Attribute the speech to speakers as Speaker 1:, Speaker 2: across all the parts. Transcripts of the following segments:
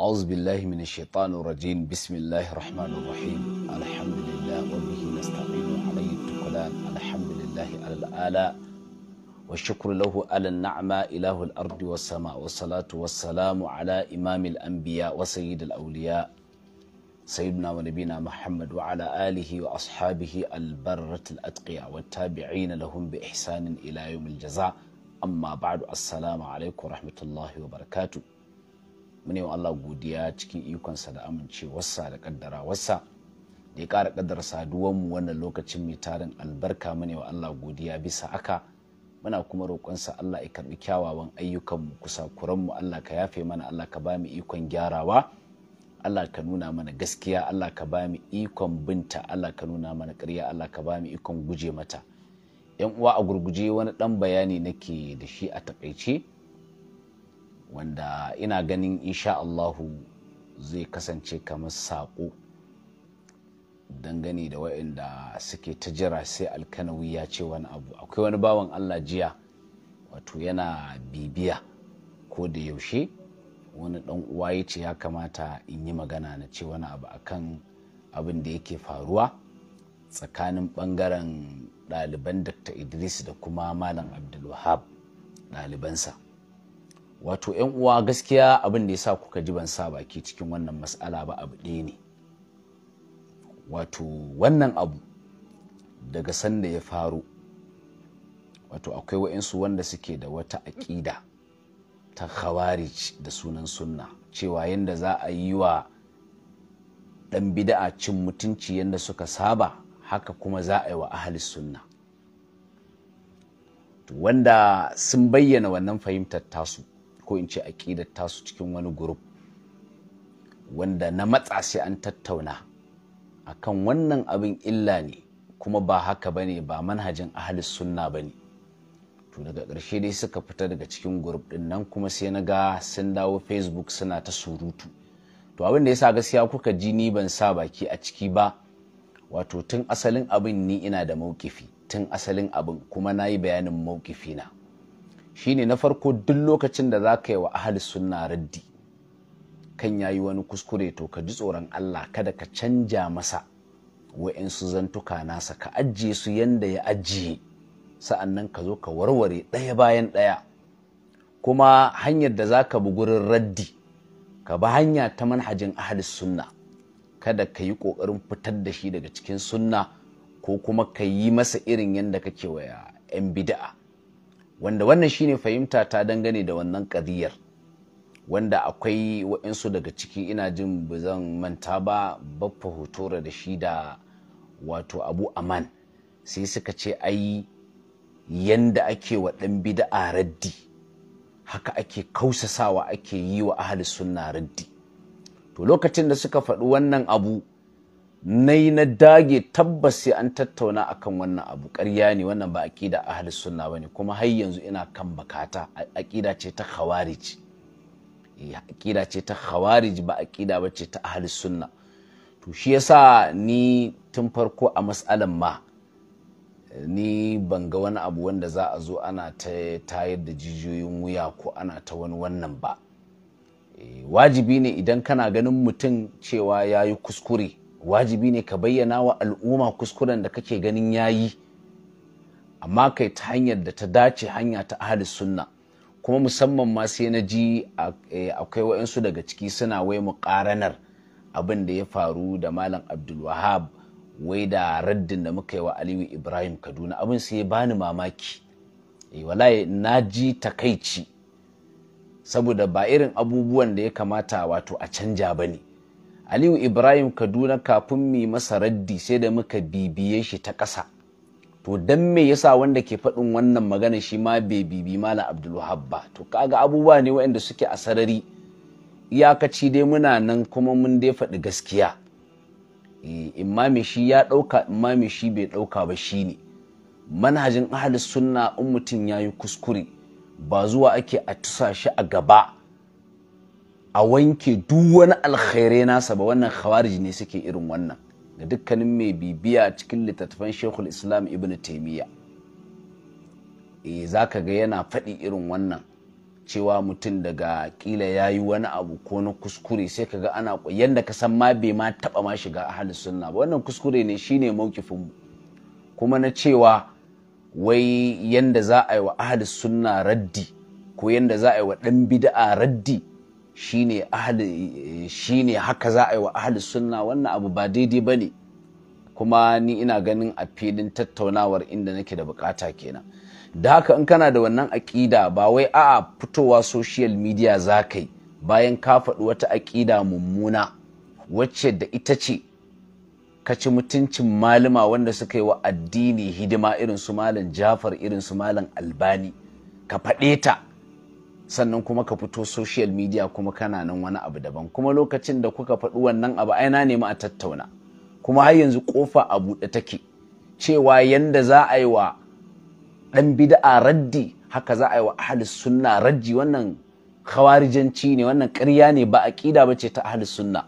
Speaker 1: أعوذ بالله من الشيطان الرجيم بسم الله الرحمن الرحيم الحمد لله وبه نستعين عليه التكلان الحمد لله على الآلاء والشكر له على النعمة إله الأرض والسماء والصلاة والسلام على إمام الأنبياء وسيد الأولياء سيدنا ونبينا محمد وعلى آله وأصحابه البرة الأتقياء والتابعين لهم بإحسان إلى يوم الجزاء أما بعد السلام عليكم ورحمة الله وبركاته mune wa Allah godiya cikin ikonsa da amincewarsa da wasa da ya ƙara kaddara mu wannan lokacin mai tarin albarka mune wa Allah godiya bisa haka muna kuma roƙonsa Allah ya karɓi kyawawan ayyukan mu ayyukanmu kusakuranmu Allah ka yafe mana Allah ka ba mu ikon gyarawa Allah ka nuna mana gaskiya Allah ka ba mu ikon binta Allah ka nuna mana ƙarya Allah ka ba mu ikon guje mata yan uwa a gurguje wani ɗan bayani nake da shi a takaice wanda ina ganin insha Allahu zai kasance kamar saƙo dangane da waɗanda suke ta jira sai alkanawi ya ce wani abu akwai wani bawan Allah jiya wato yana bibiya ko da yaushe wani ɗan uwa ya ce ya kamata in yi magana na ce wani abu akan abin da yake faruwa tsakanin ɓangaren ɗaliban dr idris da kuma malam abdulwahab ɗalibansa wato yan uwa gaskiya abin da ya sa kuka ji ban sa baki cikin wannan matsala ba abu ɗaya ne wato wannan abu daga sanda ya faru wato akwai wa'insu wanda suke da wata aƙida ta khawarij da sunan sunna cewa yadda za a yi wa ɗan bida'a cin mutunci yadda suka saba haka kuma za a yi wa ahalis sunna wanda sun bayyana wannan fahimtar tasu ko in ce aƙidar tasu cikin wani gurup wanda na matsa sai an tattauna akan wannan abin illa ne kuma ba haka ba ne ba manhajin ahalis sunna ba ne to daga ƙarshe dai suka fita daga cikin gurup ɗin nan kuma sai na ga sun dawo facebook suna ta surutu to abin da ya sa gaskiya kuka ji ni ban sa baki a ciki ba wato tun asalin abin ni ina da maukifi tun asalin abin kuma na yi bayanin maukifi na shine na farko duk lokacin da za ka yi wa ahal sunna raddi kan yayi wani kuskure to ka ji tsoron Allah kada ka canja masa wa'insu zantuka nasa ka ajiye su yanda ya ajiye sa'annan ka zo ka warware ɗaya bayan ɗaya kuma hanyar da za ka bi gurin raddi ka ba hanya ta manhajin ahalis sunna kada ka yi ƙoƙarin fitar da shi daga cikin sunna ko kuma ka yi masa irin yadda kake wa 'yan bida'a wanda wannan shine fahimta ta dangane da wannan kadiyar wanda akwai wa'insu daga ciki ina jin ba zan manta ba baffa hutura da shi da wato abu aman sai suka ce ai yanda ake wa ɗan a raddi haka ake kausasawa ake yi wa ahli sunna raddi to lokacin da suka faɗi wannan abu na yi na dage tabbas sai an tattauna akan wannan abu karya ne wannan ba aƙida ahli sunna bane kuma har yanzu ina kan bakata aƙida ce ta khawarij eh, aƙida ce ta khawarij ba aƙida ba ce ta ahli sunna to shi yasa ni tun farko a mas'alan ma ni ban ga wani abu wanda za a zo ana ta tayar da jijiyoyin wuya ko ana ta wani wannan ba eh, wajibi ne idan kana ganin mutum cewa ya yi kuskure wajibi ne ka bayyana wa al'umma kuskuren da kake ganin yayi amma kai ta hanyar da ta dace hanya ta ahalis sunna kuma musamman ma sai na ji e, akwai wa'insu daga ciki suna wai muƙaranar abin da ya faru da malam abdulwahab wai da raddin da muka yi wa aliyu ibrahim kaduna abin sai ya bani mamaki eh, wallahi na ji takaici saboda ba irin abubuwan da ya kamata wato a canja ba ne aliyu ibrahim kaduna kafin mu masa raddi sai da muka bibiye shi ta ƙasa to dan me yasa wanda ke faɗin wannan magana shi ma bai bibi malam abdulwahab ba to kaga abubuwa ne waɗanda suke a sarari iyakaci dai muna nan kuma mun dai faɗi gaskiya eh, imami shi ya ɗauka imami shi bai ɗauka ba shi ne manhajin ahli sunna in mutum ya yi kuskure ba zuwa ake a tusa shi a gaba a wanke duk wani alkhairai nasa ba wannan khawarij ne suke irin wannan ga dukkanin mai bibiya cikin littattafan shekul islam ibn taimiyya e eh, za ka ga yana faɗi irin wannan cewa mutum daga ƙila ya yi wani abu ko na kuskure sai ka ga ana yadda ka san ma bai ma taɓa ma shiga ahalus sunna ba wannan kuskure ne shine mu kuma na cewa wai yadda za a yi wa ahalus sunna raddi ko yadda za a yi wa ɗan bida'a raddi shine ahli haka za a yi wa ahli sunna wannan abu ba daidai ba ne kuma ni ina ganin a filin tattaunawar inda nake da bukata kenan da haka in kana da wannan aƙida ba wai a'a fitowa social media za ka yi bayan ka faɗi wata aƙida mummuna wacce da ita ce ka ci mutuncin malama wanda suka yi wa addini hidima irin su malam jafar irin su malam albani ka faɗe ta sannan kuma ka fito social media kuma kana nan wani abu daban kuma lokacin da kuka faɗi wannan abu aina na nemi a tattauna kuma har yanzu kofa a buɗe take cewa yanda za a yi wa ɗan bida'a raddi haka za a yi wa ahli sunna raddi wannan khawarijanci ne wannan ƙarya ne ba ƙida ba ce ta ahli sunna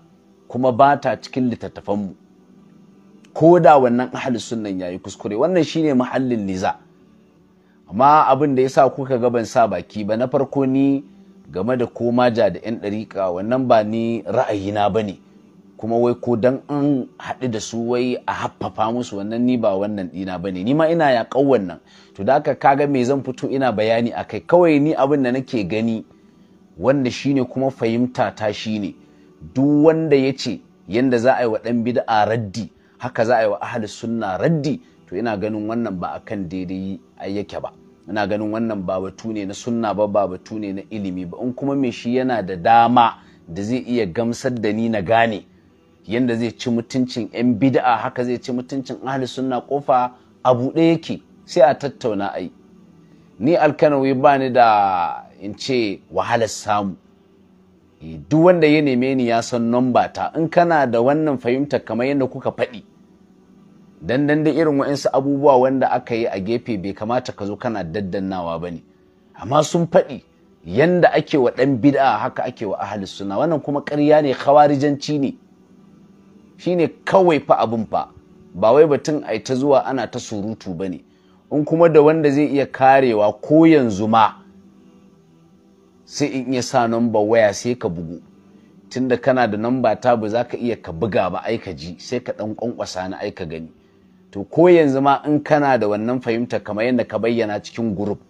Speaker 1: kuma ba ta cikin littattafanmu ko da wannan ahli sunnan yi kuskure wannan shine mahallin liza. amma abin da ya sa kuka ga ban sa baki ba na farko ni game da ko maja da 'yan ɗariƙa wannan ba ni ra'ayina ba ne kuma wai ko dan an haɗu da su wai a haffafa musu wannan ni ba wannan ɗina ba ne ni ma ina yaƙan wannan to da aka kaga me zan fito ina bayani a kai kawai ni abin da nake gani wanda shine kuma fahimta ta shine duk wanda ya ce yanda za a yi wa ɗan bid'a raddi haka za a yi wa ahli sunna raddi to ina ganin wannan ba akan daidai ai yake ba ina ganin wannan ba batu ne na sunna ba ba batu ne na ilimi ba in kuma me shi yana da dama da zai iya gamsar da ni na gane yanda zai ci mutuncin yan bid'a haka zai ci mutuncin ahli sunna kofa a buɗe yake sai a tattauna ai ni alkanawi ba ni da in ce wahalar samu eh, duk wanda ya neme ni ya san nomba ta in kana da wannan fahimta kamar yadda kuka faɗi dan dan da irin wa'insu abubuwa wanda aka yi a gefe bai kamata ka zo kana daddannawa ba ne amma sun faɗi yanda ake wa ɗan bid'a haka ake wa ahli suna wannan kuma ƙarya ne khawarijanci ne shine kawai fa abin fa ba wai batun ai ta zuwa ana ta surutu ba ne in kuma da wanda zai iya karewa ko yanzu ma sai in iya sa namba waya sai ka bugu tunda kana da namba ta ba za ka iya ka buga ba ai ji sai ka ɗan ƙwanƙwasa na aika gani to ko yanzu ma in kana da wannan fahimta kamar yadda ka bayyana cikin group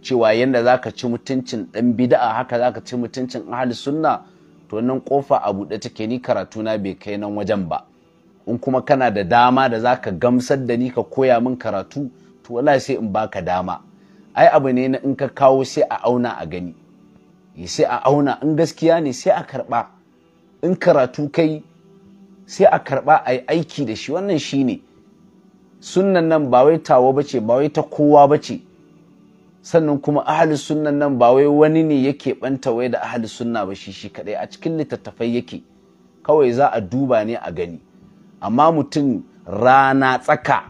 Speaker 1: cewa yadda za ka ci mutuncin ɗan bida'a haka za ka ci mutuncin ahli sunna to nan kofa a buɗe take ni karatu na bai kai nan wajen ba in kuma kana da dama da za ka gamsar da ni ka koya min karatu to wala sai in baka dama ai abu ne na in ka kawo sai a auna a gani eh, sai a auna in gaskiya ne sai a karɓa in karatu kai sai a karɓa a yi aiki da shi wannan shi ne sunnan nan ba wai tawa bace ba wai ta kowa bace sannan kuma ahli sunnan nan ba wai wani ne yake banta wai da ahli sunna ba shi shi kadai a cikin littattafai yake kawai za a duba ne a gani amma mutum rana tsaka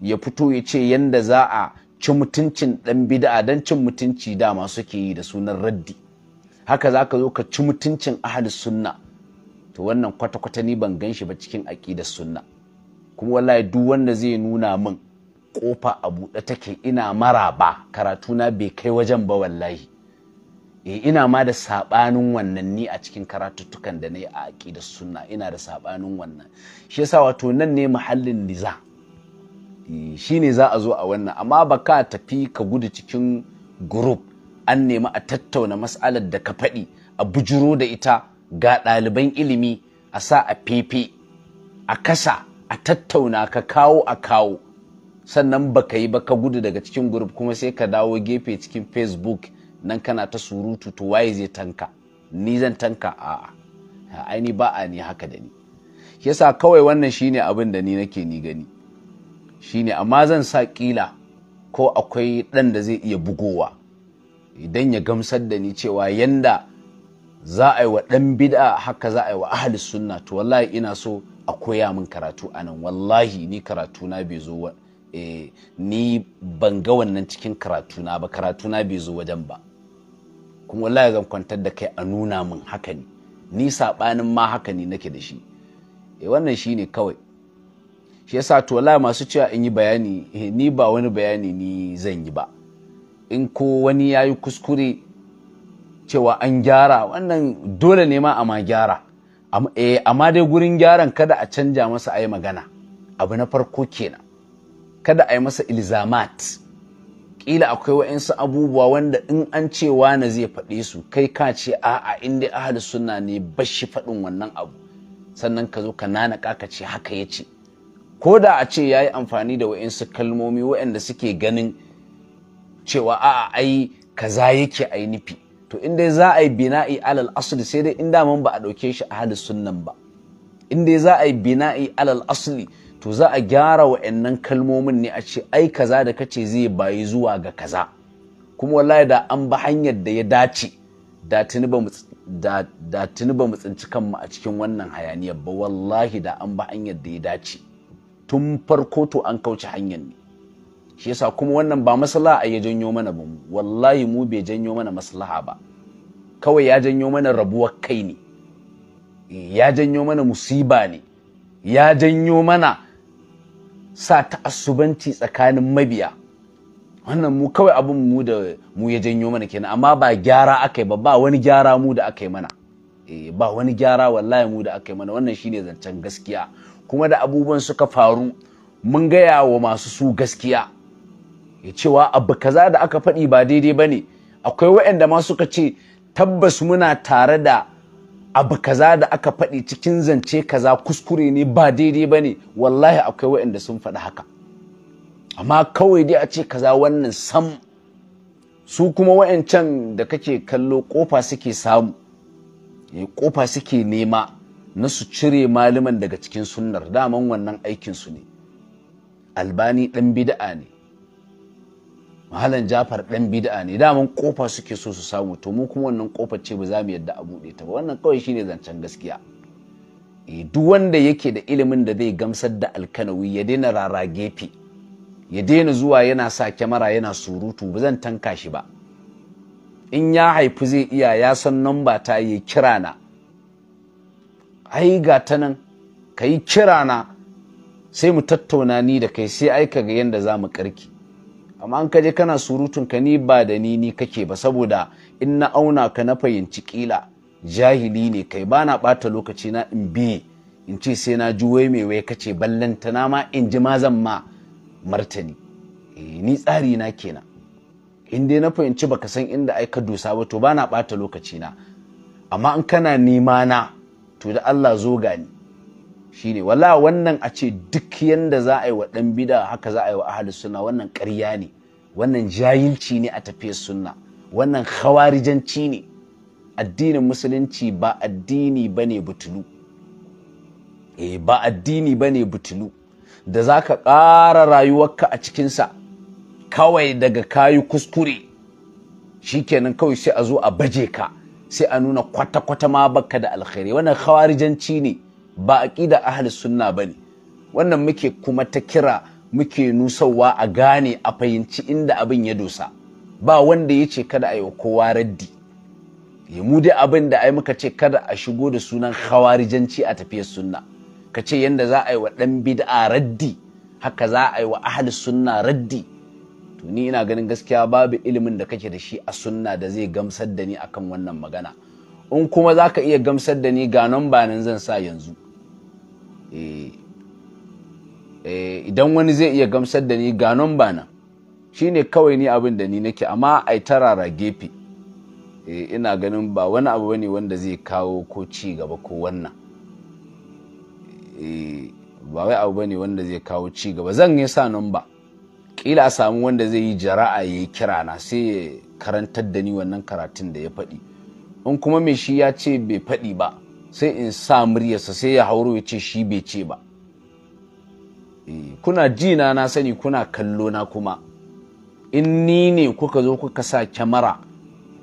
Speaker 1: ya fito ya ce yanda za a ci mutuncin dan bid'a dan cin mutunci dama suke yi da sunan raddi haka za ka zo ka ci mutuncin ahli sunna to wannan kwata-kwata ni ban gan shi ba cikin aƙidar sunna kuma wallahi duk wanda zai nuna min kofa a buɗe take ina mara ba karatuna bai kai wajen ba wallahi e ina ma da saɓanin wannan ni a cikin karatuttukan da na yi a aƙidar sunna ina da saɓanin wannan shi yasa wato nan ne muhallin niza eh, shi ne za a zo a wannan amma ba ka tafi ka gudu cikin group an nemi a tattauna mas'alar da ka faɗi a bujuro da ita ga ɗaliban ilimi a sa a fefe a kasa a tattauna ka kawo a kawo sannan baka yi ba ka gudu daga cikin guruf kuma sai ka dawo gefe cikin facebook nan kana ta surutu to waye zai tanka ni zan tanka a aini ba a ni haka da ni yasa kawai wannan shine abin da ni nake ni gani shine amma zan sa kila ko akwai ɗan da zai iya bugowa idan ya gamsar da ni cewa yanda za a yi wa ɗan bid'a haka za a yi wa ahalis sunna to wallahi ina so a koya min karatu a nan wallahi ni karatu na bai zo eh, ni ban ga wannan cikin karatu na ba karatu na bai zo wajen ba kuma wallahi zan kwantar da kai a nuna min haka ne ni saɓanin ma haka ne nake da shi eh, wannan shi ne kawai shi yasa to wallahi masu cewa in yi bayani eh, ni ba wani bayani ni zan yi ba in ko wani ya yi kuskure cewa an gyara wannan dole ne ma a ma gyara Eh, amma dai gurin gyaran kada a canja masa a yi magana abu na farko kenan kada a yi masa ilzamat kila akwai wa'insu abubuwa wanda in an cewa na zai faɗe su kai ka ce a'a in dai ahli sunna ne bashi faɗin wannan abu sannan ka zo ka nana ka ce haka ya ce ko da a ce ya yi amfani da wa'insu kalmomi wa'inda suke ganin cewa a'a ai kaza yake ai nufi to in dai za a yi bina'i alal asli sai dai in daman ba a ɗauke shi a hada sunan ba in dai za a yi bina'i alal asli to za a gyara wa'annan kalmomin ne a ce ai kaza da kace zai bayi zuwa ga kaza kuma wallahi da an ba hanyar da ya dace da tuni ba mu da tuni ba mu tsinci kanmu a cikin wannan hayaniyar ba wallahi da an ba hanyar da ya dace tun farko to an kauce hanyar ne shi yasa kuma wannan ba maslaha ya janyo mana ba wallahi mu bai janyo mana maslaha ba kawai ya janyo mana rabuwar kai ne ya janyo mana musiba ne ya janyo mana sa ta'assubanci tsakanin mabiya wannan mu kawai abin mu da mu ya janyo mana kenan amma ba gyara aka yi ba ba wani gyara mu da aka yi mana eh, ba wani gyara wallahi mu da aka yi mana wannan shine zancen gaskiya kuma da abubuwan suka faru mun gaya wa masu su gaskiya ya cewa abu kaza da aka faɗi ba daidai ba ne akwai waɗanda ma suka ce tabbas muna tare da abu kaza da aka faɗi cikin zance kaza kuskure ne ba daidai ba ne wallahi akwai waɗanda sun faɗi haka amma kawai dai a ce kaza wannan sam su kuma wayancan da kake kallo kofa suke samu kofa eh, suke nema na su cire malaman daga cikin sunnar daman wannan aikinsu ne albani ɗan bida'a ne mahalan jafar ɗan bid'a ne daman kofa suke so su samu to mu kuma wannan kofar ce ba za mu yadda a buɗe ta ba wannan kawai shine zancen gaskiya eh, duk wanda yake da ilimin da zai gamsar da alkanawi ya daina rara gefe ya daina zuwa yana sa kyamara yana surutu ba zan tanka shi ba in ya haifi zai iya ya san namba ta yi kira na ai ga ta nan ka yi kira na sai mu tattauna ni da kai sai aika ga yadda za mu karki amma an kaje kana surutun ka ni ba da ni ni kake ba saboda in na auna ka na fahimci kila jahili ne kai ba na ɓata lokaci na in bi in ce sai na ji wai mai wai kace ballanta na ma in ji ma zan ma martani eh, ni tsari na kenan in dai na fahimci baka san inda ai ka dusa ba to ba na ɓata lokaci na amma in kana nema na to da Allah zo gani shine wala wannan a ce duk yanda za a yi wa ɗan bida haka za a yi wa ahalus suna wannan ƙarya ne wannan jahilci ne a tafiyar sunna wannan khawarijanci ne addinin musulunci ba addini bane butulu eh ba addini bane butulu da za ka ƙara rayuwarka a cikinsa kawai daga kayi kuskure Shi shikenan kawai sai a zo a baje ka sai a nuna kwata-kwata ma baka da alkhairi wannan khawarijanci ne ba a aqida ahli sunna ne. wannan muke kuma ta kira muke nusawa a gane a fahimci inda abin ya dosa ba wanda ya ce kada a yi wa kowa raddi mu dai abin da ai muka ce kada a shigo da sunan khawarijanci a tafiyar sunna ka ce yanda za a yi wa ɗan bid'a raddi haka za a yi wa ahli sunna raddi to ina ganin gaskiya babu ilimin da kake da shi a sunna da zai gamsar da ni akan wannan magana in kuma za ka iya gamsar da ni ga nan ba nan zan sa yanzu Eh, eh, idan wani zai iya gamsar da ni ga nan ba shi ne kawai ni abin da ni nake amma ai tarara gefe eh, ina ganin ba wani abu ne wanda zai kawo ko ci gaba ko wannan ba wai abu ne wanda zai kawo ci gaba zan yi sa nan ba kila a samu wanda zai yi jara'a ya yi na sai ya karantar da ni wannan karatun da ya faɗi in kuma mai shi ya ce bai faɗi ba sai in sa muryarsa sai ya hauro ya ce shi bai ce ba eh, kuna jina na sani kuna kallo na kuma in ni ne kuka zo kuka sa kyamara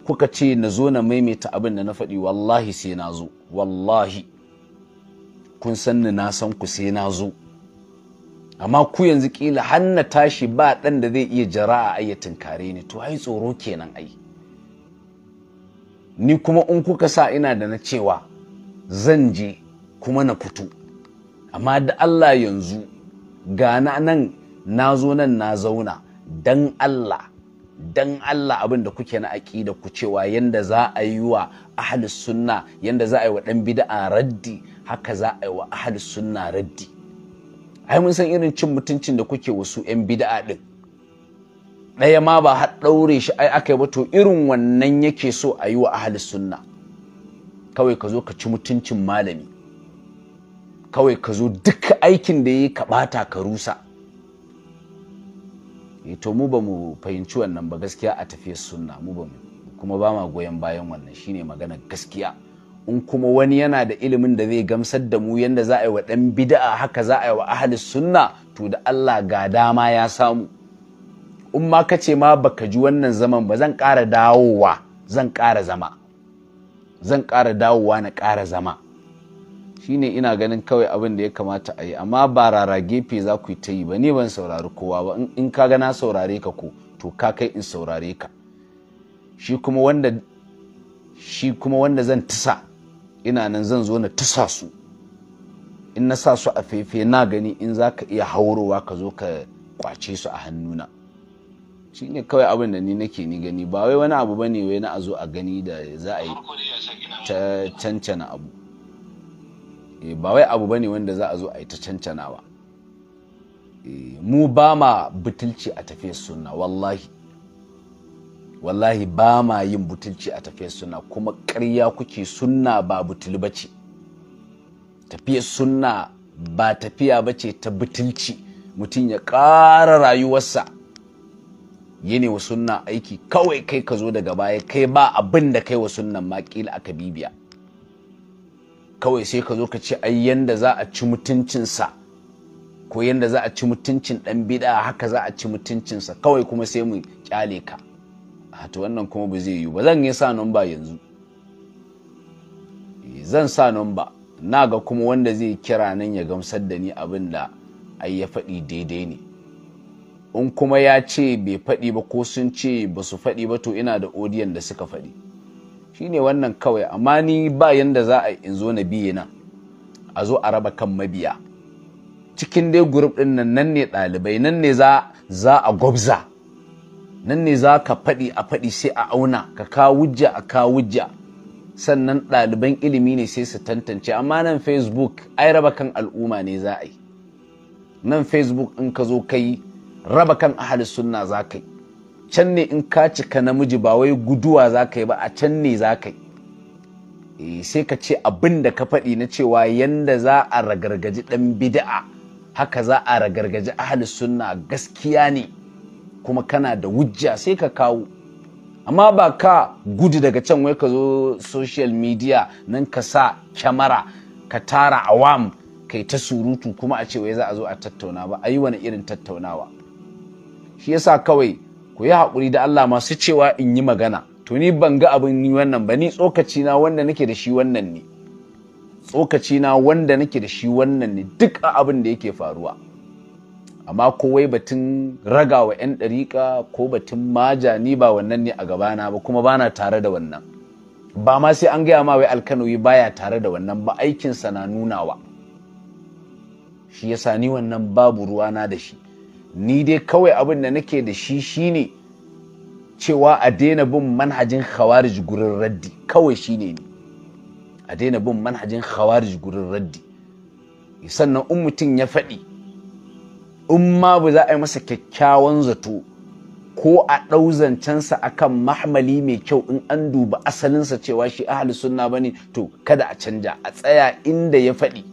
Speaker 1: kuka ce na zo na maimaita abin da na faɗi wallahi sai na zo wallahi kun san ni na san ku sai na zo amma ku yanzu kila har na tashi ba ɗan da zai iya jara a ayyatin kare ni to ai tsoro kenan ai ni kuma in kuka sa ina da na cewa zan je kuma na fito amma da Allah yanzu gana nan na zo nan na zauna dan Allah dan Allah abin da kuke na aƙida ku cewa yanda za a yi wa ahlus sunna yanda za a yi wa dan bid'a raddi haka za a yi wa ahlus sunna raddi ai mun san irin cin mutuncin da kuke wasu yan bid'a din ɗaya ma ba har ɗaure shi ai aka yi ba to irin wannan yake so a yi wa ahlus sunna kawai ka zo ka ci mutuncin malami kawai ka zo duk aikin da ya ka ka rusa eh to mu ba mu fahimci wannan ba gaskiya a tafiyar sunna mu ba mu kuma ba ma goyon bayan wannan shine magana gaskiya in kuma wani yana da ilimin da zai gamsar da mu yadda za a yi wa ɗan bida'a haka za a yi wa ahli sunna to da Allah ga dama ya samu in ma kace ma baka ji wannan zaman ba zan ƙara dawowa zan ƙara zama zan ƙara dawowa na ƙara zama shine ina ganin kawai abin da ya kamata a yi amma ba rara gefe za ku yi ta yi ba ni ban saurari kowa ba in ka ga na saurare ka ko to ka kai in saurare ka shi kuma wanda zan tisa ina nan zan zo na tisa su in na sa su a fefe na gani in za ka iya haurowa ka zo ka kwace su a hannuna shi ne kawai abin da ni nake ni gani ba wai wani abu ba ne wai na a zo a gani da za a yi ta cancana abu eh, ba wai abu ba ne wanda za a zo a yi ta cancana ba eh, mu ba ma butulci a tafiya sunna wallahi wallahi ba ma yin butulci a tafiya sunna kuma ƙarya kuke sunna ba butul ba ce Tafiya sunna ba tafiya ba ce ta butulci mutum ya ƙara rayuwarsa ne wa sunna aiki kawai kai ka zo daga baya kai ba abin da kai wa sunnan ma kila aka bibiya kawai sai ka zo ka ce ai yanda za a ci mutuncinsa ko yanda za a ci mutuncin dan bid'a haka za a ci mutuncinsa kawai kuma sai mu kyale ka to wannan kuma ba zai yi. ba zan yi sa numba yanzu eh, zan sa numba na ga kuma wanda zai kira nan ya gamsar da ni abin da ai ya faɗi daidai ne in kuma ya ce bai faɗi ba ko sun ce ba su faɗi ba to ina da odiyan da suka faɗi shine wannan kawai amma ni ba yanda za a in zo na biye nan a zo a raba kan mabiya cikin dai gurup ɗin nan nan ne ɗalibai nan ne za a gwabza nan ne za ka faɗi a faɗi sai a auna ka kawujja a kawujja sannan ɗaliban ilimi ne sai su tantance amma nan facebook ai raba kan al'umma ne za a yi nan facebook in ka zo ka yi raba kan ahalin sunna za ka yi can ne in ka cika namiji ba wai guduwa za ka yi ba a can ne za ka yi eh, sai ka ce abin da ka faɗi na cewa yanda za a ragargaji ɗan bida'a haka za a ragargaji ahalin sunna gaskiya ne kuma kana da wujja sai ka kawo amma ba ka gudu daga can wai ka zo social media nan ka sa kyamara ka tara awam kai ta surutu kuma a ce wai za a zo a tattauna ba a yi wani irin tattaunawa shi yasa kawai ku yi haƙuri da Allah masu cewa in yi magana to ni ban ga abin ni wannan ba ni tsokaci na wanda nake da shi wannan ne tsokaci na wanda nake da shi wannan ne duk abin da yake faruwa amma kowai batun ragawa 'yan ɗariƙa ko batun maja ni ba wannan ne a gabana ba kuma bana tare da wannan ba ma sai an gaya ma wai alkanoyi baya tare da wannan ba aikinsa na nunawa shi yasa ni wannan babu ruwana da shi ni dai kawai abin da nake da shi shine cewa a daina bin manhajin khawarij gurin raddi kawai shine ni a daina bin manhajin khawarij gurin raddi sannan in mutum ya faɗi in ma ba za a yi masa kyakkyawan zato ko a ɗau zancensa akan mahmali mai kyau in an duba asalinsa cewa shi ahli sunna bane to kada a canja a tsaya inda ya faɗi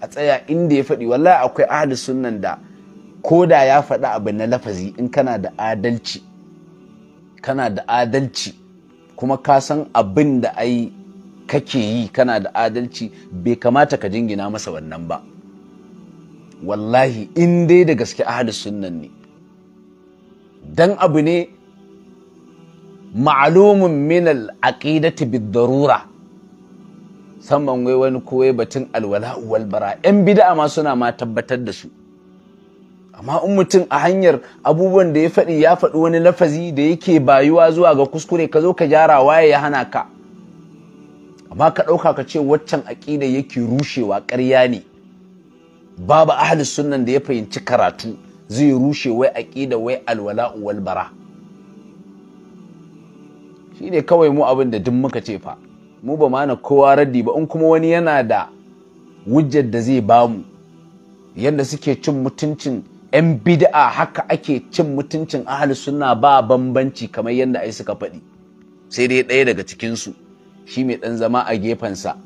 Speaker 1: a tsaya inda ya faɗi wallahi akwai ahli sunnan da ko da ya faɗi abu na lafazi in kana da adalci kana da adalci kuma ka san abin da ai kake yi kana da adalci bai kamata ka jingina masa wannan ba wallahi in dai da gaske ahli sunnan ne dan abu ne ma'alumin min al-aqidati bid-darura saman wai wani koyi batun alwala wal bara yan bid'a ma suna ma tabbatar da su amma in mutum a hanyar abubuwan da ya faɗi ya faɗi wani lafazi da yake bayuwa zuwa ga kuskure ka zo ka gyara waye ya hana ka amma ka ɗauka ka ce waccan aƙida yake rushewa ƙarya ne babu ahli sunnan da ya fahimci karatu zai rushe wai aƙida wai alwala wal bara shine kawai mu abin da duk muka ce fa mu ba mana kowa raddi ba in kuma wani yana da wujjar da zai bamu yadda suke cin mutuncin 'yan bid'a haka ake cin mutuncin ahal suna ba bambanci kamar yadda ai suka faɗi sai dai ɗaya daga cikinsu shi mai ɗan zama a gefensa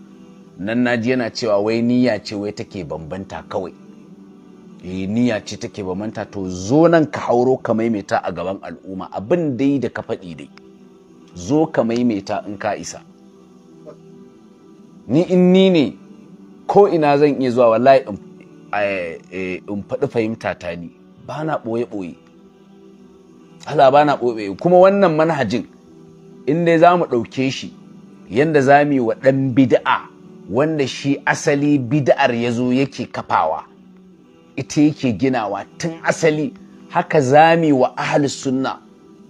Speaker 1: nan naji yana cewa wai niyya ce wai take bambanta kawai eh niyya ce take bambanta to zo nan ka hauro ka maimaita a gaban al'umma abin dai da ka faɗi dai zo ka maimaita in ka isa ni in ni ne ko ina zan iya zuwa wallahi in E, in faɗi fahimta ta ni ba na ɓoye-ɓoye Allah ba na ɓoye kuma wannan manhajin inda za mu ɗauke shi yadda za mu yi wa ɗan bida'a wanda shi asali bida'ar ya zo yake kafawa ita yake ginawa tun asali haka za mu yi wa ahal sunna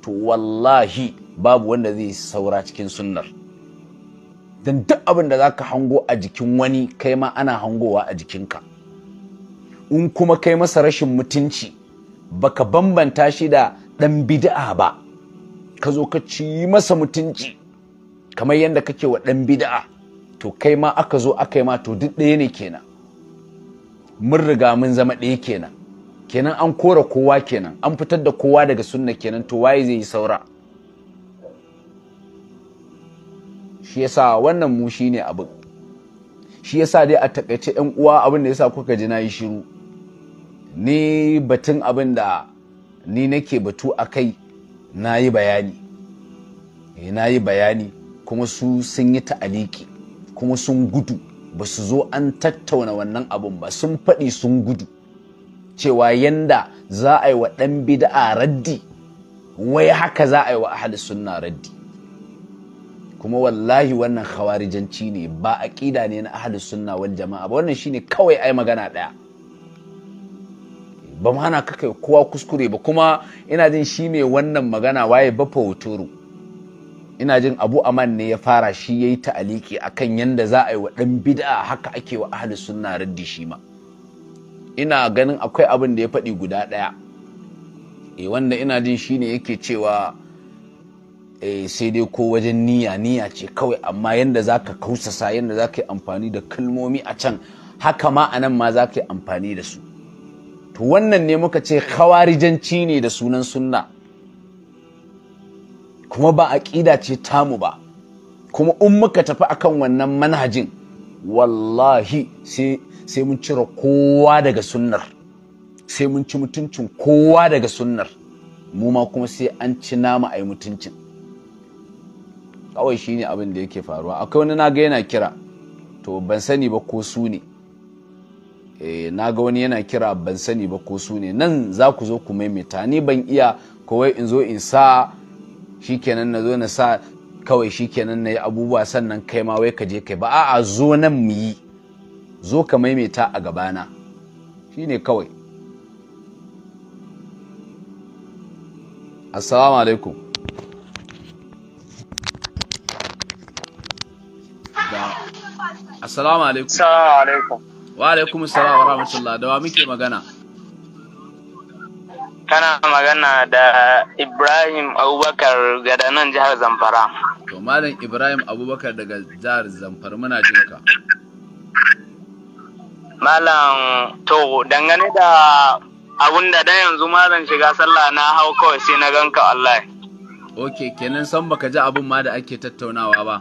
Speaker 1: to wallahi babu wanda zai saura cikin sunnar don duk abin da za ka hango a jikin wani kai ma ana hangowa a jikinka in kuma kai masa rashin mutunci baka bambanta shi da ɗan bid'a ba ka zo ka ci masa mutunci kamar yadda kake wa ɗan bid'a to kai ma aka zo aka yi ma to duk ɗaya ne kenan mun riga mun zama ɗaya kenan kenan an kora kowa kenan an fitar da kowa daga sunna kenan to waye zai yi saura shi yasa wannan mu shine abin shi yasa dai a takaice yan uwa abin da yasa kuka ji na yi shiru ni batun abin da ni nake batu a kai na yi bayani eh, na yi bayani kuma su sun yi ta'aliki kuma sun gudu ba su zo an tattauna wannan abin ba sun faɗi sun gudu cewa yanda za a yi wa ɗan bida'a raddi wai haka za a yi wa ahli sunna raddi kuma wallahi wannan khawarijanci ne ba aƙida ne na ahli sunna wal jama'a ba wannan shine kawai ai magana ɗaya ba ma na kaka kowa kuskure ba kuma ina jin shi mai wannan magana waye ba fawotoro ina jin abu aman ne ya fara shi ya yi ta'aliki akan yadda za a yi wa ɗan bid'a haka ake wa ahli sunna raddi shi ma ina ganin akwai abin da ya faɗi guda ɗaya e wanda ina jin shi ne yake cewa e, sai dai ko wajen niyya niyya ce kawai amma yadda za ka kausasa yadda za ka yi amfani da kalmomi a can haka ma a nan ma za ka yi amfani da su to wannan ne muka ce khawarijanci ne da sunan sunna kuma ba aƙida ce tamu ba kuma in muka tafi akan wannan manhajin wallahi sai mun cire kowa daga sunnar sai mun ci mutuncin kowa daga sunnar mu ma kuma sai an ci nama a yi mutuncin kawai shine abin da yake faruwa akwai wani na ga yana kira to ban sani ba ko su ne Eh, na ga wani yana kira ban sani ba ko su ne nan za ku zo ku maimaita ni ban iya kawai in zo in sa shikenan na zo na sa kawai shikenan na yi abubuwa sannan kai ma wai ka je kai ba a'a zo nan mu yi zo ka maimaita a gabana shine kawai assalamu alaikum assalamu alaikum assalamu alaikum wa alaikum salam wa rahmatullah da wa muke magana
Speaker 2: kana magana da ibrahim abubakar daga nan jihar zamfara
Speaker 1: to malam ibrahim abubakar daga jihar zamfara muna
Speaker 3: jinka. ka
Speaker 2: malam to dangane da abun da da yanzu malam shiga sallah na hau kawai sai na ganka wallahi
Speaker 1: ok kenan san baka ji abun ma da ake tattaunawa ba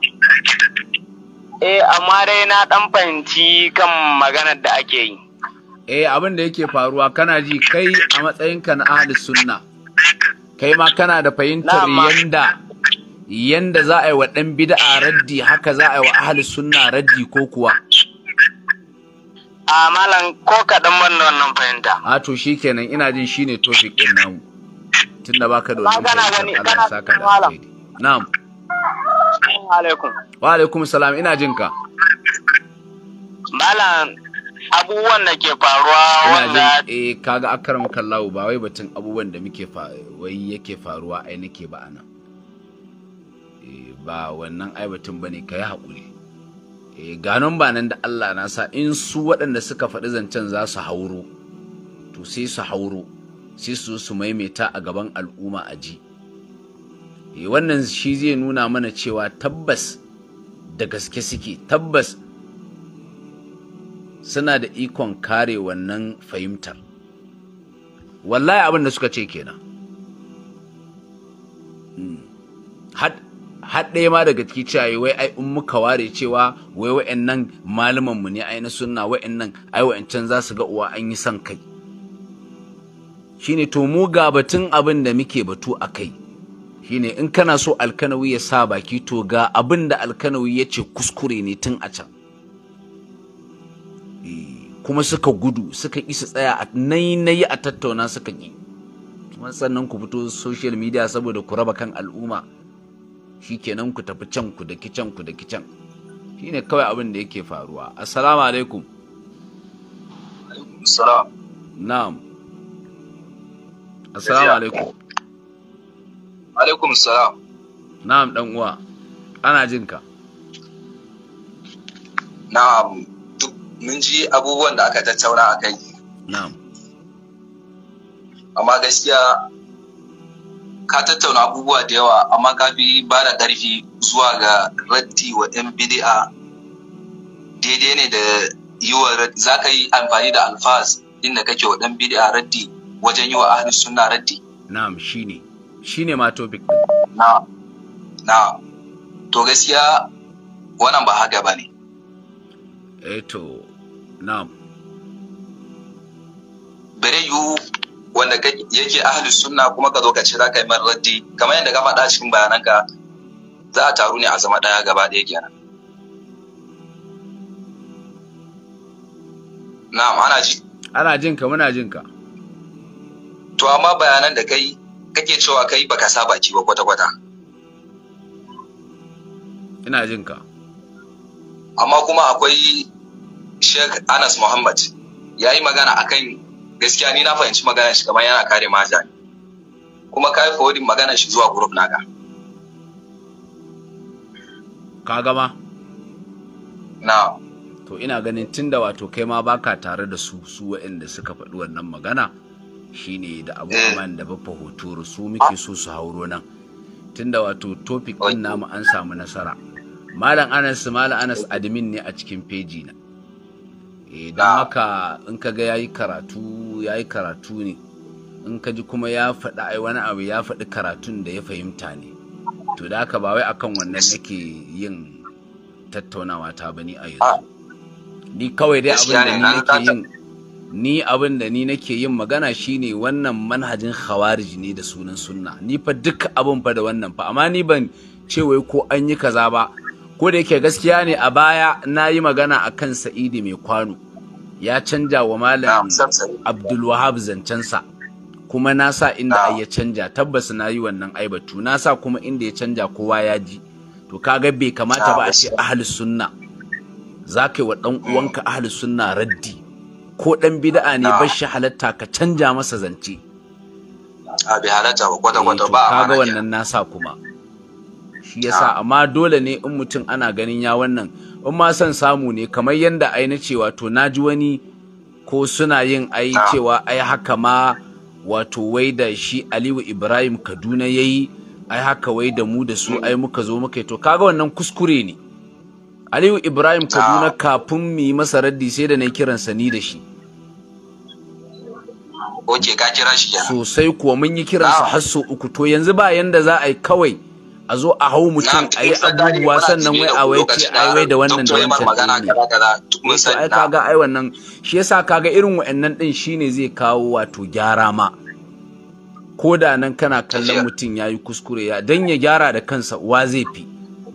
Speaker 2: Eh, amma dai na ɗan fahimci kan maganar da ake yi.
Speaker 1: Eh, abin da yake faruwa kana ji kai a matsayinka na ahli sunna. Kai ma kana da fahimtar yanda yanda za a yi wa dan bid'a raddi haka za a yi wa ahli sunna raddi ko kuwa.
Speaker 4: A malam ko kaɗan wannan wannan fahimta.
Speaker 1: A to shikenan ina jin shi ne topic din namu. Tunda baka da wani fahimtar gani kana saka da Na'am. alaikum. Wa alaikum salam ina jin ka.
Speaker 4: Malam abubuwan da ke faruwa wanda
Speaker 1: eh kaga akaram kallahu ba wai batun abubuwan da muke wai yake faruwa ai nake ba ana. Eh ba wannan ai batun bane kai hakuri. Eh ganon ba nan da Allah na sa in su waɗanda suka faɗi zancen za su hauro to sai su hauro sai su su maimaita a gaban al'umma a ji. Eh, wannan shi zai nuna mana cewa tabbas da gaske suke tabbas suna da ikon kare wannan fahimtar wallahi abin da suka ce kenan hmm. haɗe ma daga ciki cewa wai ai in muka ware cewa wai wa'annan malumanmu ne ai na sunna wa'annan ai wa'ancan za su ga uwa an yi son kai shine to mu ga batun abin da muke batu a kai shine in kana so alkanawi ya sa baki to ga abin da alkanawi ya ce kuskure ne tun a can eh, kuma suka gudu suka isa tsaya a nayi a tattauna suka kuma sannan ku fito social media saboda ku raba kan al'umma shikenan ku tafi can ku da kicin ku da kicin shine kawai abin da yake faruwa assalamu alaikum assalam na'am assalamu alaikum
Speaker 5: alaikum salam
Speaker 1: na'am dan uwa ana jin ka
Speaker 5: na'am duk mun ji abubuwan da aka tattauna a kai na'am amma gaskiya ka tattauna abubuwa da yawa amma ka fi ba da ƙarfi zuwa ga raddi wa 'yan bidi'a daidai ne da yi wa za ka yi amfani da alfaz inda kake wa ɗan bidi'a raddi wajen yi wa ahlus suna raddi na'am shine Shi ma topic din na na to gaskiya wannan ba haka ba ne.
Speaker 1: Eh to na.
Speaker 5: bare yu wanda yake ahlus sunna kuma ka zo ka ce za ka yi man raddi kamar yadda ka faɗa cikin bayananka za a taru ne a zama ɗaya gaba ɗaya kenan na'am ana ji
Speaker 1: ana jin ka muna jin ka
Speaker 5: to amma bayanan da kai kake cewa kai baka saba ci ba kwata-kwata ina jin ka amma kuma akwai Sheikh Anas Muhammad ya yi magana akan gaskiya ni na fahimci magana shi kamar yana kare maja kuma kai forwarding magana shi zuwa group naka
Speaker 1: ka gama na to ina ganin tunda wato kai ma baka tare da su su waɗanda suka faɗi wannan magana shine da abubuwan eh. da baffa hotoro su muke so su hauro nan tunda wato topic din namu an samu nasara malam anas malam anas admin ne a cikin peji na eh don ah. haka in ka ga yayi karatu yayi karatu ne in ka ji kuma ya faɗi ai wani abu ya faɗi karatun da ya fahimta ne to da haka ba wai akan wannan nake yin tattaunawa ta bani a yanzu ah. ni kawai dai abin da ni nake yin ni abin da ni nake yin magana shine wannan manhajin khawarij ne da sunan sunna ni fa duk abin fa da wannan fa amma ni ban ce wai ko an yi kaza ba ko da yake gaskiya ne a baya na yi magana akan Sa'idi mai kwano ya canja wa malam Abdul Wahab zancensa kuma na sa inda ya canja tabbas na yi wannan aibatu na sa kuma inda ya canja kowa ya ji to kaga bai kamata ba a ce ahlus sunna za yi wa ɗan uwanka ahlus sunna raddi ko dan bid'a ne bar shi halatta ka canja masa zance
Speaker 5: a bi halatta ba kwata kwata eh, ba kaga wannan nasa kuma
Speaker 1: shi yasa amma dole ne in mutum ana ganin ya wannan in ma son samu ne kamar yanda ai na cewa to naji wani ko suna yin ai cewa ai haka ma wato wai da shi Aliyu Ibrahim Kaduna yayi ai haka wai da mu da su mm. ai muka zo muka yi to kaga wannan kuskure ne Aliyu Ibrahim Kaduna kafin mu yi masa raddi sai da na kiransa ni da shi
Speaker 5: Oke ka kira shi kenan.
Speaker 1: Sosai kuwa mun yi kiransa har sau uku to yanzu ba yanda za a yi kawai a zo a hau mutum a yi abubuwa sannan wai a wai ce a wai da wannan da wancan
Speaker 5: ne. To ai kaga
Speaker 1: ai wannan shi yasa kaga irin wa'annan din shine zai kawo wato gyara ma. Ko da nan kana kallon mutum ya yi kuskure ya dan ya gyara da kansa uwa zai fi.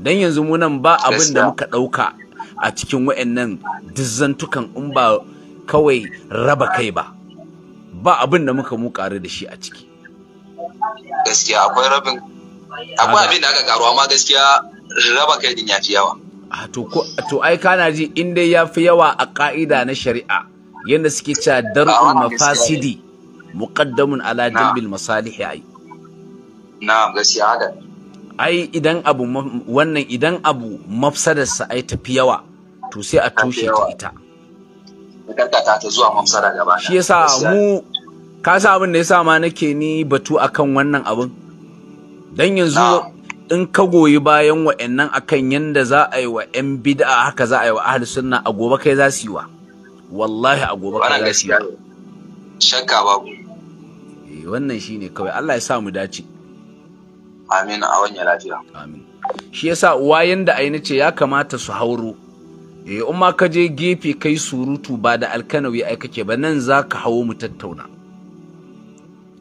Speaker 1: Dan yanzu mu nan ba abin da muka ɗauka a cikin wa'annan dizzantukan in ba kawai raba kai ba. ba abin da muka mu ƙare da shi a ciki
Speaker 5: gaskiya akwai rabin akwai abin da aka ƙaruwa, amma gaskiya raba kai din fi yawa
Speaker 1: to to ai kana ji in dai fi yawa a ƙa'ida na shari'a yadda suke cewa dar'ul mafasidi muqaddamun ala jalbil masalih ai
Speaker 5: Na gaskiya haka
Speaker 1: ai idan abu wannan idan abu mafsadarsa ai tafi yawa to sai a toshe ta ita
Speaker 5: karkata ta zuwa mafsada gaba shi
Speaker 1: yasa mu ka sa abin da ya sa ma nake ni batu akan wannan abin dan yanzu in ka goyi bayan wa'annan akan yanda za a yi wa 'yan bid'a haka za a yi wa ahli sunna a gobe kai za su yi wa wallahi a gobe kai za su yi wa
Speaker 5: shakka babu
Speaker 1: eh, wannan shine kawai Allah ya sa mu dace amin a wanya
Speaker 5: lafiya amin
Speaker 1: shi yasa uwa yanda aini ce ya kamata su hauro eh umma ka je gefe kai surutu ba da alkanawi ai kake ba nan za ka hawo mu tattauna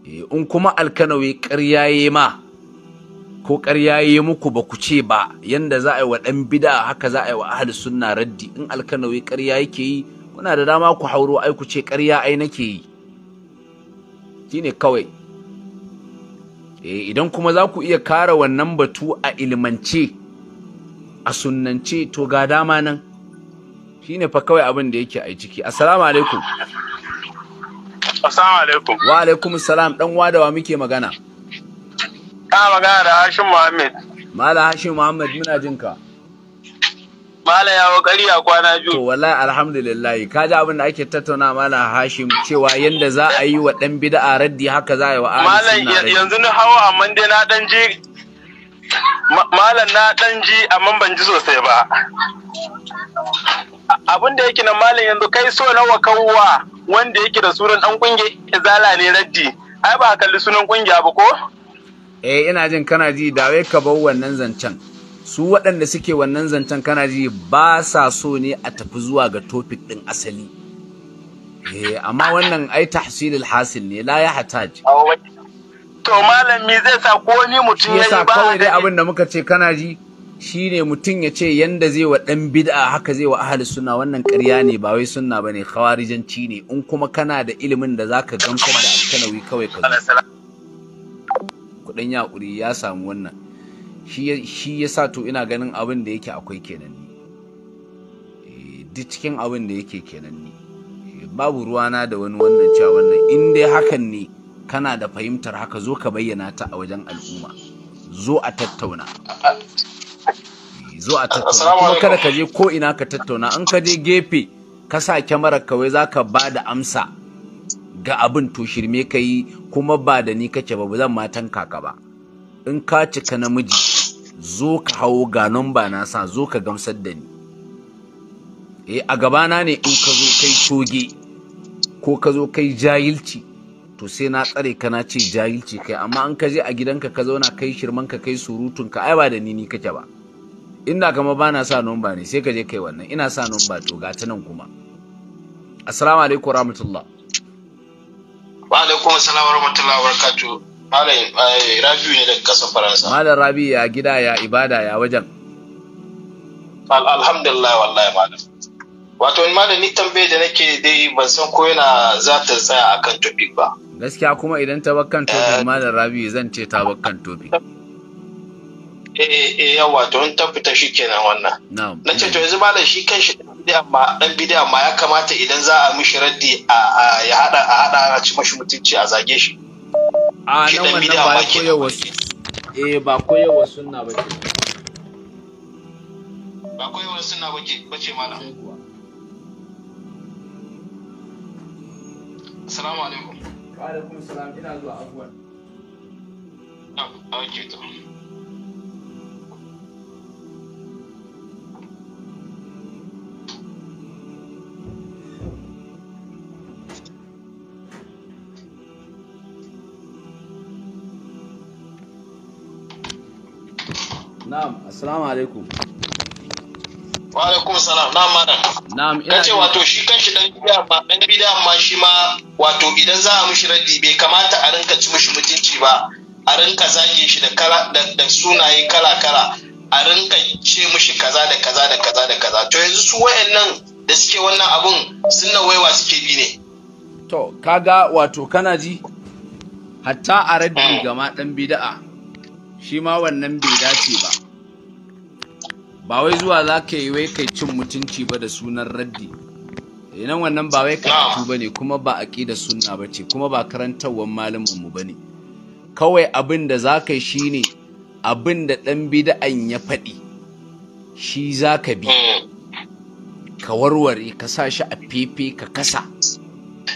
Speaker 1: Eh, in kuma alkanawi ƙaryaye ma ko ƙaryaye muku ba ku ce ba yanda za a yi wa ɗan bida haka za a yi wa ahli sunna raddi in alkanawi ƙarya yake yi kuna da dama ku hauro ai ku ce ƙarya ai nake yi shine kawai eh, idan kuma za ku iya kare wannan batu a ilmance a sunnance to ga dama nan shine fa kawai abin da yake a ciki assalamu alaikum Assalamu alaikum. Wa alaikum salam dan wadawa muke magana.
Speaker 4: Ta magana da Hashim
Speaker 1: Muhammad. Mala Hashim Muhammad muna jin ka. Mala ya kokari a kwana biyu. To wallahi alhamdulillah ka ji abin da ake tattauna Mala Hashim cewa yanda za a yi wa dan bid'a raddi haka za a yi wa ahli Mala yanzu
Speaker 4: na hawa amma dai na dan ji Malam na dan ji amma ban ji sosai ba. Abin da yake na malam yanzu kai so nawa kawuwa. wanda yake da sunan dan kungiyar izala ne raddi ai ba kalli sunan kungiya ba ko
Speaker 1: eh ina jin kana ji da wai ka bar wannan zancen su waɗanda suke wannan zancen kana ji ba sa so ne a tafi zuwa ga topic din asali eh amma wannan ai tahsilul hasil ne la ya hataji. to malami zai sa ko ni mutum yayi ba kawai dai abin da muka ce kana ji Shi ne mutum ya ce yanda zai wa ɗan bid'a haka zai wa ahli suna wannan ƙarya ne ba wai ba ne khawarijanci ne in kuma kana da ilimin da za gan gamsar da alkanawi kawai ka zo kudin yaƙuri ya samu wannan shi ya sa to ina ganin abin da yake akwai kenan ne eh, duk cikin abin da yake kenan ne eh, babu ruwana da wani wannan cewa wannan in dai hakan ne kana da fahimtar haka zo ka bayyana ta a wajen al'umma zo a tattauna zo a tattauna kuma kada ka je ko ina ka tattauna in ka je gefe ka sa kyamarar kawai za ka ba da amsa ga abin to shirme ka yi kuma ba da ni kake ba zan matan kaka ba in ka cika namiji zo ka hau ga namba na sa zo ka gamsar da ni eh a gabana ne in ka zo kai toge ko ka zo kai jahilci to sai na tsare ka na ce jahilci kai amma an ka je a gidanka ka zauna kai shirman ka kai surutun ka ai ba da ni ni kake ba ina kama ba na sa numba ne sai ka je kai wannan ina sa numba to ga ta nan kuma assalamu alaikum rahmatullah
Speaker 6: wa alaikum assalamu wa rahmatullah wa barakatuh malam eh, rabi ne daga kasar faransa malam
Speaker 1: rabi ya gida ya ibada ya wajen
Speaker 6: alhamdulillah wallahi malam wato malam ni tambaye da nake dai
Speaker 1: ban san ko yana za ta tsaya akan topic ba gaskiya kuma idan ta bakkan topic eh. malam rabi zan ce ta bakkan topic
Speaker 6: Eh, eh, yawa to in ta fita shi kenan wannan
Speaker 1: na ce to yanzu
Speaker 6: ba da shi kan shi dan bidiya ma ya kamata idan za a mishi raddi a ya hada a hada a ci mashi
Speaker 1: mutunci a zage shi a nan wannan ba wasu eh ba wasu na ba ke
Speaker 6: ba wasu na ba ke bace malam
Speaker 1: assalamu alaikum wa alaikum salam ina zuwa afwan ok to Na'am, assalamu alaikum.
Speaker 4: Wa alaikum salam, na'am
Speaker 6: madam.
Speaker 1: Na'am, ina kace wato shi
Speaker 6: kanshi dan bid'a ba dan bid'a ma shi ma wato idan za a mishi raddi bai kamata a rinka ci mishi mutunci ba, a rinka zage shi da kala da sunaye kala-kala, a rinka ce mishi kaza da kaza da kaza da kaza. To yanzu su wayannan da suke wannan abun sunna waiwa suke bi ne.
Speaker 1: To, kaga wato kana ji hatta a raddi hmm. ga ma dan bid'a shi ma wannan bai dace ba. ba wai zuwa za ka yi wai kai cin mutunci ba da sunan raddi idan eh, wannan ba wai karatu ba ne kuma ba aƙidar sunna ba ce kuma ba karantarwar malaminmu ba ne kawai abin da za ka shi ne abin da ɗan bida'an ya faɗi shi za ka bi ka warware ka sa shi a fefe ka kasa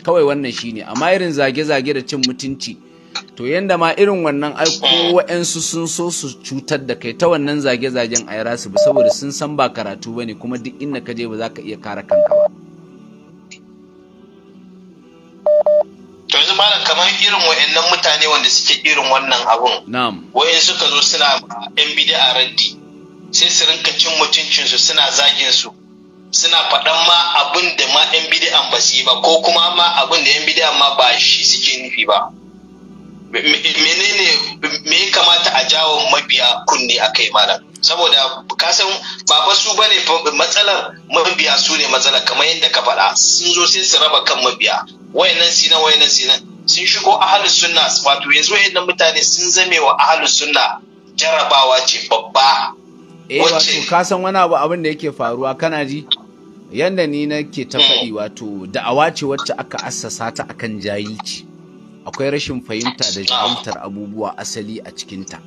Speaker 1: kawai wannan shi ne amma irin zage-zage da cin mutunci to yanda ma irin wannan ai ko wa'ansu sun so su cutar da kai ta wannan zage-zagen a yara su saboda sun san ba karatu ba ne kuma duk inda ka je ba za ka iya kare kanka ba
Speaker 3: to
Speaker 6: yanzu malam kamar irin wa'annan mutane wanda suke irin wannan abun na'am suka zo suna yan bid'a raddi sai su rinka cin mutuncinsu suna zagin su suna faɗan ma abin da ma yan bid'an ba su yi ba ko kuma ma abin da yan bid'an ma ba shi suke nufi ba menene me kamata a jawo mabiya kunne a kai malam saboda ka san ba su bane matsalar mabiya su ne matsalar kamar yadda ka faɗa sun zo sai su raba kan mabiya wayannan sinan wayannan sinan sun shigo ahlus sunna wato yanzu wayannan mutane sun zame wa
Speaker 3: ahlus sunna jarabawa ce babba eh wato
Speaker 1: ka san wani abu abin da yake faruwa kana ji yanda ni nake ta faɗi wato da'awa ce wacce aka assasa ta akan jahilci akwai rashin fahimta da jahiltar abubuwa asali a cikinta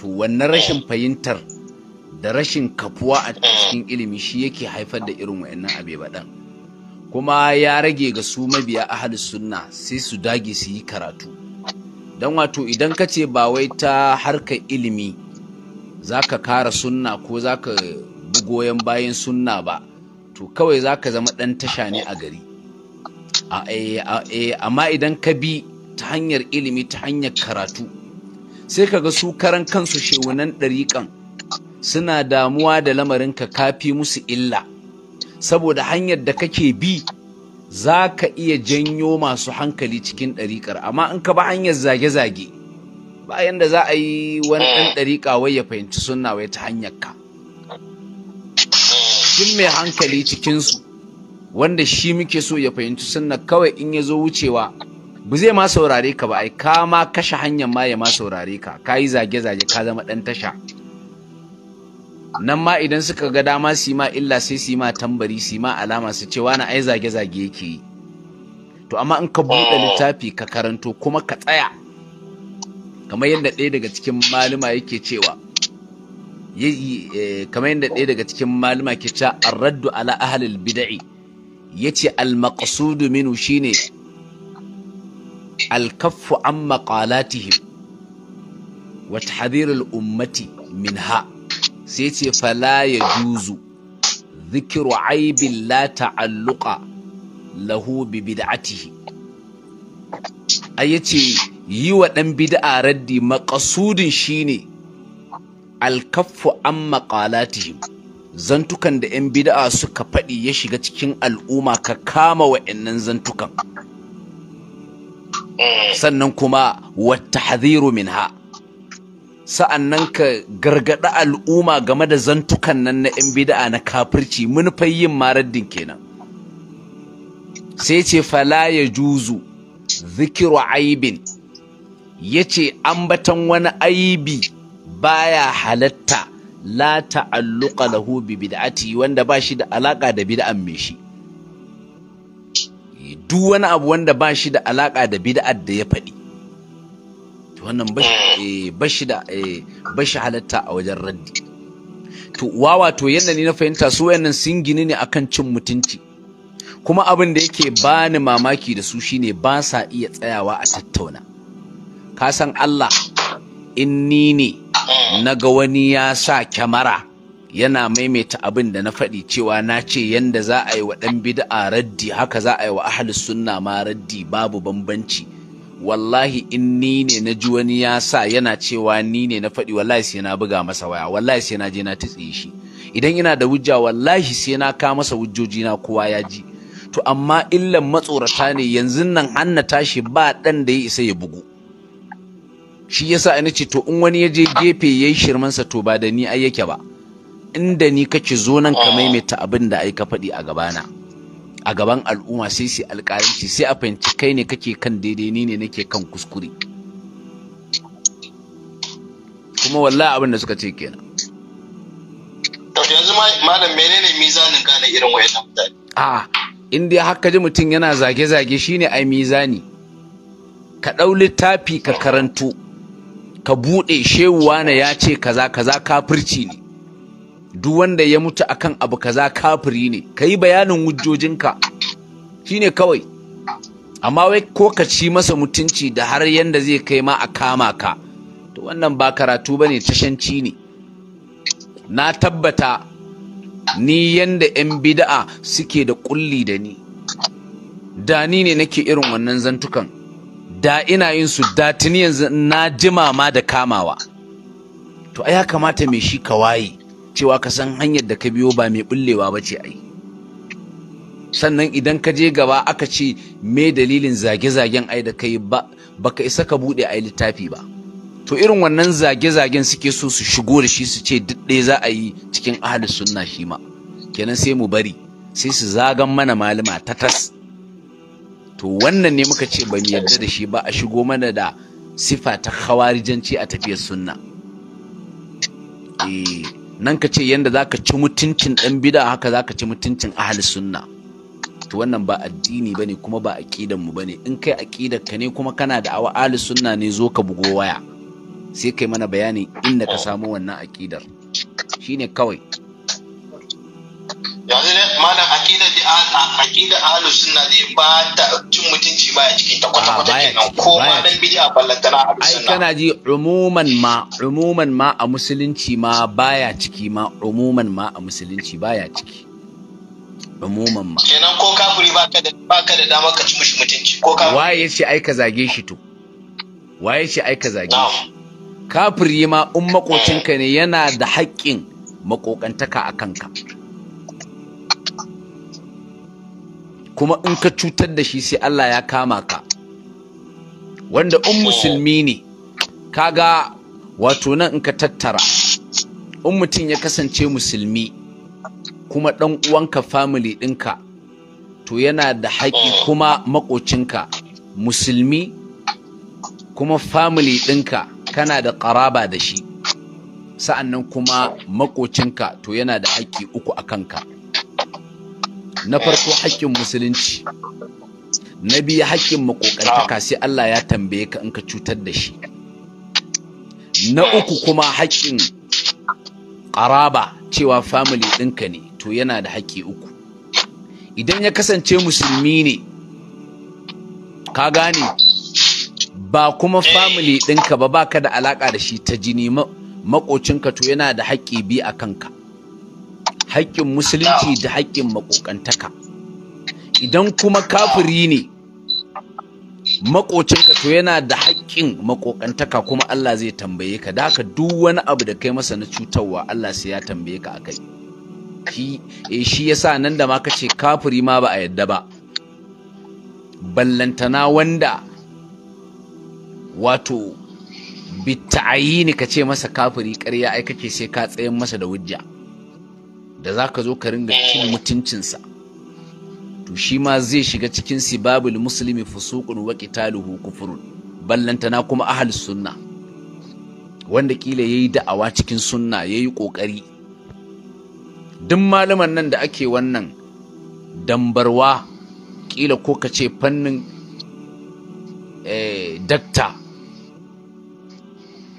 Speaker 1: to wannan rashin fahimtar da rashin kafuwa a cikin ilimi shi yake haifar da irin wayannan abebaɗan kuma ya rage ga su mabiya ahalus sunna sai su dage su yi karatu Dan wato idan ka ce ba wai ta harkar ilimi za ka kara sunna ko za ka bi goyon bayan sunna ba to kawai za ka zama ɗan tasha ne a gari Eh, eh, amma idan ka bi ta hanyar ilimi ta hanyar karatu sai ka ga su karan kansu shewunan ɗariƙan suna damuwa da lamarin ka kafi musu illa saboda hanyar da kake bi za ka iya janyo masu hankali cikin ɗariƙar amma in ka ba hanyar zage-zage bayan da za a yi wani ɗan ɗariƙa wai ya fahimci sunna wai ta hanyar ka mai hankali cikinsu wanda shi muke so ya fahimci sunna kawai in ya zo wucewa ba zai ma saurare ka ba ai ka ma kashe hanyar ma ya ma saurare ka ka yi zage-zage ka zama ɗan tasha nan ma idan suka ga dama su ma illa sai su ma tambari su ma alama su ce wani ai zage-zage yake yi to amma in ka buɗe littafi ka karanto kuma ka tsaya kamar yadda ɗaya daga cikin malama yake cewa eh, kamar yadda ɗaya daga cikin malama ke cewa arraddu ala ahlil bida'i. yace ce maqsudu minu shine al an maqalatihim wa tahdhir ummati minha sai yace fala juzu, dhikru aibin la ta'alluqa lahu bi bid'atihi A yace yi wa dan bid'a raddi maqsudin shine al an maqalatihim zantukan da 'yan bida'a suka faɗi ya shiga cikin al'umma ka kama wa'annan zantukan eh. sannan kuma wata hadiru minha sa'annan ka gargaɗa al'umma game da zantukan nan na 'yan bida'a na kafirci munufai yin maraddin kenan sai ce fala ya juzu zikiru aibin ya ce ambatan wani aibi baya halatta la ta'alluqa lahu bi bid'ati wanda ba shi da alaka da bid'an me shi duk wani abu wanda ba shi da alaka da bid'ar da ya faɗi wannan bashi eh, da eh, shi halatta a wajen raddi to wawa to yadda ni na fahimta su wayannan sun gini ne akan cin mutunci kuma abin da yake bani mamaki da su shine ba sa iya tsayawa a tattauna ka san Allah inni ne Mm. na ga wani ya sa kyamara yana maimaita abin da na faɗi cewa na ce yadda za a yi wa ɗan bid'a raddi haka za a yi wa ahalus sunna ma raddi babu bambanci wallahi in ni ne na ji wani ya sa yana cewa ni ne na faɗi wallahi sai na buga masa waya wallahi sai na je na tsiye shi idan ina da wujja wallahi sai na ka masa wujjoji na kowa ya ji to amma illan matsorata ne yanzu nan hanna tashi ba ɗan da ya isa ya bugu shi yasa ina ce to in wani ya je gefe ya yi shirmansa to ba da ni ai yake ba inda ni kake zo nan ka maimaita abin da ai ka faɗi a gabana a gaban al'umma sai sai alƙalanci sai a fahimci kai ne kake kan daidai ni ne nake kan kuskure kuma wallahi abin da suka ce kenan
Speaker 3: to yanzu malam menene mizanin gane irin wayannan
Speaker 1: mutane a in dai haka ji mutum yana zage-zage shine ai mizani ka ɗau littafi ka karanto ka buɗe shewuwa na ya ce kaza kaza kafirci ne duk wanda ya mutu akan abu kaza kafiri ne ka yi bayanin wujjojinka shine kawai amma wai ko ka ci masa mutunci da har yanda zai kai ma a kama ka to wannan ba karatu ba ne, tashanci ne na tabbata ni yanda 'yan bida'a suke da kulli da ni da ni ne nake irin wannan zantukan da ina yin su da tuni yanzu na jima ma da kamawa to ai kamata me shi ka waye cewa ka san hanyar da ka biyo ba mai bullewa ba ce ai sannan idan ka je gaba aka ce me dalilin zage-zagen ai da kai ba baka isa ka bude ai littafi ba to irin wannan zage-zagen suke so su shigo da shi su ce duk ɗaya za a yi cikin ahadu sunna shi ma kenan sai mu bari sai su zagan mana malama tatas to wannan ne muka ce ba mu yarda da shi ba a shigo mana da sifa ta khawarijanci a tafiyar sunna eh nan ka ce yanda zaka ci mutuncin dan bid'a haka zaka ci mutuncin ahli sunna to wannan ba addini bane kuma ba aqidan mu bane in kai aqidar ka ne kuma kana da awa ahli sunna ne zo ka bugo waya sai kai mana bayani inda ka samu wannan aqidar shine kawai
Speaker 6: aqida ahlus sunna ne ba ta cin mutunci ba a cikin ta kwata
Speaker 1: kwata ah, kenan ko ma dan bid'a ballantana ahlus sunna ai kana ji umuman ma umuman ma a musulunci ma baya ciki ma umuman ma a musulunci baya ciki umuman ma kenan
Speaker 6: ko kafiri baka da baka da dama ka ci mushi
Speaker 1: mutunci ko kafiri waye yace ai ka zage shi to waye yace ai ka zage shi kafiri ma in makocinka eh. ne yana da haƙƙin makokantaka a kanka kuma in ka cutar da shi sai Allah ya kama ka wanda in musulmi ne kaga wato nan in ka tattara in mutum ya kasance musulmi kuma ɗan uwanka family ɗinka to yana da haƙi kuma makocinka musulmi kuma family ɗinka kana da ƙaraba da shi sa'annan kuma makocinka to yana da haƙi uku a kanka na farko haƙƙin musulunci na biyu haƙƙin makokantaka sai Allah ya tambaye ka in ka cutar da shi na uku kuma haƙƙin ƙaraba cewa family ɗinka ne to yana da haƙƙi uku idan ya kasance musulmi ne ka gane ba kuma family ɗinka ba baka da alaƙa da shi ta jini maƙocinka to yana da haƙƙi biyu a kanka haƙƙin musulunci da haƙƙin makokantaka idan kuma kafiri ne makocinka to yana da haƙƙin makokantaka kuma Allah zai tambaye ka da haka duk wani abu da kai masa na cutarwa Allah sai ya tambaye ka akai shi eh, shi yasa nan da ma kace kafiri ma ba a yadda ba ballantana wanda wato ka kace masa kafiri ƙarya ai kake sai ka tsayin masa da wujja. da za ka zo ka ringa cin mutuncinsa to shi ma zai shiga cikin sibabul muslimi fusuqun wa qitaluhu kufrun ballantana kuma ahal sunna wanda kila yayi da'awa cikin sunna yayi kokari duk malaman nan da ake wannan dambarwa kila ko ka ce fannin eh, dakta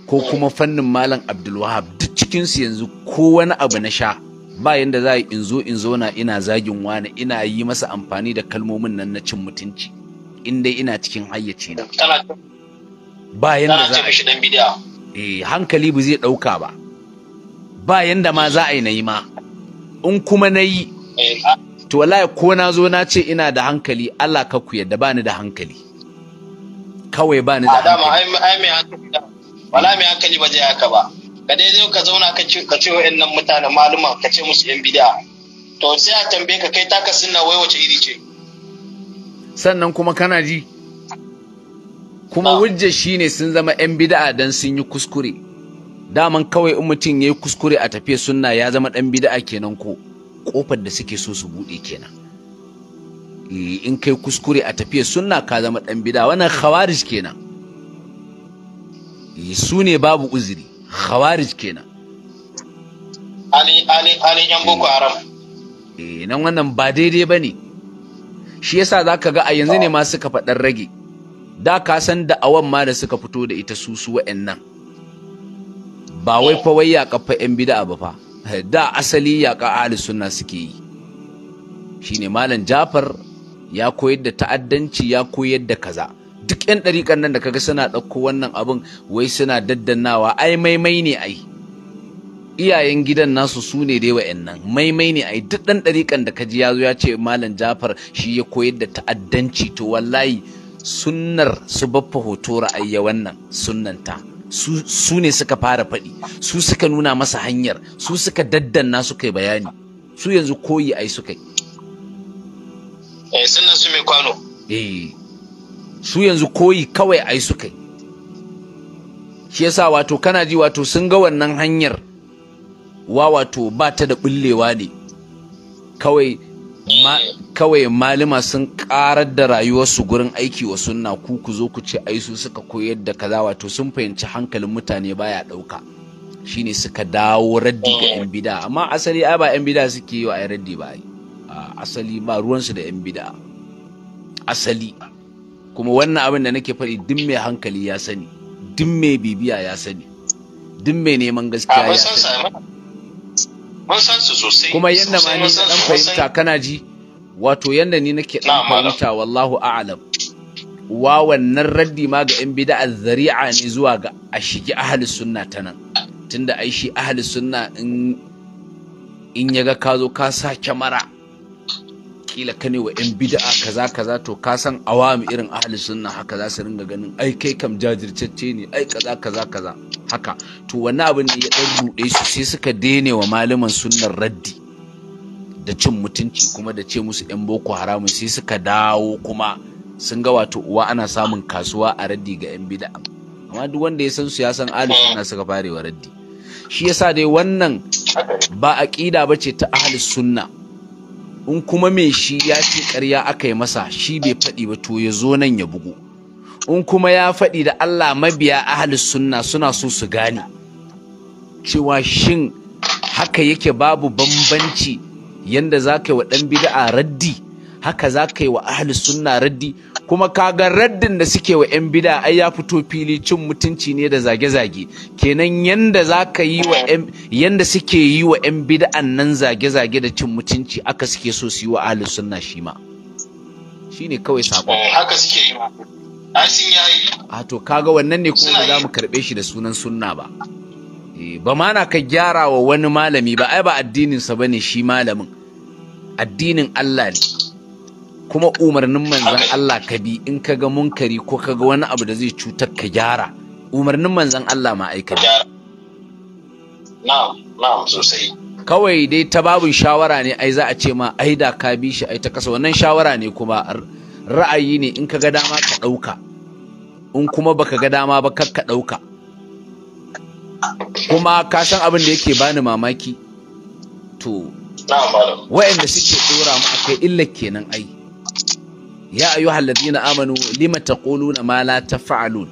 Speaker 1: ko kuma fannin malam abdulwahab duk cikinsu yanzu ko wani abu na sha ba yanda za in zo in na ina zagin wani ina yi masa amfani da kalmomin nan na cin mutunci in dai ina cikin hayyace na ba yanda za a eh hankali ba zai dauka ba ba yadda ma za a yi na yi ma in kuma na yi, eh, to wallahi ko na zo na ce ina da hankali Allah ka ku yadda bani da hankali kawai bani da
Speaker 6: hankali wallahi mai hankali ba zai haka ba ka zai ka zauna ka ce wa'annan mutane maluma ka ce musu yan bid'a to sai a tambaye
Speaker 4: ka kai
Speaker 1: taka sunna wai wace iri ce sannan kuma kana ji kuma wujje shine sun zama yan bid'a dan sun yi kuskure daman kawai in mutum yayi kuskure a tafiya sunna ya zama dan bid'a kenan ko kofar da suke so su bude kenan eh, in kai kuskure a tafiya sunna ka zama dan bid'a wannan khawarij kenan eh, su ne babu uzuri khawarij kenan
Speaker 6: ali ali ali yan boko haram
Speaker 1: eh nan wannan ba daidai bane shi yasa zaka ga a yanzu ne ma suka faɗar rage da ka san da awan ma da suka fito da ita su su wa'annan ba wai fa wai ya kafa yan bid'a ba fa eh, da asali yaƙa ahli sunna suke yi shine malam Jafar ya koyar da ta'addanci ya koyar da kaza duk 'yan ɗariƙan nan da kaga suna ɗauko wannan abin wai suna daddannawa ai maimai ne ai iyayen gidan nasu su ne dai nan maimai ne ai duk ɗan ɗarikan da kaji ya zo ya ce malam jafar shi ya koyar da ta'addanci to wallahi sunnar su baffa hoto ra'ayya wannan ta su ne suka fara faɗi su suka nuna masa hanyar su suka daddanna suka yi bayani su yanzu koyi ai suka yi eh sunan su mai kwano eh su yanzu koyi kawai ai su kai shi yasa wato kana ji wato sun ga wannan hanyar wa wato ba ta da bullewa ne kawai ma kawai malima sun karar da rayuwarsu gurin aiki wa sunna ku ku zo ku ce ai su suka koyar da kaza wato sun fahimci hankalin mutane baya dauka shine suka dawo raddi ga yan bida amma asali ai ba yan bida suke yi wa ai raddi ba ai asali ba ruwansu da yan bida asali kuma wannan abin da nake faɗi duk mai hankali ya sani duk mai bibiya ya sani duk mai neman gaskiya ya sani kuma yanda ma ni dan fahimta kana ji wato yanda ni nake dan fahimta wallahu a'lam wa wannan raddi ma ga 'yan bida'ar zari'a ne zuwa ga a shigi ahli sunna ta nan tunda ai shi ahli sunna in in ya ga ka zo ka sa kyamara kila ka ne wa yan bida'a kaza kaza to ka san awami irin ahli sunna haka za su ringa ganin ai kai kam jajirtacce ne ai kaza kaza kaza haka to wani abin ne ya dan rude su sai suka dene wa malaman sunnar raddi da cin mutunci kuma da ce musu yan boko haramun sai suka dawo kuma sun ga wato uwa ana samun kasuwa a raddi ga yan bida'a amma duk wanda ya san su ya san ahli sunna suka farewa raddi shi yasa dai wannan ba aqida bace ta ahli sunna in kuma me shi ya ce ƙarya aka yi masa shi bai faɗi ba to ya zo nan ya bugu in kuma ya faɗi da Allah mabiya ahli sunna suna so su gane cewa shin haka yake babu bambanci yanda za ka yi wa ɗan bid'a raddi haka za ka yi wa ahli sunna raddi kuma kaga raddin da suke wa 'yan bida ai ya fito fili cin mutunci ne da zage-zage kenan yanda za ka yi wa yanda suke yi wa 'yan bida'an nan zage-zage da cin mutunci aka suke so su yi wa ahlus sunna shi ma Shi ne kawai sakon eh,
Speaker 7: haka suke yi ma
Speaker 1: asin yayi a to kaga wannan ne kuma za mu karbe shi da sunan sunna ba eh, ba ma na ka gyara wa wani malami ba ai ba addinin sa bane shi malamin addinin Allah ne kuma umarnin manzan Allah ka bi in ka ga munkari ko ka ga wani abu da zai cutar ka gyara umarnin manzan Allah ma aika na'am
Speaker 3: na'am sosai
Speaker 1: kawai dai ta babin shawara ne ai za a ce ma ai da ka bi shi ai ta kasa wannan shawara ne kuma ra'ayi ne in ka ga dama ka ɗauka in kuma baka ga dama ba kar ka ɗauka kuma ka san abin da yake bani mamaki to wa'anda suke dora mu akai illar kenan ai ya ayyuhal ladina amanu lima taquluna ma la taf'alun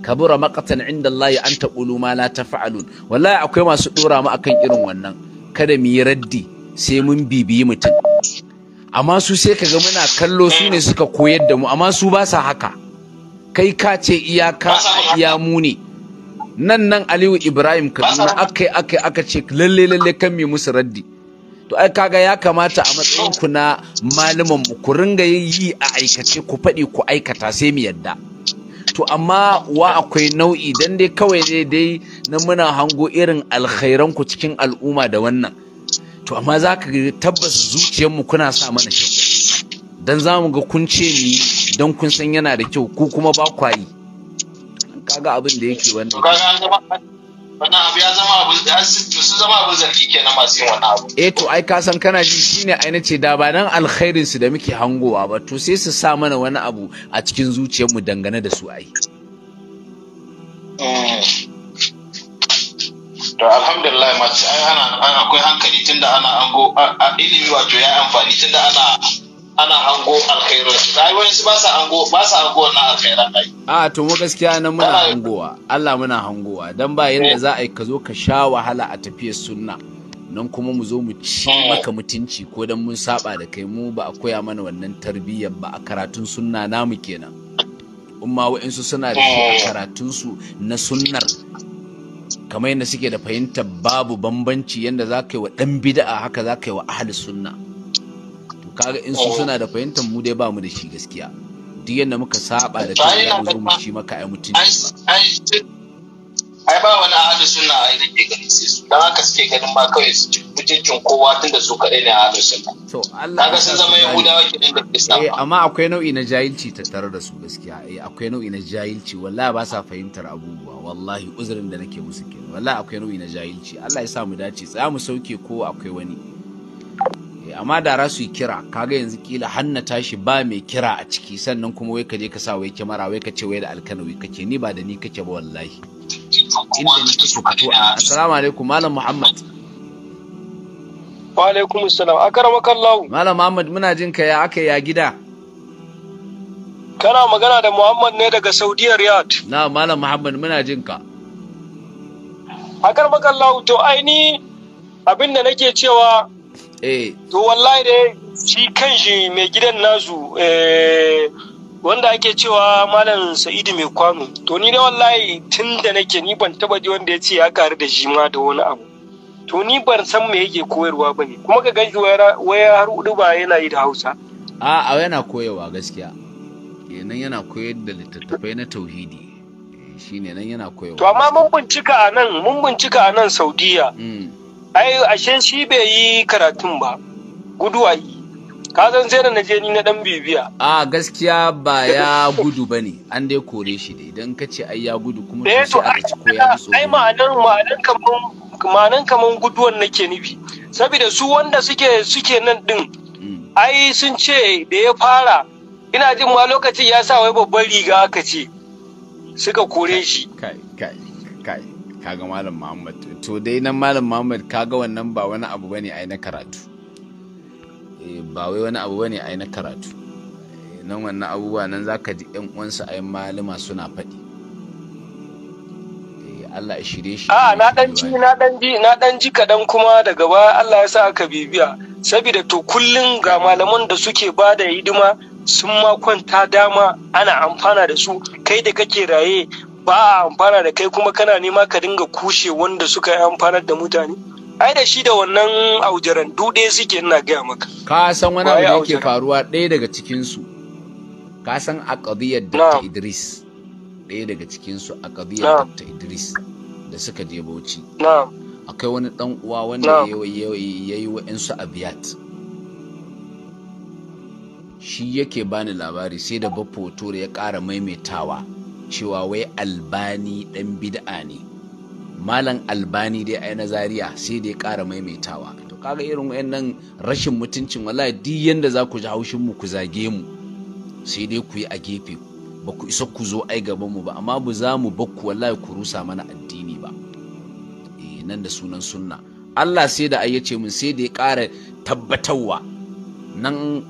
Speaker 1: kabura makatan inda Allah an taqulu ma la taf'alun wallahi akwai masu dora mu akan irin wannan kada mu yi raddi sai mun bibiyi mutum amma su sai kaga muna kallo su ne suka koyar da mu amma su ba sa haka kai ka ce iyaka iya mu ne nan nan Aliyu Ibrahim Kaduna akai akai aka ce lalle lalle kan mi musu raddi to ai kaga ya kamata a matsayin ku na malaman mu ku ringa yi a aikace ku faɗi ku aikata sai mu yadda to amma wa akwai nau'i dan dai kawai dai dai na muna hango irin alkhairan ku cikin al'umma da wannan to amma za ka tabbas zuciyar mu kuna sa mana shi dan za mu ga kun ce ni dan kun san yana da kyau ku kuma ba ka kaga abin da yake wannan
Speaker 8: Wani abu ya zama abu
Speaker 9: su zama abu zargi kenan masu yin wani abu
Speaker 1: eh to ai ka san kana ji shine ai nace da ba nan alkhairin su da muke hangowa ba to sai su sa mana wani abu a cikin zuciyar mu dangane da
Speaker 5: su ai
Speaker 4: mm. to
Speaker 6: alhamdulillah mace ai ana akwai hankali tunda ana ango ilimi wato ya amfani tunda ana ana hango alkhairar su ai su ba sa hango ba sa hango wannan alkhairan ai
Speaker 1: a to mu gaskiya nan muna hangowa Allah muna hangowa dan ba yanda eh. za a yi ka zo ka sha wahala a tafiyar sunna nan kuma mu zo mu ci eh. maka mutunci ko dan mun saba da kai mu ba a koya mana wannan tarbiyyar ba a karatun sunna namu kenan umma wa'insu suna da shi a eh. karatunsu na sunnar kamar yadda suke da fahimtar babu bambanci yadda za ka yi wa ɗan bida'a haka za ka yi wa ahli sunna kaga in su oh. suna da fahimtar mu dai ba mu da shi gaskiya duk yadda muka saba da kai da zo mu shi maka ai mutunci
Speaker 6: ai ba wani ahadu suna ai da ke gani sai su dan
Speaker 3: haka suke ganin ba kawai su mutuncin kowa tun
Speaker 1: da su kadai ne ahadu suna to Allah kaga sun zama yahudawa kenan da islam eh amma akwai nau'i na jahilci tattare da su gaskiya eh akwai nau'i na jahilci wallahi ba sa fahimtar abubuwa wallahi uzurin da nake musu kenan wallahi akwai nau'i na jahilci Allah ya sa mu dace tsaya mu sauke ko akwai wani Eh, amma da ra su kira kaga yanzu kila hanna tashi ba mai kira a ciki sannan kuma wai ka je ka sa wai mara, wai ka ce wai da alkano wai kake ni ba da ni kake ba wallahi inda ni kake fito a assalamu alaikum malam muhammad
Speaker 4: wa alaikum assalam akramakallahu
Speaker 1: malam muhammad muna jin ka ya aka ya gida
Speaker 4: kana magana da muhammad ne daga saudiya Riyad? na malam muhammad muna jin ka akramakallahu to aini abinda nake cewa Eh. to wallahi dai shi kan shi mai gidan nasu eh, wanda ake cewa malam sa'idu mai kwano to ni da wallahi tun da nake ni ban taba ji wanda ya ce ya karu da shi ma da wani abu to ni ban san me yake koyarwa ba ne kuma ka gan shi waya har hudu ba yana yi da hausa
Speaker 1: a a yana koyarwa gaskiya kenan eh, yana koyar da littattafai na tauhidi shine nan yana koyarwa to amma
Speaker 4: mun bincika a nan mun bincika a nan saudiya mm. ai ashe shi bai yi karatun ba gudu a yi ka zan sai da naje ni na dan bibiya
Speaker 1: a gaskiya ba ya gudu ba ne. an dai kore shi dai ka ce ai ya gudu kuma to eh, shi a
Speaker 4: ko ya gudu ai ma'anar ma'anar kaman ma'anar kaman guduwan nake nufi saboda su wanda suke suke nan din mm. ai sun ce da ya fara ina jin ma lokacin ya sa wai babban riga aka ce suka kore
Speaker 1: shi kai kai kaga malam muhammad to dai nan malam muhammad kaga wannan ba wani abu bane ai na karatu eh, ba wai wani abu bane ai na karatu eh, nan wannan abubuwa nan zaka ji yan uwansu ai malama suna faɗi eh, Allah ya shirye shi a ah, na
Speaker 4: dan ji na dan ji na dan ji kadan kuma daga baya Allah ya sa aka bibiya saboda to kullun ga malaman da suke bada hidima sun ma kwanta dama ana amfana da su kai da kake raye ba a amfana da kai kuma kana nema ka dinga kushe wanda suka yi amfanar da mutane ai da shi da wannan aujaran dude suke ina gaya maka
Speaker 1: ka san wani abu yake faruwa ɗaya daga cikin su ka san a ƙadiyar Dr. Idris ɗaya daga cikin su a ƙadiyar Dr. Idris da suka je Bauchi akwai wani dan uwa wanda ya yi wa'insu abiyat shi yake bani labari sai da bafoto ya ƙara maimaitawa cewa wai albani ɗan bid'a ne malam albani dai a na Zariya, sai dai ƙara maimaitawa to kaga irin wayannan rashin mutuncin wallahi duk yanda za ku ji haushin mu ku zage mu sai dai ku yi a gefe ba ku isa ku zo ai gaban mu ba amma bu za mu bakku wallahi ku rusa mana addini ba eh nan da sunan sunna Allah sai da ayyace mun sai da ya ƙara tabbatarwa nan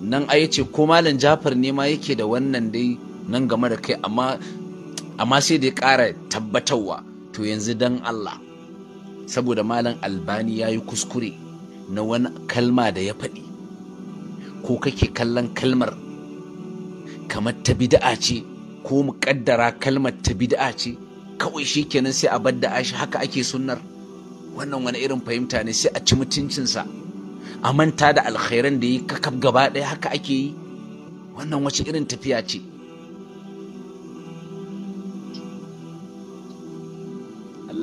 Speaker 1: nan ayyace ko malam Jafar ne ma yake da wannan dai nan game da kai amma sai da ya ƙara tabbatarwa to yanzu dan Allah saboda malam albani ya yi kuskure na wani kalma da ya faɗi ko kake kallon kalmar kamar ta bid'a ce ko muƙaddara kalmar ta bid'a ce kawai shi kenan sai a bar da ashi haka ake sunnar wannan wani irin fahimta ne sai a ci mutuncinsa a manta da alkhairan da yi kakaf gaba ɗaya haka ake yi wannan wace irin tafiya ce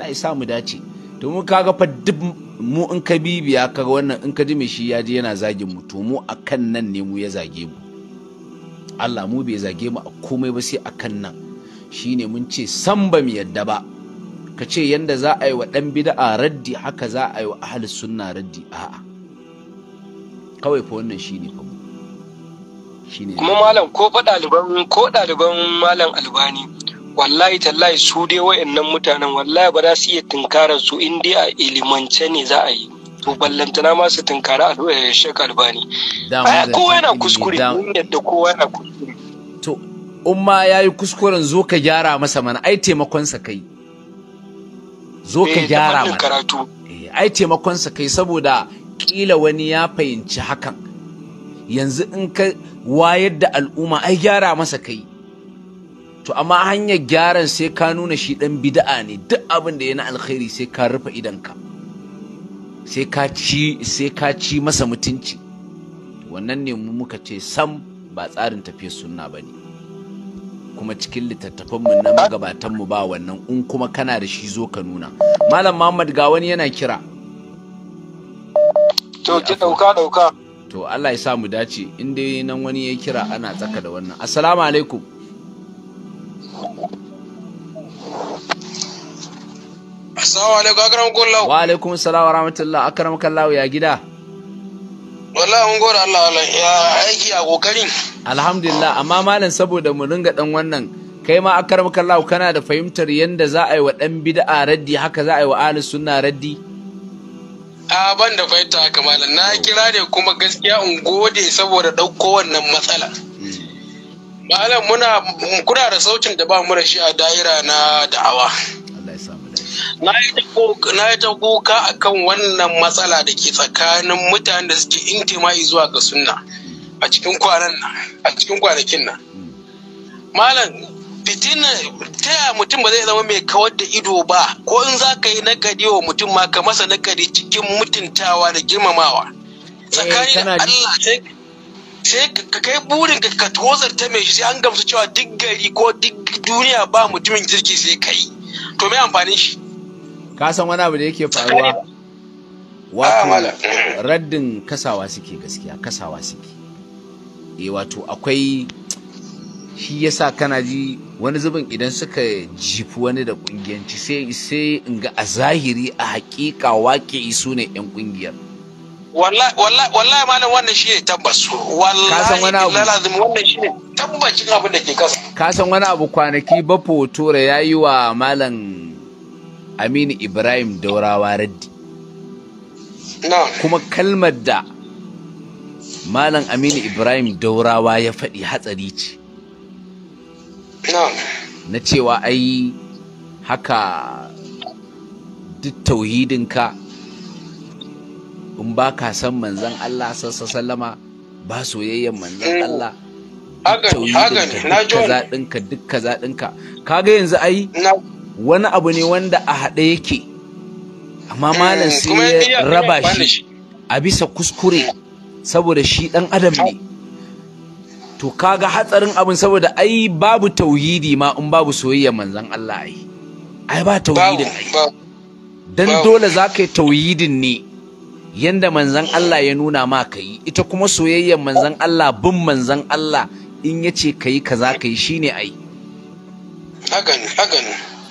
Speaker 1: Allah ya sa mu dace to mu kaga fa duk mu in ka bibiya kaga wannan in ka ji mai shi ya yana zagin mu to mu akan nan ne mu ya zage mu Allah mu bai zage mu a komai ba sai akan nan shine mun ce san ba mu yadda ba ka ce yanda za a yi wa dan bid'a raddi haka za a yi wa ahli sunna raddi a'a kawai fa wannan shine fa shine kuma
Speaker 4: malam ko fa daliban ko daliban malam albani wallahi tallahi su dai wa'annan mutanen wallahi ba za su iya tunkara su in dai a ilimance ne za a yi to ballantana ma su tunkara a eh, shek albani
Speaker 1: kowa yana kuskure yadda
Speaker 4: kowa yana kuskure
Speaker 1: to in ma ya yi kuskuren zo ka gyara masa mana ai taimakonsa kai
Speaker 4: zo ka eh, gyara mana
Speaker 1: eh, ai taimakonsa kai saboda kila wani ya fahimci hakan yanzu in ka wayar da al'umma ai gyara masa kai to amma hanyar gyaran sai ka nuna shi dan bid'a ne duk abin da na alkhairi sai ka rufe idanka sai ka ci sai ka ci masa mutunci wannan ne mu muka ce sam ba tsarin tafiye sunna bane kuma cikin littattafan mu na magabatan mu ba wannan in kuma kana da shi zo ka nuna malam Muhammad ga wani yana kira to ki dauka dauka to Allah ya sa mu dace inda nan wani ya kira ana tsaka da wannan assalamu alaikum
Speaker 7: Assalamu alaikum akram kullahu. Wa
Speaker 1: alaikum salam wa rahmatullah akram kallahu ya gida.
Speaker 7: Wallahi mun gode Allah Allah ya aiki a kokarin.
Speaker 1: Alhamdulillah amma malam saboda mu ringa dan wannan kai ma akram kallahu kana da fahimtar yanda za a yi wa dan bid'a raddi haka za a yi wa ahli sunna raddi.
Speaker 7: A ban da fahimta haka malam na kira ne kuma gaskiya in gode saboda ɗauko wannan matsala. Hmm. Malam muna kuna da sautin da ba mu da shi a daira na da'awa. Allah ya na yi ta kuka akan wannan matsala da ke tsakanin mutanen da suke intima'i zuwa ga sunna a cikin kwanan nan a cikin kwanakin nan malam fitina taya mutum ba zai zama mai kawar da ido ba ko in za ka yi nakadi wa mutum ma ka masa nakadi cikin mutuntawa da girmamawa tsakanin eh, Allah sai ka kai burin ka tozarta mai shi sai an gamsu cewa duk gari ko duk duniya ba mutumin kirki sai kai to me amfani shi
Speaker 1: ka san wani abu da yake faruwa wato ah, raddin kasawa suke gaskiya kasawa suke e wato akwai shi yasa kana ji wani zubin idan suka jifi wani da kungiyanci sai in ga a zahiri a hakika wake su ne yan kungiyar
Speaker 7: wallahi malam wannan shi ne tabbas wallahi lalazim wannan shi ne tabbacin abin da ke kasa
Speaker 1: ka san wani abu kwanaki bafo ture ya yi wa malam aminu ibrahim daurawa raddi kuma kalmar da malam aminu ibrahim daurawa ya faɗi hatsari ce na cewa ai haka duk tauhidinka in ba ka san manzan Allah sassa salama ba soyayyen manzan eh, Allah hagan ɗinka duk kaza ɗinka kaga yanzu ai wani abu ne wanda a haɗe yake amma eh, malam sai ya raba shi a bisa kuskure saboda shi ɗan adam ne to kaga hatsarin abin saboda ai babu tauhidi ma in babu soyayya manzan Allah ai ai ba tauhidin ai dan dole za ka yi tauhidin ne yanda manzan Allah ya nuna ma ka yi ita kuma soyayyar manzan Allah bin manzan Allah in ya ce ka yi ka za ka yi shi ne a yi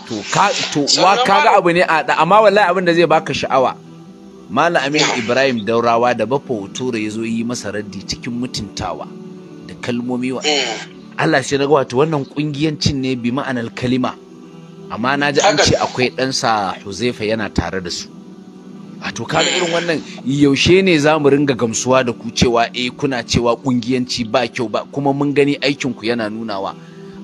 Speaker 1: to ka to wa ga abu ne a da amma wallahi abin da zai baka sha'awa Malam Aminu Ibrahim Daurawa da bafa Hotura ya zo yi masa raddi cikin mutuntawa da kalmomi wa
Speaker 3: mm.
Speaker 1: Allah sai na ga wato wannan kungiyancin ne bi ma'anar kalima amma na ji an ce akwai ɗansa Huzaifa yana tare da su a to kaga irin wannan yaushe ne za mu ringa gamsuwa da ku cewa eh kuna cewa kungiyanci ba kyau ba kuma mun gani aikin ku yana nunawa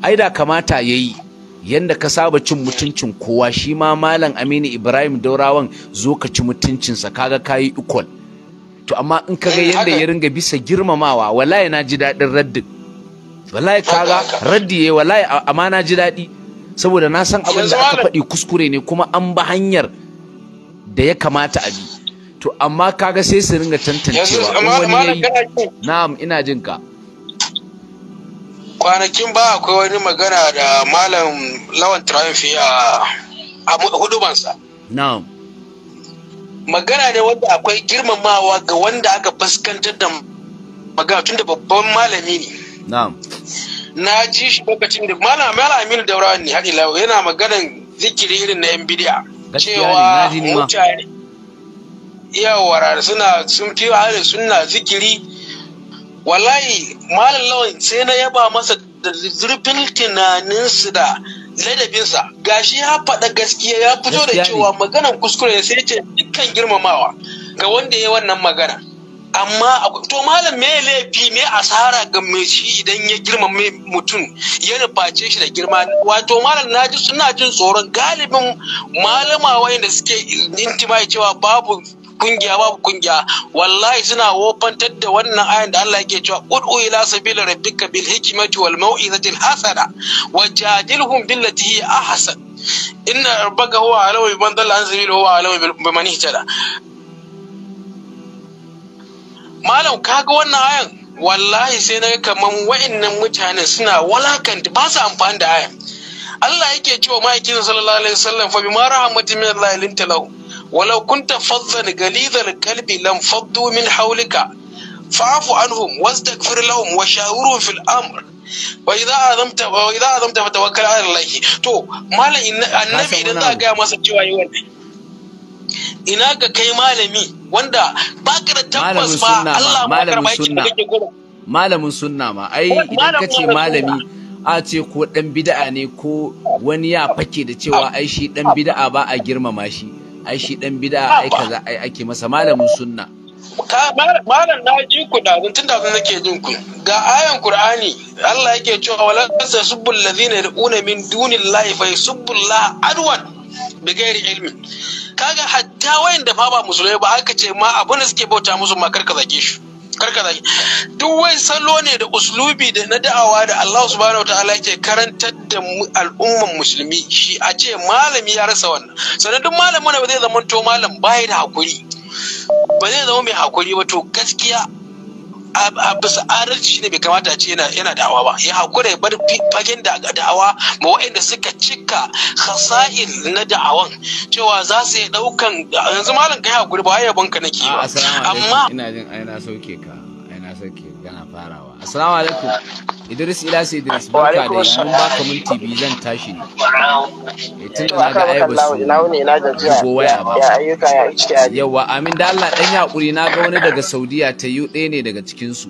Speaker 1: ai da kamata yayi yanda ka saba cin mutuncin kowa shi ma malam Aminu Ibrahim Daurawan zo ka ci mutuncinsa kaga kayi equal to amma in kaga eh, yanda ya ringa bisa girmamawa wallahi na ji daɗin raddi. wallahi kaga raddi yayi wallahi amma na ji daɗi saboda na san abin da aka faɗi kuskure ne kuma an ba hanyar da ya kamata a bi to amma kaga sai su ringa tantancewa in wani yayi na'am ina jin ka
Speaker 7: kwanakin ba akwai wani magana da malam lawan triumph a a hudubansa na'am magana ne wanda akwai girmamawa ga wanda aka fuskantar da magana tunda babban malami ne na'am na ji shi lokacin da malam malam Aminu Daura ne har ila yana maganan zikiri irin na yan cewa mutane yawara suna sun fi hali suna zikiri wallahi malam lawan sai na yaba masa da zurfin tunaninsu da ladabinsa gashi ya faɗa gaskiya ya fito da cewa maganan kuskure sai ce dukkan girmamawa ga wanda ya wannan magana amma to malam me laifi me asara ga mai shi idan ya girma mutum ya nuface shi da girma wato malam naji suna jin tsoron galibin malama wayanda suke intima cewa babu kungiya babu kungiya wallahi suna wofantar da wannan ayan da Allah yake cewa ud'u ila sabila rabbika bil hikmati wal mau'izati al hasana wajadilhum billati hi ahsan inna rabbaka huwa alawi man dalla an huwa alawi bi man ihtada malam kaga wannan ayan wallahi sai na kaman wa'annan mutanen suna walakanta ba su amfani da ayan Allah yake cewa ma'aikin sallallahu alaihi wasallam fa bima rahmatin min Allah lin lahu walau kunta fazzan galizal kalbi lam faddu min hawlika fa'fu anhum wastaghfir lahum wa shawirhum fil amr wa idza azamta wa idza azamta fatawakkal ala Allah to malam annabi idan za ga masa cewa yi wannan ina ga kai malami wanda ba ka da tabbas ba Allah ma karba yake da kake gura
Speaker 1: malamin sunna ma ai idan ka ce malami a ce ko dan bid'a ne ko wani ya fake da cewa ah. ai shi dan bid'a ba a girmama shi ai shi dan bid'a ah. ai kaza ai ake masa malamin sunna
Speaker 7: malam na ji ku da tun da nake jin ku ga ayan qur'ani Allah yake cewa wala subbul ladina yad'una min dunillahi fa yasubbu Allah adwan bigayar ilmi kaga hatta wayan fa ba musulmai ba aka ce ma abin da suke bauta musu ma karka zage shi karka zage duk wai salo ne da uslubi da na da'awa da Allah subhanahu wataala ke karantar da al'umman musulmi shi a ce malami ya rasa wannan sannan duk malamin ba zai zama to malam baya da hakuri ba zai zama mai hakuri ba to gaskiya a bisa adalci ne bai kamata a ce yana da'awa ba ya hakura ya bar fagen da da'awa ma waɗanda suka cika hasa'il na da'awan cewa za su yi ɗaukan yanzu malam kai hakuri ba ya banka nake ba ah, amma
Speaker 1: ina jin na sauke ka na sauke kana farawa assalamu alaikum Idris Ilyasu Idris barka da yi mun baka mun TV zan tashi ne. Ya eh, tun da ga ai basu go waya ba. Yawa amin da Allah dan hakuri na ga wani daga Saudiya ta yi ɗaya ne daga cikin su.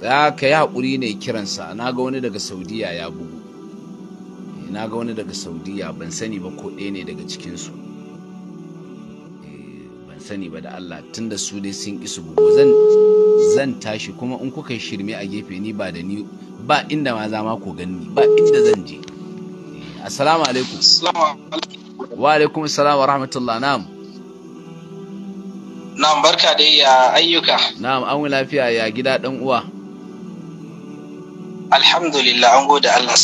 Speaker 1: Za ka yi hakuri ne kiransa na ga wani daga Saudiya ya bugu. Eh, na ga wani daga Saudiya ban sani ba ko ɗaya ne daga cikin su. sani ba da Allah tunda su dai sun isu bugu zan zan tashi kuma in kuka shirme a gefe ni ba da ni ba inda ma za ma ku gani ba inda zan je assalamu alaikum wa alaikum assalam wa rahmatullah na'am
Speaker 6: na'am barka dai ya ayyuka
Speaker 1: na'am an lafiya ya gida dan uwa
Speaker 6: alhamdulillah an gode Allah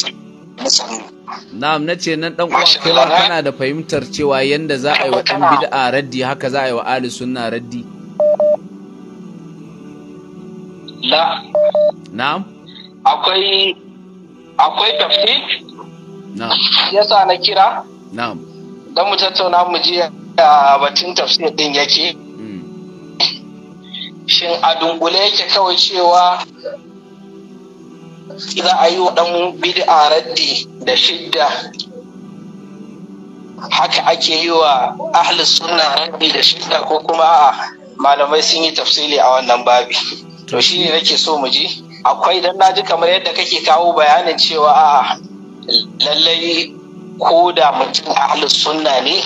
Speaker 10: sannu
Speaker 1: na'am na ce nan dan uwa kai kana da fahimtar cewa yanda za a yi wa ɗan bid'a raddi haka za a yi wa ahli sunna raddi la na'am
Speaker 6: akwai akwai tafsir na'am yasa na kira na'am dan mu tattauna mu ji batun tafsir din yake mm. shin a dunkule yake kawai cewa za a yi wa ɗan bid'a raddi da shidda haka ake yi wa ahli sunna raddi da shidda ko kuma a malamai sun yi tafsili a wannan babi to shi ne nake so mu ji akwai dan na ji kamar yadda kake kawo bayanin cewa a lallai ko da mutum ahli sunna ne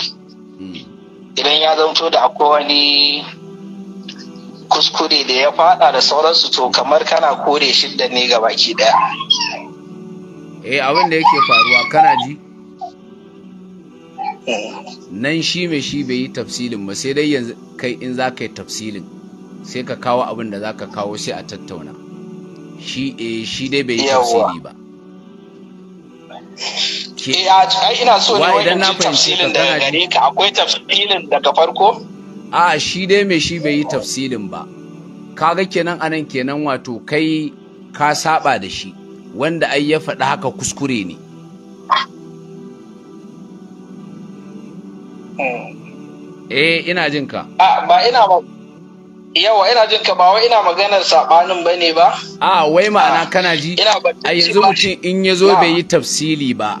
Speaker 6: hmm. idan ya zamto da akwai wani kuskure da ya fada da sauransu to kamar kana kore shidda ne ga baki daya
Speaker 1: eh abin da yake faruwa
Speaker 5: kana ji eh.
Speaker 1: nan shi mai shi bai yi tafsilin ba sai dai yanzu kai in za ka yi tafsilin sai ka kawo abin da za ka kawo sai a tattauna shi eh shi dai bai
Speaker 5: yi tafsili
Speaker 1: ba
Speaker 6: ke eh, ina so ne wani tafsilin daga gare ka akwai tafsilin daga farko
Speaker 1: a shi dai mai shi bai yi tafsirin ba kaga kenan anan kenan wato kai ka saba da shi wanda ai ya faɗi haka kuskure ne eh ina jin ka
Speaker 6: ba ina yawa ina jin ka ba wai ina maganar sabanin
Speaker 1: ne ba a wai ma'ana kana ji a yanzu mutum in ya zo bai yi tafsili ba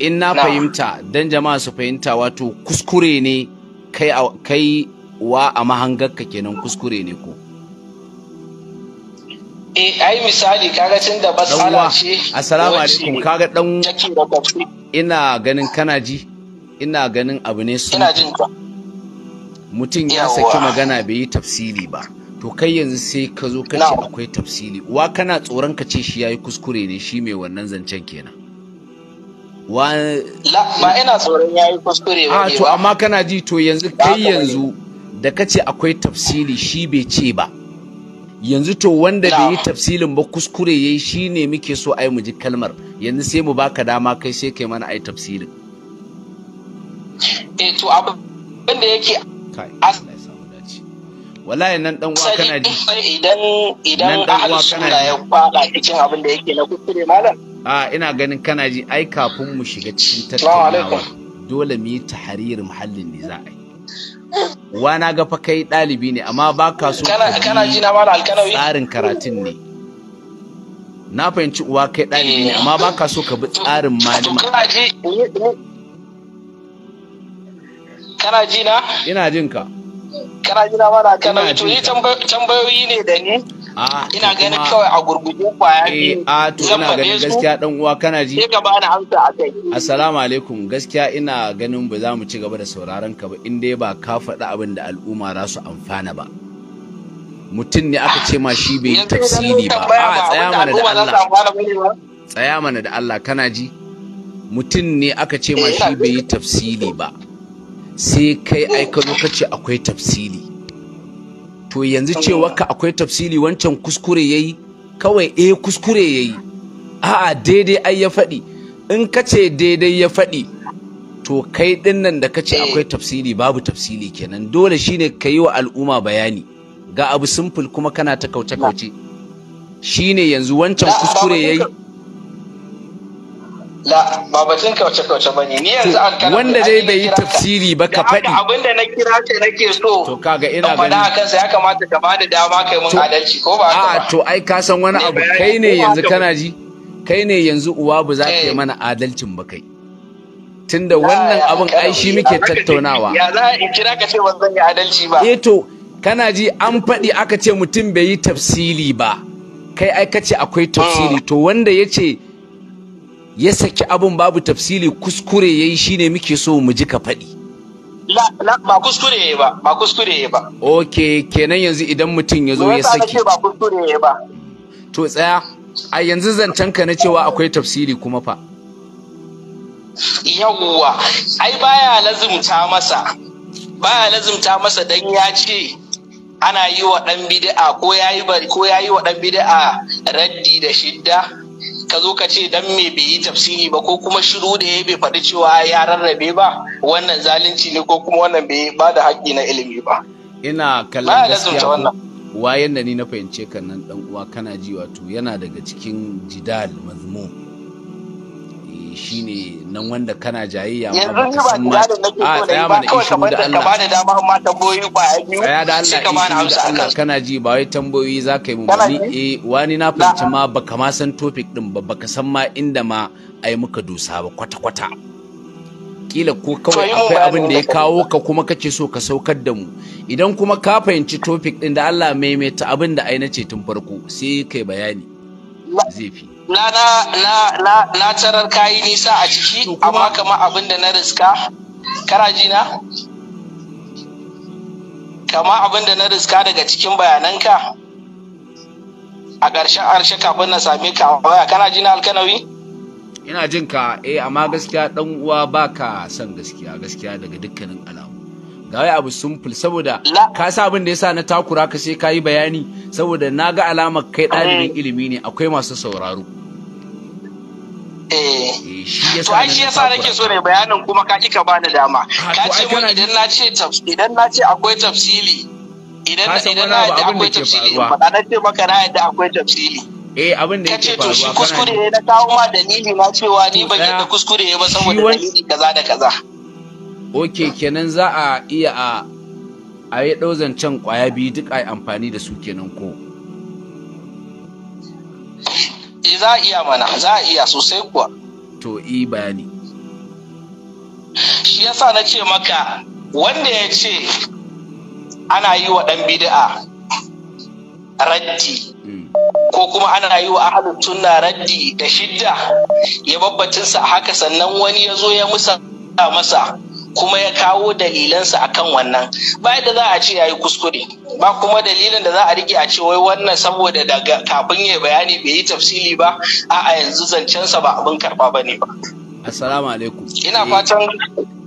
Speaker 1: in na fahimta don jama'a su fahimta wato kuskure ne kai kai wa a mahangarka kenan kuskure ne ko
Speaker 6: eh ai misali kaga tun da basala ce
Speaker 1: assalamu alaikum kaga dan ina ganin kana ji ina ganin abu ne su mutum ya saki magana bai yi tafsiri ba to kai yanzu sai ka zo ka ce akwai tafsiri uwa kana tsoron ka ce shi yayi kuskure ne shi mai wannan zancen kenan ba ina tsoron yayi
Speaker 6: kuskure ba ah, to
Speaker 1: amma kana ji to yanzu kai yanzu da kace akwai tafsiri shi bai ce ba yanzu to wanda bai yi tafsilin ba kuskure yayi ne muke so ai mu ji kalmar yanzu sai mu baka dama kai sai kai mana ai tafsilin
Speaker 6: eh to abin da yake
Speaker 1: wallahi nan dan uwa kana ji
Speaker 6: idan idan ahlus sunna ya fada cikin abin da yake na kuskure malam
Speaker 1: a ina ganin kana ji ai kafin mu shiga cikin tattaunawa dole mu yi tahariri muhallin ne za a yi wa na ga fa kai ɗalibi ne amma ba ka so kana ji na mala alkanawi tsarin karatun ne na fahimci uwa kai ɗalibi ne amma ba ka so ka bi tsarin malama
Speaker 6: kana ji na ina jin ka kana ji na mala alkanawi to yi tambayoyi ne da ni ina ganin kawai a gurguje kwaya eh, biyu a to ina ganin gaskiya
Speaker 1: dan uwa kana ji sai
Speaker 6: ka bani amsa akai
Speaker 1: assalamu alaikum gaskiya ina ganin ba za mu ci gaba da sauraron ka ba in dai ba ka faɗi abin da al'umma za su amfana ba mutum ne aka ce ma shi bai tafsiri ba a tsaya mana da Allah tsaya mana da Allah kana ji mutum ne aka ce ma eh, shi bai yi tafsiri ba sai kai aika lokaci akwai tafsiri to yanzu ce waka akwai tafsili wancan kuskure yayi kawai eh kuskure yayi a'a daidai ai ya faɗi in ka ce daidai ya faɗi to kai ɗinnan nan da kace akwai tafsili babu tafsili kenan dole shine ka yi wa al'umma bayani ga abu simple kuma kana ta kauce kauce shine yanzu wancan kuskure yayi
Speaker 6: La, ba batun kauce-kauce ba ne, ni yanzu an karanta. Wanda dai bai yi
Speaker 1: tafsiri ba ka faɗi. Da
Speaker 6: abin da na kira ce nake so.
Speaker 1: To kaga ina gani. a kansa
Speaker 6: ya kamata ka bada dama kai mun adalci ko
Speaker 1: ba haka ba. A to ai ka san wani abu kai ne yanzu kana ji? Kai ne yanzu uwa ba za ka yi eh. mana adalcin ba kai. Tunda wannan abin ai shi muke tattaunawa. Ya za
Speaker 6: in kira ka ce wannan ya adalci ba.
Speaker 1: Eh to kana ji an faɗi aka ce mutum bai yi tafsiri ba. Kai ai ka ce akwai tafsiri hmm. to wanda ya ce ya saki abin babu tafsili kuskure ya yi shine muke so mu ji ka faɗi ba kuskure ya ba ba kuskure ya ba ok kenan yanzu idan mutum ya zo ya saki ba kuskure ya ba to tsaya a yanzu zancen ka na cewa akwai tafsiri kuma fa
Speaker 6: yawwa ai baya lazumta masa baya lazumta masa dan ya ce ana yi wa ɗan bid'a ko ya yi wa ɗan bid'a raddi da shidda ka zo ka ce dan me bai yi tafsiri ba ko kuma shiru da ya bai faɗi cewa ya rarrabe ba wannan zalunci ne ko kuma wannan bai ba da haƙƙi na ilimi ba
Speaker 1: ina kallon gaskiya wayan da ni na fahimce kan nan dan uwa kana ji wato yana daga cikin jidal mazmu eh, shine nan wanda kana jayayya ma ba ka san ma a tsaya mana in shiru da Allah ba tsaya
Speaker 6: da Allah in shiru da Allah
Speaker 1: kana ji ba wai tambayoyi za ka yi mu bani eh wani na fahimci ma ka ma san topic din ba ka san ma inda ma ai muka dusa ba kwata kwata kila ko kawai akwai abin da ya kawo ka kuma ce so ka saukar da mu idan kuma ka fahimci topic din da Allah maimaita abin da ai nace tun farko sai kai bayani zai fi na na na na tarar
Speaker 6: kayi nisa a ciki amma kama abin da na riska kara ji na kama abin da na riska daga cikin bayananka a ƙarshen harshe kafin na same ka waya kana ji na alkanawi
Speaker 1: ina jin ka eh amma gaskiya dan uwa baka son gaskiya gaskiya daga dukkanin alamu ga wai abu simple saboda ka sa abin da yasa na takura ka sai kayi bayani saboda na ga alamar kai ɗalibin ilimi ne akwai masu sauraro
Speaker 6: Eh,
Speaker 1: eh, to ai shi yasa nake so ne bayanin
Speaker 6: kuma ka ka bani dama ah, ka ce mun idan na ce idan na ce akwai tafsili idan idan na ce akwai tafsili faɗa na ce maka na yadda akwai tafsili
Speaker 1: eh abin da yake faruwa kace to shi kuskure ne na kawo ma dalili na cewa ni ban
Speaker 6: yadda kuskure ba saboda dalili kaza da kaza
Speaker 1: okay kenan za a iya a a yi ɗauzan can ƙwaya biyu duk a yi amfani da su kenan ko
Speaker 6: Eh, za a iya mana, za a iya sosai kuwa.
Speaker 1: To yi bayani.
Speaker 6: Shi yasa na ce maka wanda ya ce ana yi wa ɗan bid'a raddi hmm. ko kuma ana yi wa ahalin tunna raddi da shidda ya babbatinsa haka sannan wani ya zo ya musa masa kuma ya kawo dalilansa kan wannan ba da za a ce ya yi kuskure ba kuma dalilin da za a rike a ce wai wannan saboda daga kafin ya bayani bai yi tafsili ba a a yanzu zancensa ba abin karba ba ne ba
Speaker 1: assalamu alaikum ina fatan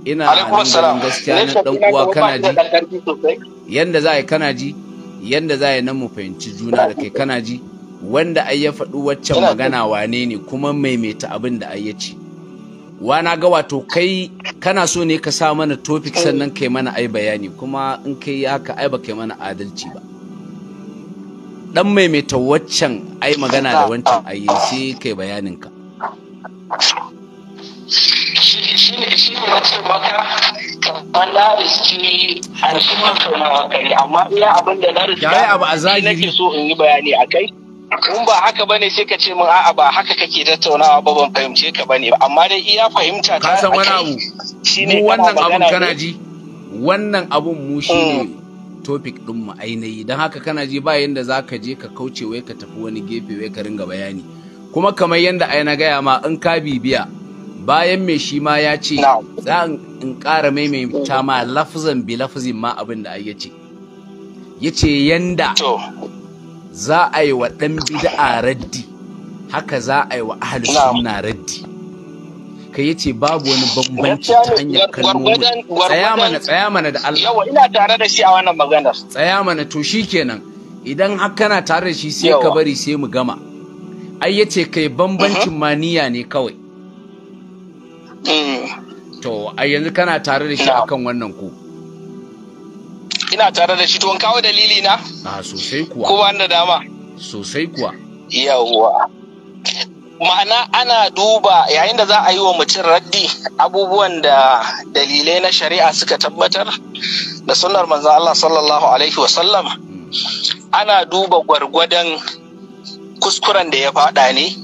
Speaker 1: eh, ina alaikum gaskiya na dan uwa kana ji yanda za a yi kana ji yanda za a yi nan mu fahimci juna da kai kana ji wanda ai ya faɗi waccan magana wane ne kuma maimaita abin da ai ya ce wana ga wato kai kana so ne ka sa mana topic sannan kai mana ai bayani kuma in kai haka ai ba kai mana adalci ba dan maimaita waccan ai magana da wancan ai sai kai bayanin ka
Speaker 10: shi ne na ce maka kamar na riski
Speaker 6: a cikin tattaunawa amma iya abin da na riski ya abu a so in yi bayani a kai in ba haka bane sai ka ce min a'a ba haka kake tattaunawa ba ban fahimce ka bane amma dai iya fahimta ta ka san wani abu mu wannan abun kana ji
Speaker 1: wannan abun mu shi ne mm. topic din mu ainihi dan haka kana ji ba yanda za ka je ka kauce wai ka tafi wani gefe wai ka ringa bayani kuma kamar yanda ai na gaya ma in ka bibiya bayan me shi ma ya ce za in ƙara maimaita ma lafuzan bi lafuzin ma abin da ya ce ya ce yanda za a yi wa ɗan bid'a raddi haka za a yi wa ahalus suna raddi ka yi ce babu wani bambanci ta hanyar kalmomin tsaya mana tsaya mana da Allah yawa ina tare da shi a wannan maganar tsaya mana to shi kenan, idan har kana tare da shi sai ka bari sai mu gama ai yace kai bambancin mhm. maniya ne kawai mm. to ai yanzu kana tare da shi akan wannan ku
Speaker 6: ina tare da shi to kawo dalili na
Speaker 1: a sosai kuwa ko da dama sosai kuwa yawwa
Speaker 6: ma'ana ana duba yayin da za a yi wa mutum raddi abubuwan da dalilai na shari'a suka tabbatar da sunnar manzan Allah sallallahu alaihi wasallam ana duba gwargwadon kuskuren da ya faɗa ne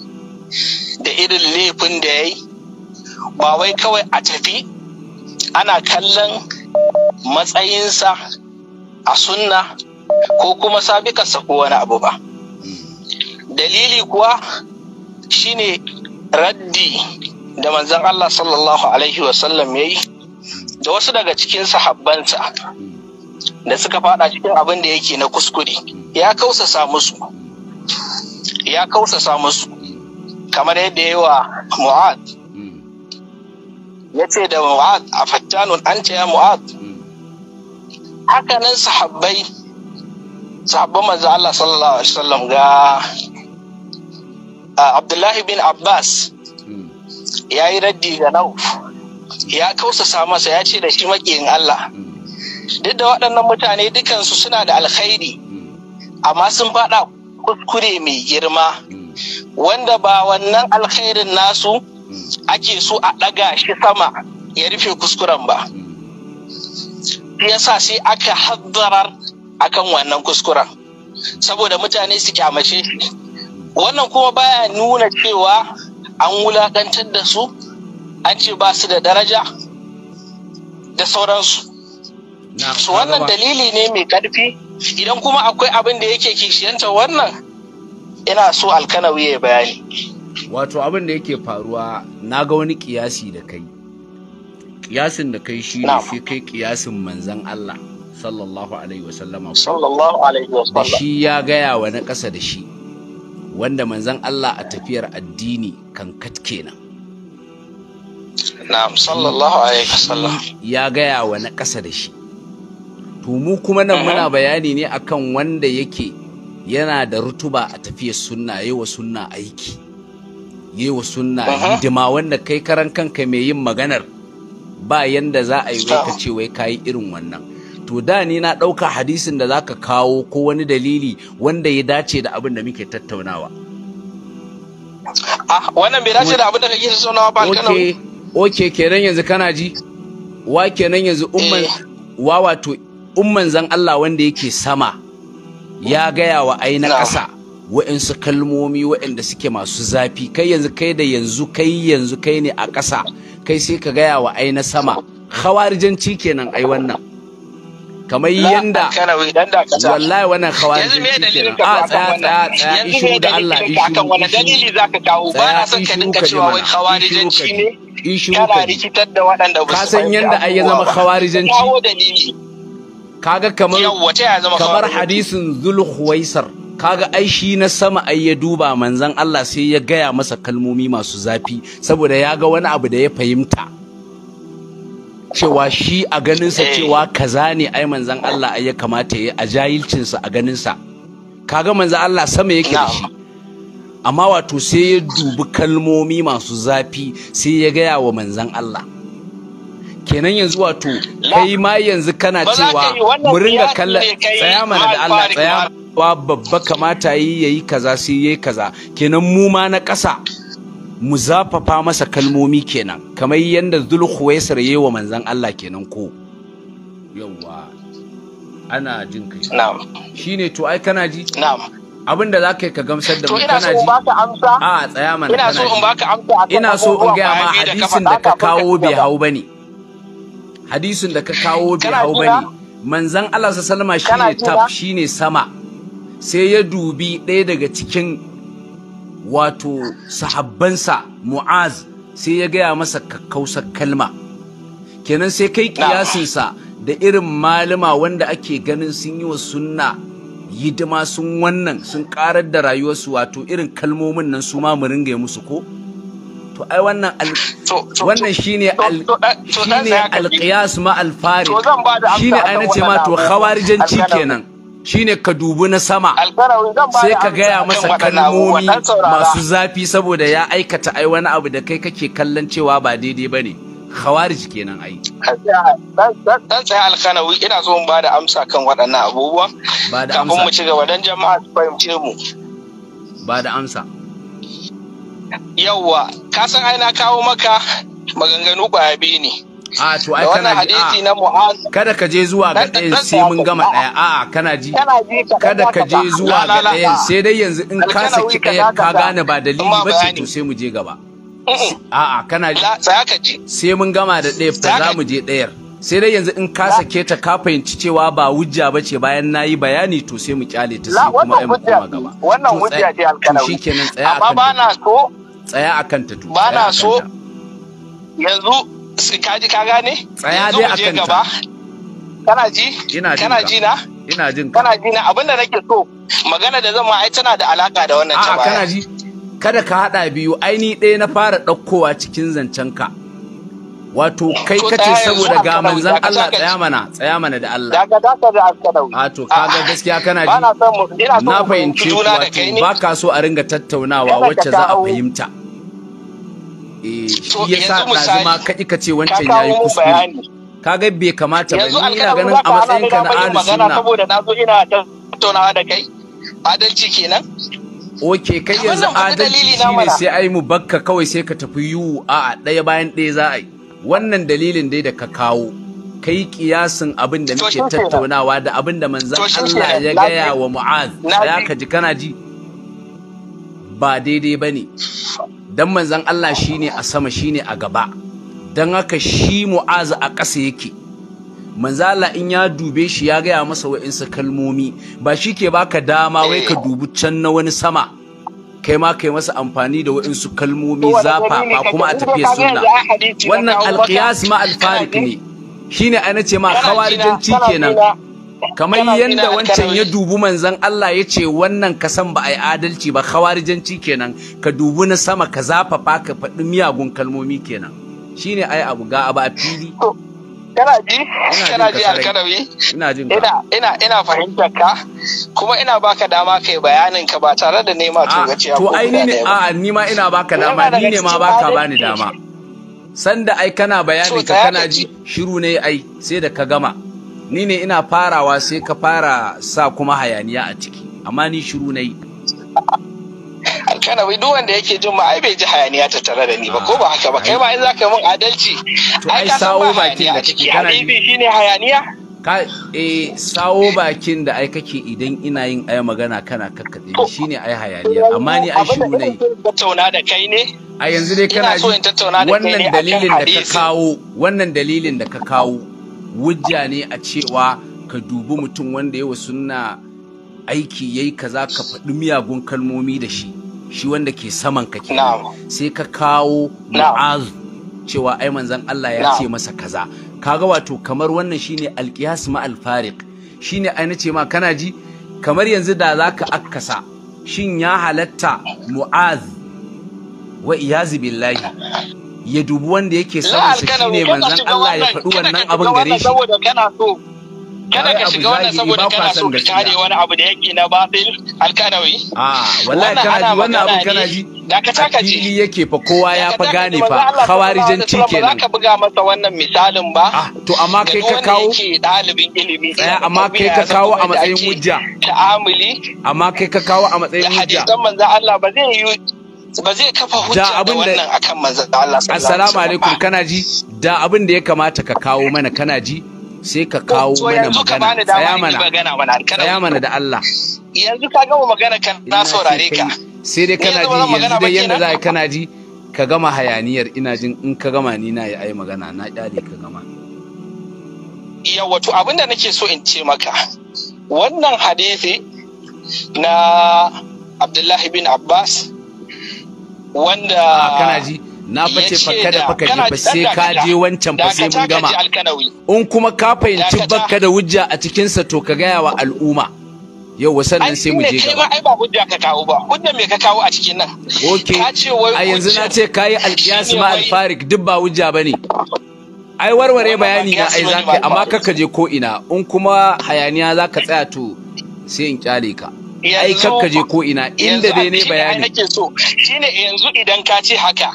Speaker 6: da irin laifin da ya yi ba wai kawai a tafi ana kallon matsayinsa a sunna ko kuma sabikarsa ko wani abu ba dalili kuwa shine raddi da manzan Allah sallallahu alaihi wasallam ya yi da wasu daga cikin sahabbansa da suka fada cikin abin da yake na kuskure ya kausasa musu ya kausasa musu kamar yadda yi mu'ad ya ce da mu'ad a fattanun an ce ya mu'ad haka nan sahabbai sahabban manzo Allah sallallahu alaihi wasallam ga Abdullahi bin Abbas hmm. ya yi raddi ga Nauf ya kausa masa ya ce da shi makiyin Allah hmm. duk da waɗannan mutane dukansu suna da alkhairi hmm. amma sun faɗa kuskure mai girma wanda ba wannan alkhairin nasu ake so a ɗaga shi sama ya rufe kuskuren ba. Ya sa sai aka haddarar akan wannan kuskuren saboda mutane su kyamace wannan kuma baya nuna cewa an wulaƙantar da su an ce ba su da daraja da sauransu su wannan dalili ne mai ƙarfi idan kuma akwai abin da yake kishiyanta wannan
Speaker 1: ina so alkanawi ya bayani wato abin da yake faruwa na ga wani kiyasi da kai kiyasin da kai shi ne shi kai kiyasin manzan Allah sallallahu alaihi wasallama
Speaker 3: sallallahu alaihi wasallam shi
Speaker 1: ya gaya wa na ƙasa da shi wanda manzan Allah a tafiyar addini kan kat kenan na'am sallallahu alaihi wasallam ya gaya wa na ƙasa da shi to mu kuma nan mhm. muna bayani ne akan wanda yake yana da rutuba a tafiyar sunna yayi wa sunna aiki yayi wa sunna mhm. hidima wanda kai karan kanka mai yin maganar ba yanda za a yi wai ka ce wai yi irin wannan to da ni na ɗauka hadisin da za ka kawo ko wani dalili wanda ya dace da abin da muke tattaunawa ah wannan bai dace da abin da kake tattaunawa ba kana okay okay kenan yanzu kana ji wa kenan yanzu umman eh. wa wato umman zan Allah wanda yake sama ya gaya wa ai na ƙasa wa'insu kalmomi wa'inda suke masu zafi kai yanzu kai da yanzu kai yanzu kai ne a ƙasa kai sai ka gaya wa ai na sama khawarijanci kenan ai wannan kamar yanda wallahi
Speaker 6: wannan khawarijanci
Speaker 3: kenan a tsaya wannan
Speaker 6: yanzu me ah, da Allah ishu wannan dalili zaka kawo ba na son ka dinka cewa wai khawarijanci
Speaker 1: ne kana rikitar da waɗanda ba su san yanda ai ya zama khawarijanci kaga kamar kamar hadisin zulhuwaisar kaga ai shi na sama ai ya duba manzon Allah sai ya gaya masa kalmomi masu zafi saboda ya ga wani abu da ya fahimta cewa shi a ganinsa eh. cewa kaza ne ai manzan Allah ai ya kamata ya a jahilcinsa a ganinsa kaga manzan Allah sama yake da shi amma wato sai ya dubi kalmomi masu zafi sai ya gaya wa manzan Allah kenan yanzu wato kai ma yanzu kana cewa mu ringa kallon tsaya mana da Allah tsaya wa babba kamata yi ya yi kaza sai ya yi kaza kenan mu ma na ƙasa mu zafafa masa kalmomi kenan kamar yadda zulhuwaisar yayi wa Manzan Allah kenan ko yawwa ana jin kai na'am shine to ai kana ji na'am abin da za ka yi ka gamsar da mu kana ji a tsaya mana kana ji ina so in gaya ma hadisin da ka kawo bai hau bane hadisin da ka kawo bai hau bane manzan Allah sallallahu alaihi wasallam shine tab shine sama sai ya dubi ɗaya daga cikin wato sahabbansa mu'az sai ya gaya masa kakkausar kalma kenan sai kai kiyasinsa da irin malama wanda ake ganin sun yi wa sunna hidima sun wannan sun karar da rayuwarsu wato irin kalmomin nan su ma mu ringa musu ko to ai wannan wannan shine shine alqiyas ma alfari shine ai nace ma to khawarijanci kenan shine ka dubi na sama sai ka gaya masa kalmomi masu zafi saboda ya aikata ai wani abu da kai kake kallon cewa ba daidai bane khawarij kenan ai
Speaker 6: dan sai alkanawi ina so in da amsa kan waɗannan abubuwan kafin mu ci gaba dan jama'a su fahimce mu
Speaker 1: ba da amsa
Speaker 6: yawwa ka san ai na kawo maka maganganu ƙwayabe ne
Speaker 1: a ah, to ai kana ji
Speaker 6: ah, a
Speaker 1: kada ka je zuwa ga ɗayan sai mun gama ɗaya a ah, kana ji
Speaker 6: kada ka je zuwa ga ɗayan sai
Speaker 1: dai yanzu in ka saki ɗayan ka gane ba dalili ba ce to sai mu je gaba a'a kana ji sai mun gama da ɗaya fa za mu je ɗayar sai dai yanzu in ka sake ta ka fahimci cewa ba hujja ba ce bayan na yi bayani to sai mu kyale ta sai kuma ai mu koma gaba wannan hujja ce alkalawi shi kenan tsaya amma ba na so tsaya akan ta to ba na so
Speaker 6: yanzu kaji ka gane tsaya dai a kanta gaba kana ji ina kana ji na ina jin kana ji na abinda nake so magana da zama ai tana da
Speaker 1: alaka da wannan ta baya kana ji kada ka hada biyu aini ɗaya na fara ɗaukowa cikin zancen ka wato kai kace saboda ga manzon Allah tsaya mana tsaya mana da Allah daga daga da alkadau a to kaga gaskiya kana
Speaker 6: ji na fahimce ku
Speaker 1: baka so a ringa tattaunawa wacce za a fahimta Eh, shi yasa sa ma kaɗi ka ce wancan ya yi kuskure kaga bai kamata ba ni ina ganin a matsayin ka na ahli sunna saboda
Speaker 6: na zo ina tattaunawa da kai adalci kenan
Speaker 1: kai yanzu adalci shine sai ai mu bakka kawai sai ka tafi yiwu a ɗaya bayan ɗaya za a yi wannan dalilin dai da ka kawo kai kiyasin abin da muke tattaunawa da abin da manzon Allah ya gaya wa Mu'az da ka ji kana ji ba daidai bane dan manzon Allah shine a sama shine a gaba dan haka shi mu'azu a ƙasa yake manzo Allah in ya dube shi ya gaya masa wa'insu kalmomi ba shi ke baka dama wai ka dubi can na wani sama kai ma kai masa amfani da wa'insu kalmomi zafa ba kuma a tafiya sunna wannan alqiyas ma alfarik ne shine ana ce ma khawarijanci kenan kamar yadda wancan ya dubi manzan Allah ya ce wannan ka san ba a yi adalci ba khawarijanci kenan ka dubi na sama ka zafafa ka faɗi miyagun kalmomi kenan shine ai abu ga abu a fili
Speaker 6: kana ji kana ji alkarawi ina jin ina ina ina fahimtar ka kuma ina baka dama kai bayanin ka ba tare da nema to ah, gaci to ai ni ne a'a
Speaker 1: ni ma ina baka dama ni ne ma baka bani dama sanda ai kana bayanin ka kana ji shiru ne ai sai da ka gama ni ne ina farawa sai ka fara sa kuma hayaniya a ciki amma ni shiru na yi
Speaker 6: kana wai duk wanda yake jin ma ai bai ji hayaniya ta tare da ni ba ko ba haka ba kai ma in zaka mun adalci ai ka sawo bakin da kake kana shine
Speaker 1: hayaniya ka eh sawo bakin da ai kake idan ina yin ai magana kana kakkade shine ai hayaniya amma ni ai shiru yi tattauna da kai ne a yanzu dai kana wannan dalilin da ka kawo wannan dalilin da ka kawo wujja ne a cewa ka dubi mutum wanda yawa suna aiki yayi kaza ka faɗi miyagun kalmomi da shi shi wanda ke saman ka ke sai ka kawo mu'az cewa ai manzon Allah ya ce masa kaza kaga wato kamar wannan shine alqiyas ma alfariq shine ai nace ma kana ji kamar yanzu da zaka akasa shin ya halatta mu'az wa iyazi billahi ya dubi wanda yake samun sa ne manzan Allah ya faɗi wannan abin gare
Speaker 6: shi
Speaker 1: kada ka shiga wannan saboda kana so ka kare wani abu
Speaker 6: da yake na batil alkanawi a ah, wallahi kana ji wannan abu kana ji
Speaker 1: da ka taka ji yake fa kowa ya fa gane fa
Speaker 6: khawarijanci kenan ba ka buga masa wannan misalin ba ah, to amma kai ka kawo dalibin ilimi amma kai ka kawo a matsayin hujja ta'amuli
Speaker 1: amma kai ka kawo a matsayin hujja hadisan
Speaker 6: manzo Allah ba zai yi ba zai kafa hujja da wannan akan manzon Allah assalamu alaikum
Speaker 1: kana ji da abin da ya kamata ka kawo mana kana ji sai ka kawo mana magana tsaya mana tsaya mana da Allah
Speaker 6: yanzu ka gama magana kan na saurare ka
Speaker 1: sai dai kana ji yanzu dai yanda za kana ji ka gama hayaniyar ina jin in ka gama ni na yi ai magana na kyale ka gama
Speaker 6: yawa to abin da nake so in ce maka wannan hadisi na Abdullahi bin Abbas wanda ah, kana ji na face fa kada fa ka ji ba sai ka je wancan fa sai mun gama
Speaker 1: in kuma ka fahimci baka da hujja a cikin sa to ka gaya wa al'umma yau sannan sai mu je gaba
Speaker 6: ai ba hujja ka kawo
Speaker 1: ba hujja me ka kawo a cikin nan okay a yanzu na ce kai alqiyas ma alfarik duk ba hujja bane ai warware bayani na ai zaka amma ka je ko ina in kuma hayaniya zaka tsaya to sai in kyale ka ai kakka je ko ina inda dai ne bayani
Speaker 6: so shine yanzu idan ka ce haka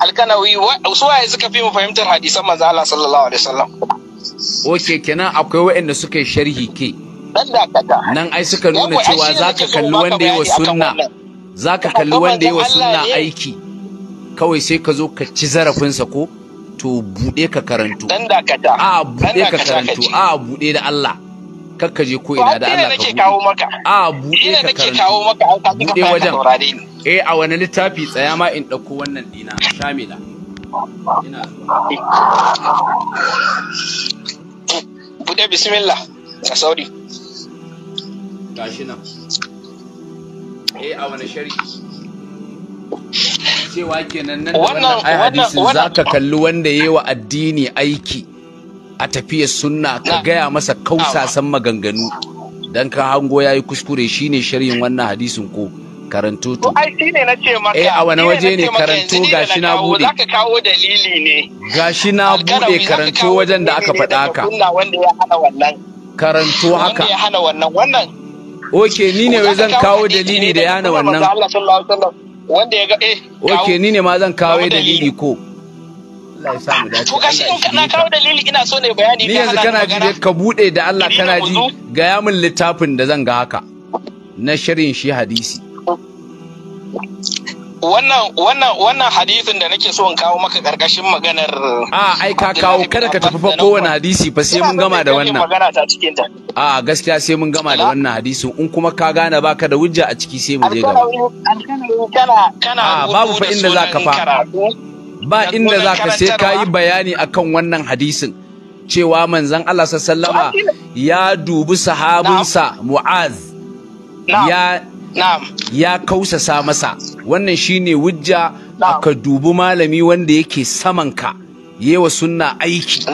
Speaker 6: alkanawi su waye suka fi mu fahimtar hadisan manzo Allah sallallahu alaihi wasallam
Speaker 1: Oke kenan akwai waɗanda suka yi sharhi ke nan ai suka nuna cewa za ka kalli wanda yi wa sunna za ka kalli wanda yi wa sunna aiki kawai sai ka zo ka ci zarafinsa ko to buɗe ka karanto
Speaker 6: a buɗe ka karanto a
Speaker 1: buɗe da Allah kakka je ko ina da Allah ka kawo maka a buɗe ka kawo
Speaker 6: maka buɗe wajen
Speaker 1: eh a wani littafi tsaya ma in ɗauko wannan dina shamila
Speaker 6: ina buɗe bismillah
Speaker 1: ka sauri gashi nan eh a wani shari cewa kenan nan da wannan hadisin zaka kalli wanda yayi wa addini aiki a tafiyar sunna ka gaya masa kausasan maganganu dan ka hango yayi kuskure shine sharhin wannan hadisin ko karanto to ai
Speaker 6: shine na ce maka eh a wani waje ne karanto gashi na bude zaka kawo dalili ne
Speaker 1: gashi na bude karanto wajen da aka faɗa haka wanda ya hana wannan karanto haka wanda ya hana wannan wannan oke ni ne wai zan kawo dalili da ya hana wannan
Speaker 6: wanda ya ga eh oke
Speaker 1: ni ne ma zan kawo dalili ko Allah ya sa mu
Speaker 6: dace. To kawo dalili ina so ne bayani Ni yanzu kana ji
Speaker 1: ka bude da Allah kana ji gaya min littafin da zan ga haka na shirin shi hadisi.
Speaker 6: Wannan wannan wannan hadisin da nake so in kawo maka karkashin maganar A
Speaker 1: ai ka kawo kada ka tafi fa kowane hadisi fa sai mun gama da wannan. A gaskiya sai mun gama da wannan hadisin in kuma ka gane baka da hujja a ciki sai mu je gaba.
Speaker 10: Kana kana babu fa inda zaka fa.
Speaker 1: ba inda za ka sai ka yi bayani akan wannan hadisin cewa manzan Allah sallama ya dubi sahabinsa Mu'az ya ya kausasa masa wannan shine wujja aka dubi malami wanda yake samanka yi wa sunna aiki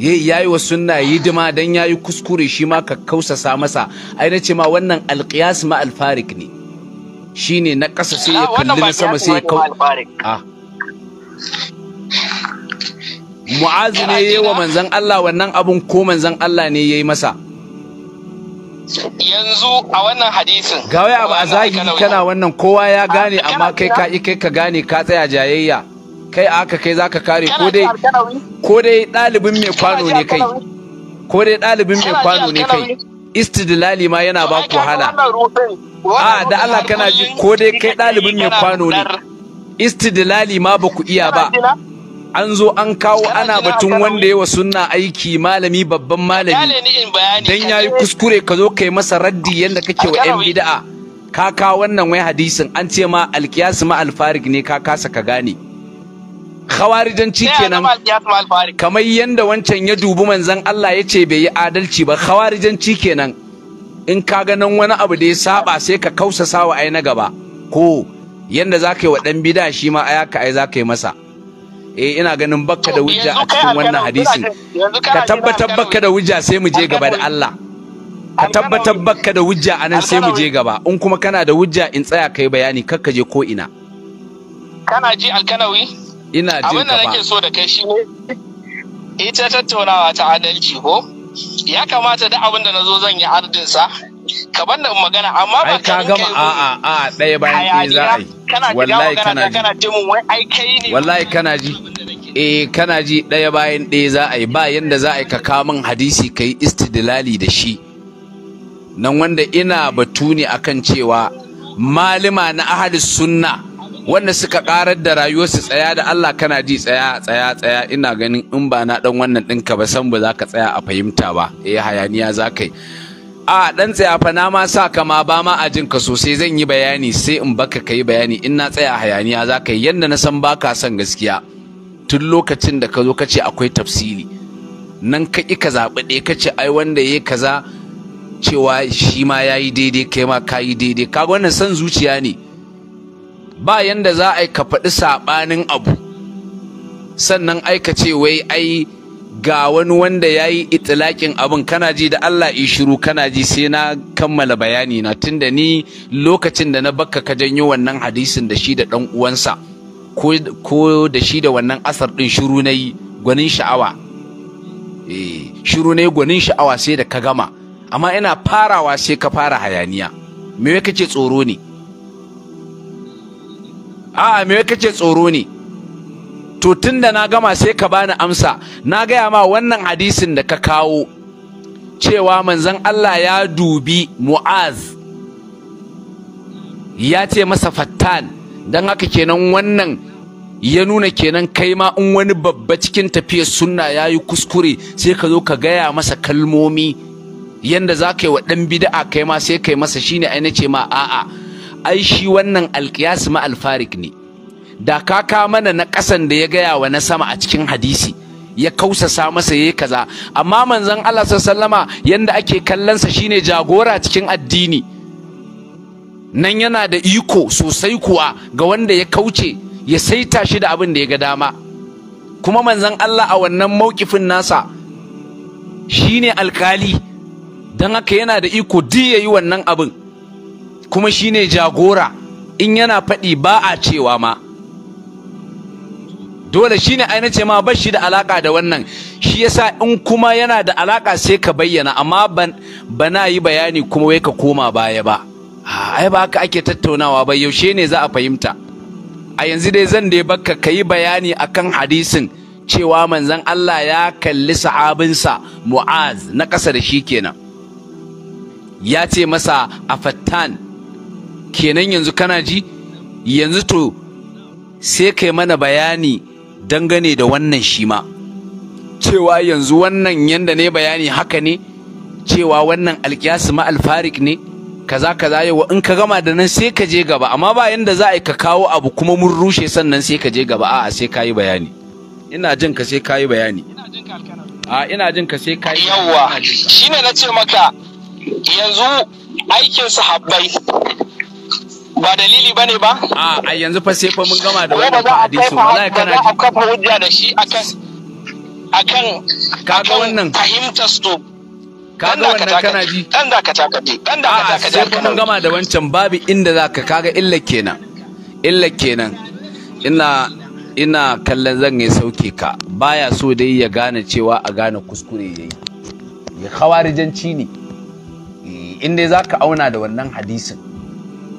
Speaker 1: ya yi wa sunna hidima ya yi kuskure shi ma ka kausasa masa ai ce ma wannan alkiyas ma alfarik ne shine na ƙasa sai ya kalli na sama sai ya kau mu'azu ne yi wa manzon Allah wannan abun ko manzon Allah ne ya yi masa
Speaker 6: yanzu a wannan hadisin gawai
Speaker 1: abu a zagi kana wannan kowa ya ah, gane amma kai ka kai ka gane ka tsaya jayayya kai aka kai zaka kare ko dai ko dai dalibin mai kwano ne kai ko dai dalibin mai kwano ne kai istidlali ma yana ba ku hala a ah, da Allah kana ji ko dai kai dalibin mai kwano ne istidlali ma ba ku iya ba an zo an kawo ana batun wanda yawa sunna aiki malami babban malami dan yi kuskure ka zo ka yi masa raddi ka kake wa yan bida'a. ka kawo wannan wai hadisin an ce ma alkiyas ma alfarik ne ka kasa ka gane khawarijanci kenan kamar yadda wancan ya dubi manzan Allah ya ce bai yi adalci ba khawarijanci kenan in ka ganin wani abu da ya saba sai ka kausa sawa ai na gaba ko Yadda za ka yi wa ɗan bida shi ma ayaka ai za ka yi masa eh ina ganin bakka da wujja a cikin wannan hadisin
Speaker 3: ka tabbatar bakka
Speaker 1: da wujja sai mu je gaba da Allah ka tabbatar bakka da wujja anan sai mu je gaba in kuma kana da wujja in tsaya kai bayani kakka je ko ina
Speaker 6: kana ji alkanawi
Speaker 1: ina jin ka ba so
Speaker 6: da kai shi ita tattaunawa ta adalci ko ya kamata da abin da nazo zan yi ardinsa ka banda magana amma ba ka gama a a
Speaker 1: a ɗaya bayan ɗaya za a yi wallahi kana ji
Speaker 6: ne wallahi
Speaker 1: kana ji eh kana ji ɗaya bayan ɗaya za a yi ba yanda za a yi ka kamun min hadisi ka yi istidilali da shi nan wanda ina batu ne akan cewa malima na ahli sunna wanda suka karar da rayuwarsu tsaya da Allah kana ji tsaya tsaya tsaya ina ganin in ba na dan wannan ɗinka ba san ba za ka tsaya a fahimta ba eh hayaniya za ka yi a dan tsaya fa na ma sa kama ba ma a jinka sosai zan yi bayani sai in baka kai bayani in na tsaya hayaniya za ka yi yadda na san baka son gaskiya tun lokacin da ka zo ka ce akwai tafsiri. nan ka ƙi ka zaɓi ka ce ai wanda ya kaza cewa shi ma ya yi daidai kai ma ka yi daidai ka wannan san zuciya ne ba yanda za a yi ka faɗi saɓanin abu sannan ai ka ce wai ai ga wani wanda ya yi itilakin abin kana ji da Allah yi shiru kana ji sai na kammala bayani na tunda ni lokacin da na bakka ka janyo wannan hadisin da shi da ɗan uwansa ko da shi da wannan asar ɗin shiru na yi gwanin sha'awa eh, shiru na yi gwanin sha'awa sai da ka gama amma ina farawa sai ka fara hayaniya me kace tsoro ne a'a me kace tsoro ne to tunda na gama sai ka bani amsa na gaya ma wannan hadisin da ka kawo cewa manzon Allah ya dubi Mu'az ya ce masa fattan Don haka kenan wannan ya nuna kenan kai ma in wani babba cikin tafiyar sunna ya yi kuskure sai ka zo ka gaya masa kalmomi Yadda za ka yi wa ɗan bida'a kai ma sai kai masa shine ai ce ma a'a ai shi wannan alƙiyas ma alfarik ne da ka ka mana na ƙasan da ya gaya wa na sama a cikin hadisi ya kausasa masa yayi kaza amma manzon Allah sallama yanda ake kallonsa shine jagora cikin addini nan yana da iko sosai kuwa ga wanda ya kauce ya saita shi da abin da ya ga dama kuma manzon Allah a wannan mawkifin nasa shine alkali don haka yana da iko duk yayi wannan abin kuma shine jagora in yana faɗi ba a cewa ma dole shine ai ce ma shi da alaka da wannan shi yasa in kuma yana da alaka sai ka bayyana amma ban bana yi bayani kuma wai ka koma baya ba ai ba haka ake tattaunawa ba yaushe ne za a fahimta a yanzu dai zan dai ka yi bayani akan hadisin cewa manzon Allah ya kalli sahabinsa Mu'az na ƙasa da shi kenan ya ce masa a kenan yanzu kana ji yanzu to sai kai mana bayani dangane da wannan shi ma cewa yanzu wannan yanda ne bayani haka ne cewa wannan alkiyas ma alfarik ne kaza kaza yawa in ka gama da nan sai ka je gaba amma ba yanda za a yi ka kawo abu kuma mun rushe sannan sai ka je gaba a'a sai ka yi bayani ina jin ka sai ka yi bayani
Speaker 6: a ina jin ka sai ka yi yawa shine na ce
Speaker 1: maka yanzu aikin sahabbai ba dalili bane ba a a yanzu fa sai fa mun gama da wannan fa hadisin wallahi kana ji Ka hujja da shi akan akan kaga wannan fahimta su kaga wannan kana ji dan da ka taka ji dan da ka taka ji sai mun gama da wancan babu inda zaka kaga illa kenan illa kenan ina ina kallon zan yi sauke ka baya so dai ya gane cewa a gane kuskure yayi ya khawarijanci ne eh, in dai zaka auna da wannan hadisin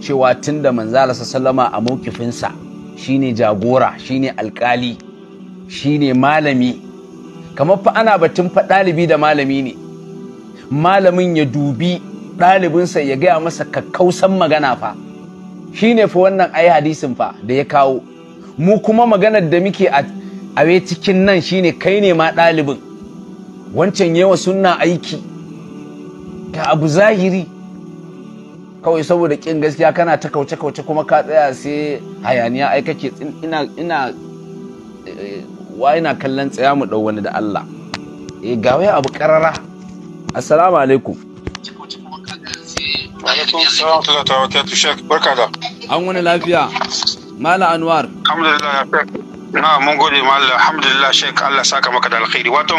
Speaker 1: cewa tun da manzala sallama a mokifinsa shine jagora shine alkali shine malami kamar fa ana batun fa ɗalibi da malami ne malamin ya dubi ɗalibinsa ya gaya masa kakkausan magana fa shine fa wannan ayi hadisin fa da ya kawo mu kuma maganar da muke a awe cikin nan shine kai ne ma ɗalibin wancan yawa sunna aiki ga abu zahiri kawai saboda kin gaskiya kana ta kauce kauce kuma ka tsaya sai hayaniya ai kake ina ina eh, wa ina kallon tsaya mu dau wani da Allah eh ga wai abu karara assalamu alaikum an wani lafiya mala anwar na mun gode mallam alhamdulillah
Speaker 8: shek Allah saka maka da alkhairi wato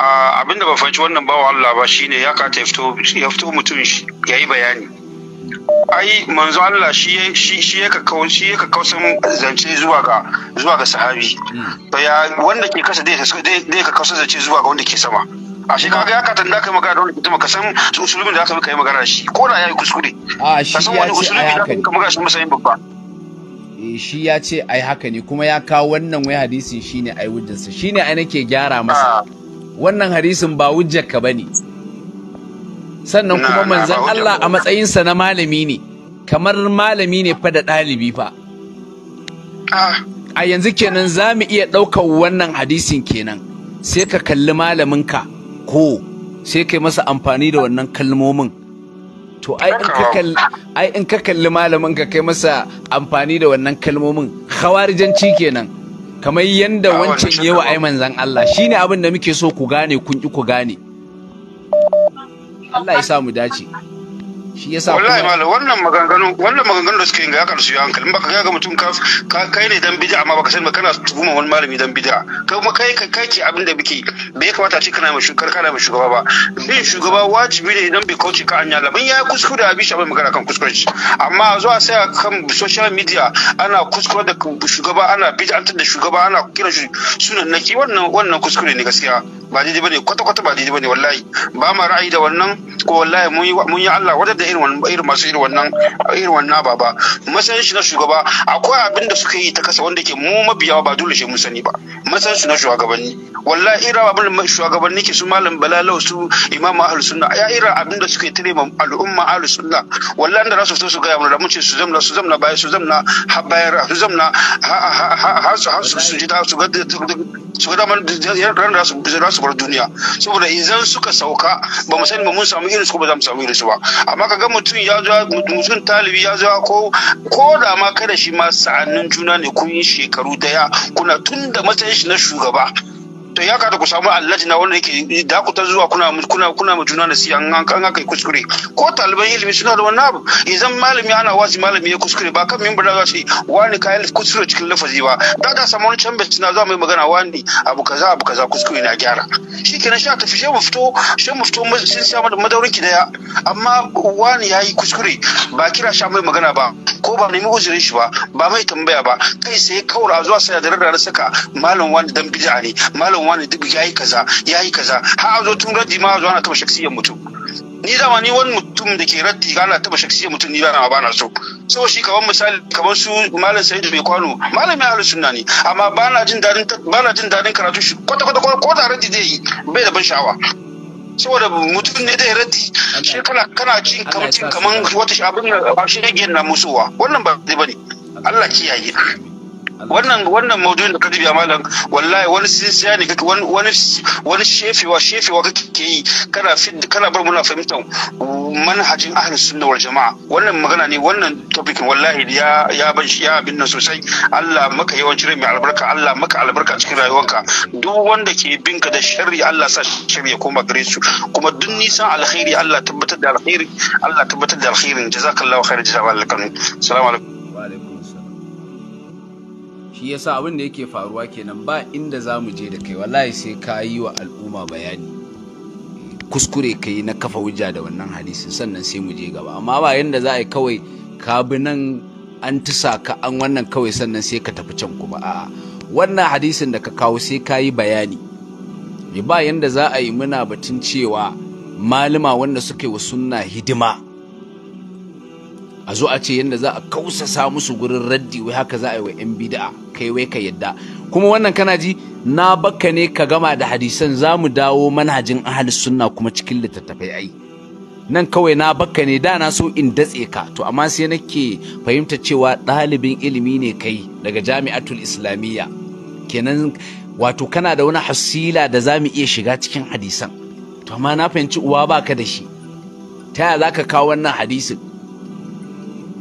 Speaker 8: ah, abinda ba fanci wannan bawa Allah ba shine ya ka ta fito ya fito mutum yayi bayani ai manzo Allah shi shi shi ya kakkau shi ya kakkau san zance zuwa ga zuwa ga sahabi hmm. to ya wanda ke kasa dai dai ka kasa zance zuwa ga wanda ke sama a shi kaga ya katan da kai magana da wanda ke sama ka san usulumin da aka kai magana shi ko da yayi kuskure a shi ya ce ai haka ne kuma shi masayin babba
Speaker 1: eh, shi ya ce ai haka ne kuma ya kawo wannan wai hadisin shine ai wujjarsa shine ai nake gyara masa ah. wannan hadisin ba wujjar ka bane sannan kuma manzan Allah a matsayinsa na malami ne kamar malami ne fa da ɗalibi fa ah. a yanzu kenan za mu iya ɗaukar wannan hadisin kenan sai ka kalli malaminka ko sai kai masa amfani da wannan kalmomin to ai in ka kalli malaminka kai masa amfani da wannan kalmomin khawarijanci kenan kamar yanda wancan yawa ai manzan Allah shine abin da muke so ku gane kun ki ku gane Allah ya sa mu dace shi yasa wallahi malam
Speaker 8: wannan maganganu wannan maganganu da suke yin ga karshe hankali baka ga mutum ka kai ne dan bid'a amma baka sani ba kana tuhuma wani malami dan bid'a kai kuma kai kai ke abin da bike bai kamata ce kana mai shugaba kana mai shugaba ba bin shugaba wajibi ne dan bi kauce ka anya labin ya kuskure abi shi abin magana kan kuskure shi amma zuwa sai kan social media ana kuskure da shugaba ana bid'antar da shugaba ana kira shi sunan naki wannan wannan kuskure ne gaskiya ba daidai bane kwata kwata ba daidai bane wallahi ba ma ra'ayi da wannan ko wallahi mun yi Allah wadda san irin masu irin wannan irin wannan ba ba matsayin shi na shugaba akwai abin da suka yi ta kasa wanda ke mu mabiya ba dole shi mun sani ba matsayin su na shugabanni wallahi ira abin da shugabanni ke su malam balalau su imamu ahlus sunna ya ira abin da suka yi tare ma al'umma ahlus sunna wallahi inda rasu su ga mu da mun ce su zamna su zamna baya su zamna ha su zamna ha ha ha su su ji ta su ga su ga daman ran da rasu bar duniya saboda idan suka sauka ba mu sani ba mun samu irin su ba za mu samu irin su ba amma ga mutum ya zo mutum talibi ya zo ko ko da ma kada shi ma sa'annin juna ne kun yi shekaru daya kuna tun da matsayin shi na shugaba to ya kada ku samu allajina wanda yake da ku ta zuwa kuna kuna kuna mu na siya an an aka yi kuskure ko taliban ilimi suna da wannan abu idan malami ana wasi malami ya kuskure ba kan mimbar za su wani kayan kuskure cikin lafazi ba da da samu wani chamber na za mai magana wani abu kaza abu kaza kuskure na gyara shikenan sha tafi sai mu fito sai mu fito sun samu da madaurin ki daya amma wani yayi kuskure ba kira sha mai magana ba ko ba nemi uzurin shi ba ba mai tambaya ba kai sai kaura zuwa sai da rarra saka malam wani dan bid'a ne malam wani dubu yi kaza yi kaza har a zo tun raddi ma zo ana taba shaksiyar mutum ni dama ni wani mutum da ke raddi ga ana taba shaksiyar mutum ni bana bana so so shi kamar misali kamar su malam da mai kwano malam ya sunna ne amma bana jin dadin bana jin dadin karatu shi kwata kwata ko da raddi zai yi bai da ban sha'awa saboda mutum ne ya raddi shi kana kana cin kamar cin kamar wata abin shi ne na musuwa wannan ba zai bane Allah kiyaye wannan wannan maudu'in da ka dubiya malam wallahi wani sinsiya ne kake wani wani shefewa shefewa kake yi kana fit kana bar muna fahimtar manhajin ahlus sunna wal jama'a wannan magana ne wannan topic wallahi ya ya ban ya abin nan sosai Allah maka yawanci rai mai albarka Allah maka albarka cikin rayuwarka duk wanda ke bin ka da sharri Allah sa shari ya koma gare su kuma duk nisan alkhairi Allah tabbatar da alkhairi Allah tabbatar da alkhairin jazakallahu khairan jazakallahu khairan assalamu alaikum
Speaker 1: shi yasa abin da yake faruwa kenan ba inda za mu je da kai wallahi sai ka yi wa al'umma bayani kuskure ka na kafa wuja da wannan hadisin sannan sai mu je gaba amma ba yanda za a yi kawai ka bi nan an tisa ka an wannan kawai sannan sai ka tafi can kuma a'a wannan hadisin da ka kawo sai ka yi bayani ba yanda za a yi muna batun cewa malama wanda suka yi wa sunna hidima a zo a ce yadda za a kausasa musu gurin raddi wai haka za a yi wa 'yan bida'a kai wai ka yadda kuma wannan kana ji na baka ne ka gama da hadisan za mu dawo manhajin ahli sunna kuma cikin littattafai ai nan kawai na baka ne da na so in datse ka to amma sai nake fahimta cewa ɗalibin ilimi ne kai daga jami'atul islamiyya kenan wato kana da wani hasila da za mu iya shiga cikin hadisan to amma na fahimci uwa baka da shi ta yaya za ka kawo wannan hadisin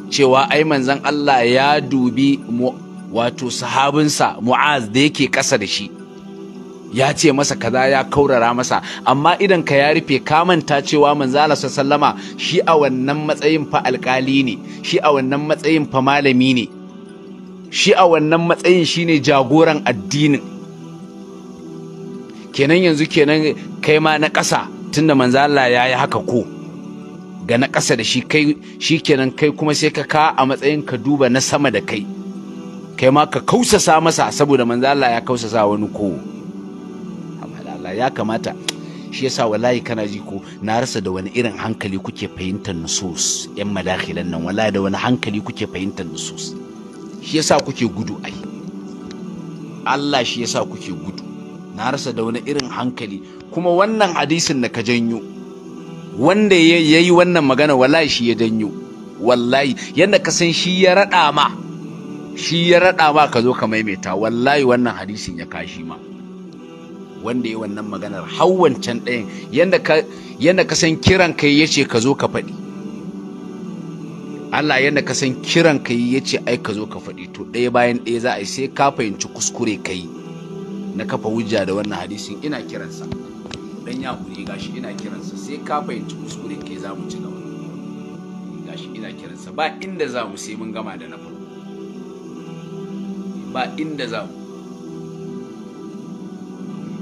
Speaker 1: cewa ai manzan Allah ya dubi wato sahabinsa Mu'az da yake ƙasa da shi ya ce masa kaza ya kaurara masa amma idan ka ya rufe ka manta cewa manzo Allah sallama shi a wannan matsayin fa alƙali ne shi a wannan matsayin fa malami ne shi a wannan matsayin shine jagoran addinin kenan yanzu kenan kai ma na ƙasa tunda manzo Allah ya yi haka ko ga na ƙasa da shi kai kenan kai kuma sai ka ka a matsayin ka duba na sama da kai kai ma ka kausasa masa saboda manzo Allah ya kausasa wani ko Allah ya kamata shi yasa wallahi kana ji ko na rasa da wani irin hankali kuke fahimtar nusus yan madakhilan nan wallahi da wani hankali kuke fahimtar nusus shi yasa kuke gudu ai Allah shi yasa kuke gudu na rasa da wani irin hankali kuma wannan hadisin da ka janyo wanda ya yi wannan magana wallahi shi ya danyo wallahi yadda ka san shi ya raɗa ma shi ya raɗa ma ka zo ka maimaita wallahi wannan hadisin ya kashi ma wanda ya wannan maganar har wancan ɗayan yadda ka san kiran kai ya ce ka zo ka faɗi Allah yadda ka san kiran kai ya ce ai ka zo ka faɗi to ɗaya bayan ɗaya za a yi sai ka fahimci kuskure kai na kafa hujja da wannan hadisin ina kiransa. dan ya gashi ina kiransa sai ka fahimci kuskuren ke za mu ci gaba gashi ina kiransa ba inda za mu sai mun gama da na farko ba inda za mu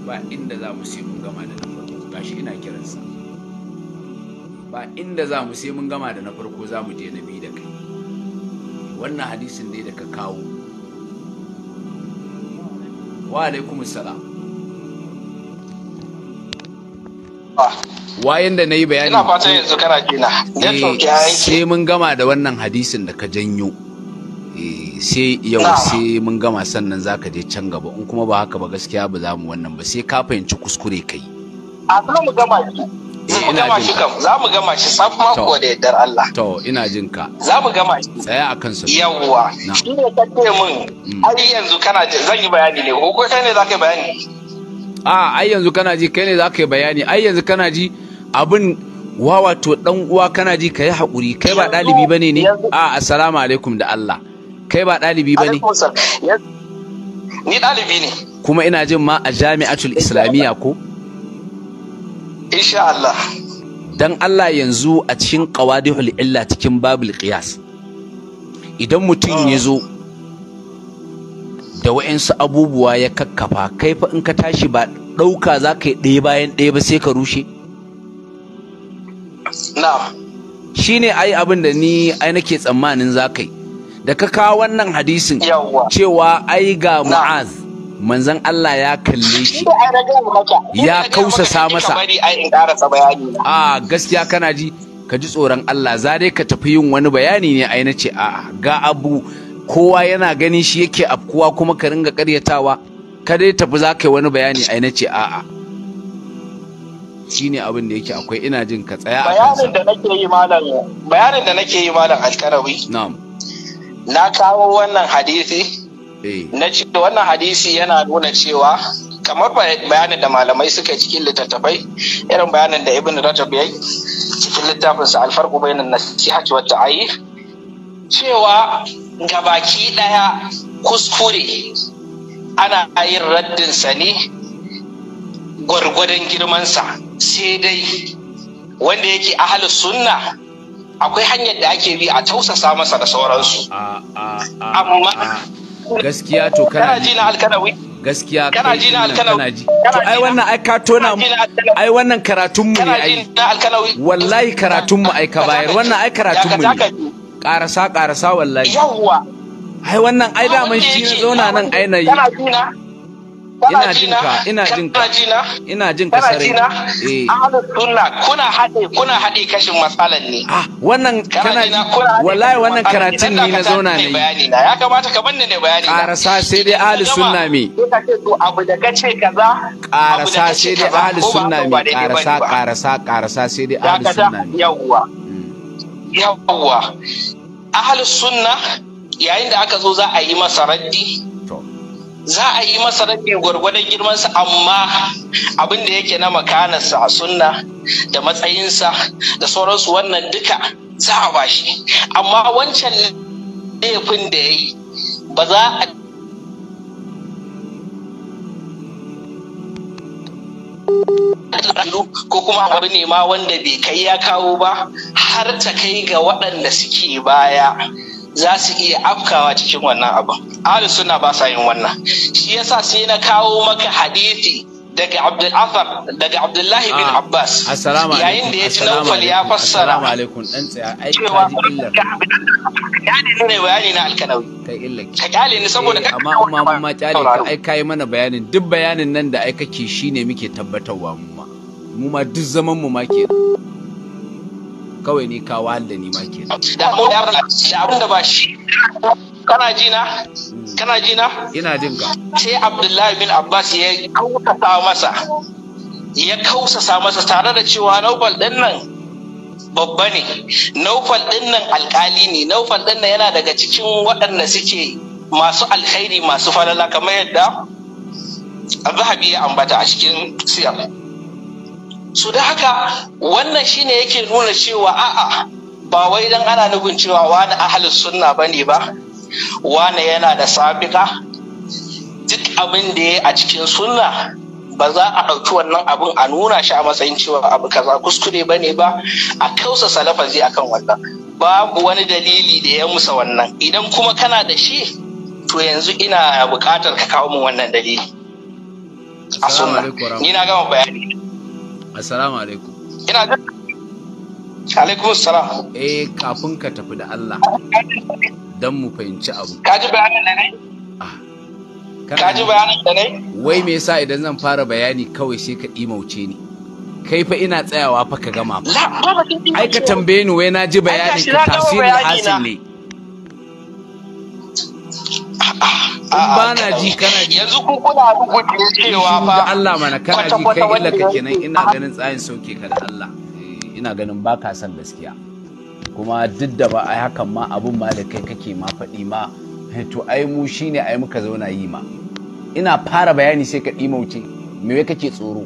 Speaker 1: ba inda za mu sai mun gama da na farko gashi ina kiransa ba inda za mu sai mun gama da na farko za mu je na bi da kai wannan hadisin ne da ka kawo wa alaikum salam wayan da na yi bayani ina fata yanzu kana kina eh, sai mun gama da wannan hadisin da ka janyo eh, sai yau sai mun gama sannan za ka je can gaba in kuma ba haka ba gaskiya ba za mu wannan ba sai ka fahimci kuskure kai
Speaker 6: a za mu gama shi eh, mu gama shi kam za mu gama shi saf mako da yardar Allah
Speaker 1: to ina jin ka
Speaker 6: za mu gama shi
Speaker 1: tsaya akan su yawwa
Speaker 6: shi ne ka ce min har mm. yanzu kana zan yi bayani ne ko kai ne za ka yi bayani
Speaker 1: a ai yanzu kana ji kai ne za ka yi bayani ai yanzu kana ji abin wa wato dan uwa kana ji ka yi haƙuri kai ba ɗalibi bane ne a assalamu alaikum da Allah kai ba ɗalibi bane
Speaker 6: ni ɗalibi ne
Speaker 1: kuma ina jin ma a jami'atul islamiyya ko insha Allah dan Allah yanzu a cikin qawadihul illa cikin babul qiyas idan mutum ah. ya zo da wa'insu abubuwa ya kakkafa kai fa in ka tashi ba ɗauka za ka yi ɗaya bayan ɗaya ba sai ka rushe shi ne ai abin da ni ai nake tsammanin za ka yi da ka kawo wannan hadisin cewa ai ga mu'az manzan Allah ya kalle shi
Speaker 6: ya kausasa masa
Speaker 1: a gaskiya kana ji ka ji tsoron Allah za dai ka tafi yin wani bayani ne ai nace a ga abu kowa yana gani shi yake afkuwa kuma ka ringa karyatawa ka dai tafi za ka yi wani bayani ai ce a'a shine abin da yake akwai ina jin ka tsaya a
Speaker 6: bayanin da nake yi malam
Speaker 1: bayanin da nake yi malam na'am
Speaker 6: na kawo wannan hadisi eh. na ce wannan hadisi yana nuna cewa kamar bayanin da malamai suka cikin littattafai irin bayanin da ibn rajab ya yi cikin littafinsa alfarqu bainan nasihati wa ta'ayyif cewa gabaki ɗaya kuskure ana yin raddinsa ne gwargwadon girmansa sai dai wanda yake ahal sunna akwai hanyar da ake bi a tausasa masa da sauransu
Speaker 1: amma gaskiya to kana ji na alkanawi gaskiya kana ji na alkanawi to ai wannan ai ka tona ai wannan karatun mu ne ai wallahi karatun mu ai ka bayar wannan ai karatun mu ne karasa karasa wallahi yawwa ai wannan ai daman shi na zauna nan ai na yi ina jin ka ina jin ka ina jin ka sare eh sunna kuna hade kuna
Speaker 6: hade kashin matsalan ne ah
Speaker 1: wannan kana wallahi wannan karatun ne na zauna ne bayani
Speaker 6: na ya kamata ka banne ne
Speaker 1: bayani karasa sai dai ahli sunna me
Speaker 6: abu da kace kaza
Speaker 1: karasa sai dai ahli sunna me karasa karasa karasa sai dai ahli sunna me
Speaker 6: yawwa yawwa ahalus sunna yayin da aka zo za a yi masa raddi za a yi masa raddi gwargwadon girmansa amma abin da yake na makanarsa a sunna da matsayinsa da sauransu wannan duka za a bashi amma wancan laifin da ya yi ba za a ko kuma abu ne ma wanda bai kai ya kawo ba har ta kai ga waɗanda suke baya za su iya afkawa cikin wannan abu. ahli suna ba sa yin wannan shi yasa sai na kawo maka
Speaker 1: hadisi
Speaker 6: daga Abdul daga Abdullahi bin ah, Abbas yayin da ya ci Naufal ya fassara cewa ne bayani
Speaker 1: na alkanawi ka kyale ni saboda eh, ka amma amma ma kyale ka ai kai mana bayanin duk bayanin nan da ai kake shine muke tabbatarwa mu mu ma duk zaman mu ma kenan kawai ne ka wahal da ni ma kenan da mu da
Speaker 6: abin da ba shi kana ji na hmm. kana ji na ina jin ka sai Abdullahi bin Abbas ya kautata masa ya kausasa masa tare da cewa Naufal din nan babba ne Naufal din nan alkali ne Naufal din nan yana daga cikin waɗanda suke masu alkhairi masu falala kamar yadda habi ya ambata a cikin siyar. su da haka wannan shine yake nuna cewa a'a ba wai dan ana nufin cewa wani ahalus sunna bane ba wani yana da sabika duk abin da ya a cikin sunna ba za a ɗauki wannan abin a nuna shi a matsayin cewa abu kaza kuskure bane ba a kausa salafazi akan wannan babu wani dalili da ya musa wannan idan kuma kana da shi to yanzu ina buƙatar ka kawo min wannan dalili
Speaker 1: a sunna ni na gama bayani assalamu alaikum ina ga alaikum assalam eh kafin ka tafi da Allah dan mu fahimci abu
Speaker 6: ka ji bayanin da ne ah,
Speaker 1: ka ji bayanin da ne wai me yasa idan zan fara bayani kawai sai ka imauce ni kai fa ina tsayawa fa ka gama fa ai ka tambaye ni wai na ji bayanin ka tafsirin hasil ne ba na ji kana ji yanzu
Speaker 6: kun kuna rubuta cewa
Speaker 1: fa Allah mana kana ji kai illa ka kenan ina ganin tsayin sauke ka da Allah eh, ina ganin ba ka san gaskiya kuma duk da ba ai hakan ma abun ma da kai kake ma faɗi ma to ai mu shine ai muka zauna yi ma ina fara bayani sai ka wuce, me kake tsoro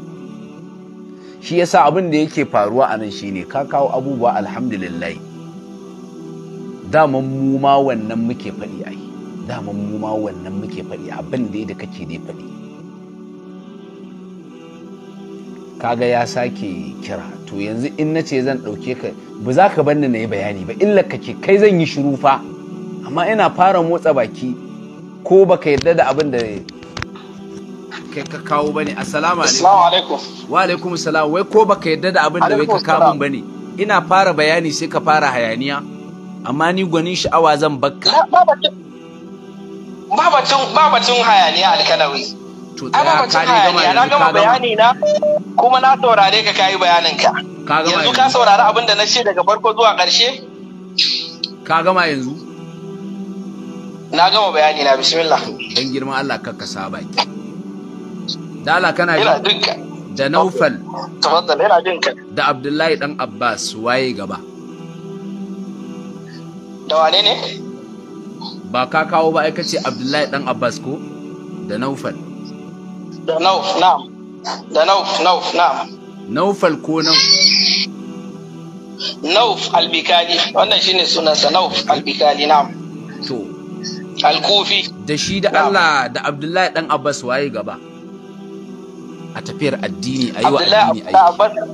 Speaker 1: shi yasa abin da yake faruwa a nan shine ka kawo abubuwa alhamdulillah Da mu ma wannan muke faɗi ai dama mu ma wannan muke faɗi abin da da kake dai faɗi kaga ya sake kira to yanzu in na ce zan ɗauke ka ba za ka banni na yi bayani ba illa ka ke kai zan yi shiru fa amma ina fara motsa baki ko baka yarda da abin da kai ka kawo bane assalamu alaikum wa alaikum salam wai ko baka yarda da abin da wai ka kawo bane ina fara bayani sai ka fara hayaniya amma ni gwanin sha'awa zan bakka
Speaker 6: ba babatun hayaniya alkanawi
Speaker 1: ai babatun hayaniya na gama bayani
Speaker 6: na kuma na saurare ka kayi bayanin ka yanzu ka saurari abin da na ce daga farko zuwa ƙarshe
Speaker 1: ka gama yanzu na gama bayani na bismillah dan girman Allah ka kasa baki dala kana ina dinka da Naufal tafaddal ina dinka da Abdullahi dan Abbas waye gaba da wane ne ba ka kawo ba aika ce abdullahi dan abbas ko da naufal da nauf
Speaker 6: na'am da nauf nauf na'am
Speaker 1: naufal ko nauf
Speaker 6: nauf albikali wannan shine sunansa nauf albikali na'am
Speaker 1: to alkufi da shi da Allah da Abdullahi dan Abbas waye gaba a tafiyar addini a yi wa addini a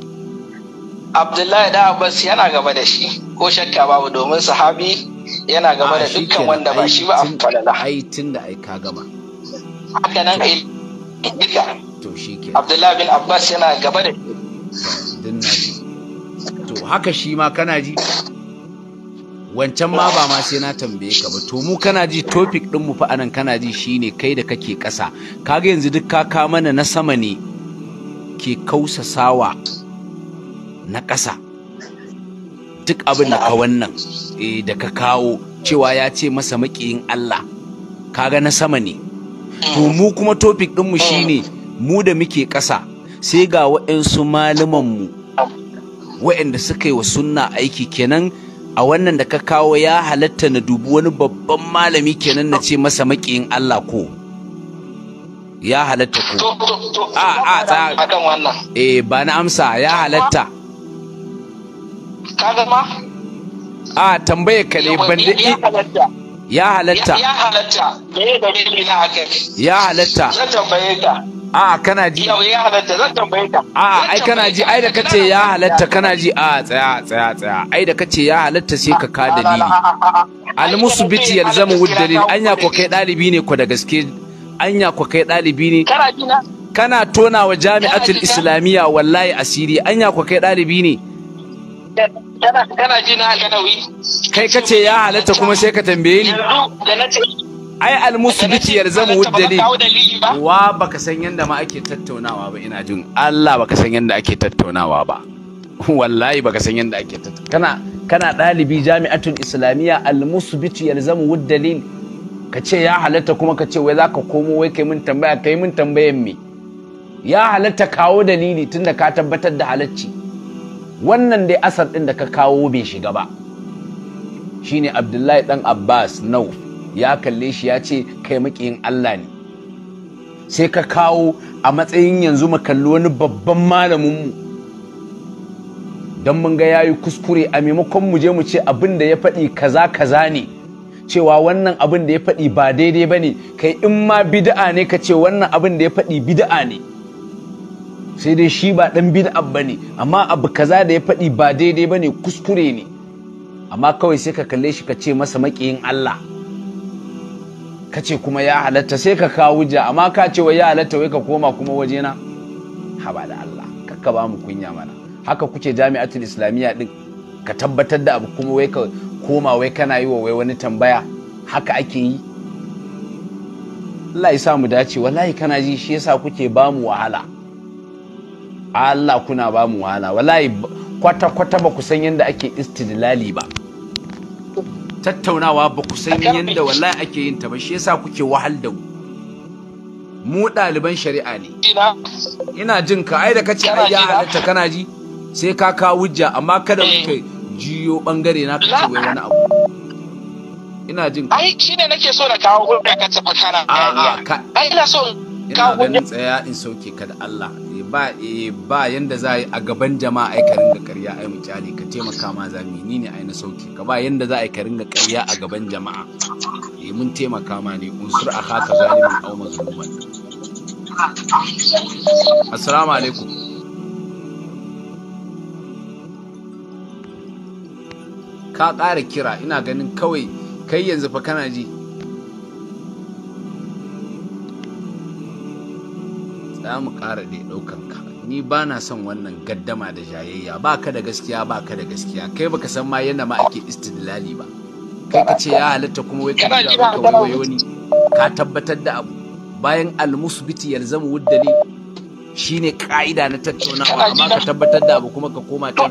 Speaker 1: Abdullahi dan
Speaker 6: Abbas yana gaba da shi ko shakka babu domin sahabi yana gaba da dukkan wanda ba shi ba
Speaker 1: a falala ai tun da ai ka gama haka nan ai duka to ke.
Speaker 6: Abdullahi bin Abbas yana gaba da
Speaker 1: din to haka shi ma kana ji wancan ma ba ma sai na tambaye ka ba to mu kana ji topic din mu fa anan kana ji shine kai da kake ƙasa kaga yanzu duk ka ka mana na sama ne ke kausasawa na ƙasa duk abin da ka wannan eh, da ka kawo cewa ya ce masa maƙiyin Allah kaga na sama ne to mu kuma topic ɗinmu shine mu da muke ƙasa sai ga waɗansu mu waɗanda suka yi wa sunna aiki kenan a wannan da ka kawo ya halatta na dubi wani babban malami kenan na ce masa maƙiyin Allah ko ya halatta ko
Speaker 6: a a ah, ah, ta
Speaker 1: eh ba na amsa ya halatta kaga ma a tambaye ka ne ban da ya halatta ya
Speaker 6: halatta me dalili na haka
Speaker 1: ya halatta zan tambaye ka a kana ji ya
Speaker 6: halatta zan tambaye ka
Speaker 1: a ai kana ji ai da kace ya halatta kana ji a tsaya tsaya tsaya ai da kace ya halatta sai ka ka dalili almusbiti yalzamu wuddalil anya ko kai dalibi ne ko da gaske anya ko kai dalibi ne kana ji na kana tona wa jami'atul islamiyya wallahi asiri anya ko kai dalibi ne
Speaker 6: kana ji na alkanawi
Speaker 1: kai ka ce ya halatta kuma sai ka tambaye ni ai almusbiti yalzamu wuddali wa baka san yanda ma ake tattaunawa ba ina jin Allah baka san yanda ake tattaunawa ba wallahi baka san yanda ake tattaunawa kana kana dalibi jami'atul islamiyya almusbiti yalzamu wuddali ka ce ya halatta kuma ka ce wai zaka komo wai kai mun tambaya kai mun tambayan me ya halatta kawo dalili tunda ka tabbatar da halacci wannan dai asar ɗin da ka kawo bai shiga ba Shi ne abdullahi ɗan abbas nau ya kalle shi ya ce kai maƙiyin allah ne sai ka kawo a matsayin yanzu mu kalli wani babban malaminmu don mun ga ya yi kuskure a maimakon mu je mu ce abin da ya faɗi kaza kaza ne cewa wannan abin da ya faɗi ba daidai ba ne kai in ma bida'a ne ka ce wannan abin da ya faɗi bida'a ne sai dai shi ba dan bid'a ne amma abu kaza da ya faɗi ba daidai bane kuskure ne amma kawai sai ka kalle shi ka ce masa maƙiyin Allah ka ce kuma ya halatta sai ka kawo wuja amma ka ce wai ya halatta wai ka koma kuma wajena haba da Allah kakka ba mu kunya mana haka kuke jami'atul islamiyya din ka tabbatar da abu kuma wai ka koma wai kana yi wa wai wani tambaya haka ake yi Allah ya sa mu dace wallahi kana ji shi yasa kuke ba mu wahala Allah kuna ba mu wahala wallahi kwata kwata ba ku san yadda ake istidlali ba tattaunawa ba ku san yadda wallahi ake yin ta ba shi yasa kuke wahal da mu mu ɗaliban shari'a ne ina jin ka ai da ka ai ya halatta kana ji sai ka ka wujja amma kada mu kai jiyo bangare na ka ce wani abu ina jin ka ai
Speaker 6: shine nake so na kawo gurbin ka ce kana ai ina so
Speaker 1: ina ganin tsaya in sauke ka da Allah eh, ba eh, ba yanda za a gaban jama'a ai ka ringa ƙarya ai mu kyale ka taimaka ma za mu ni ne ai na sauke ka ba yanda za a ka ringa ƙarya a gaban jama'a eh mun taimaka ma ne unsur a haka zalimin aw mazluman assalamu alaikum ka ƙara kira ina ganin kawai kai yanzu fa kana ji za mu ƙara da ɗaukan ka ni ba na son wannan gaddama da jayayya ba ka da gaskiya ba ka da gaskiya kai baka san ma yadda ma ake istidlali ba kai ka ce ya halatta kuma wai ka ka wayo ni ka tabbatar da abu bayan almusbiti yalzamu wuddali shine ka'ida na tattaunawa amma ka tabbatar da abu kuma ka koma ta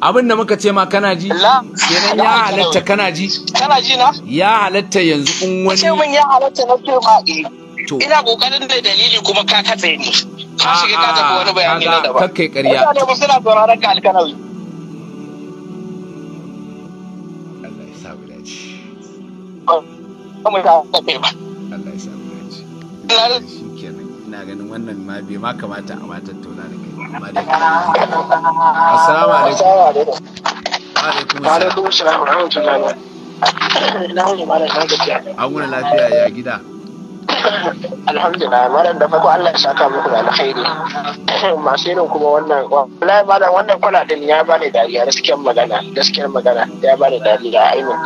Speaker 1: abin da muka ce ma kana ji kenan ya halatta kana ji kana ji na ya halatta yanzu in wani ce ya halatta na ce ma eh ina kokarin da dalili kuma ka katse ni
Speaker 6: ka shiga ka tafi wani bayani na daban kakkai ƙarya mutane
Speaker 10: ba suna sauraron ka alkanawi
Speaker 1: Allah ya sa mu dace Allah ya sa mu dace eh, ina ganin wannan ma bai ma kamata a matar tattauna da kai amma dai assalamu
Speaker 6: alaikum
Speaker 10: wa alaikum assalam wa rahmatullahi
Speaker 3: wa barakatuh
Speaker 1: an wani lafiya ya gida
Speaker 10: alhamdulillah malam da farko Allah ya saka muku da alkhairi masu irin kuma wannan wallahi malam wannan kwana din ya bani dariya gaskiyar magana gaskiyar magana ya bani dariya ainihin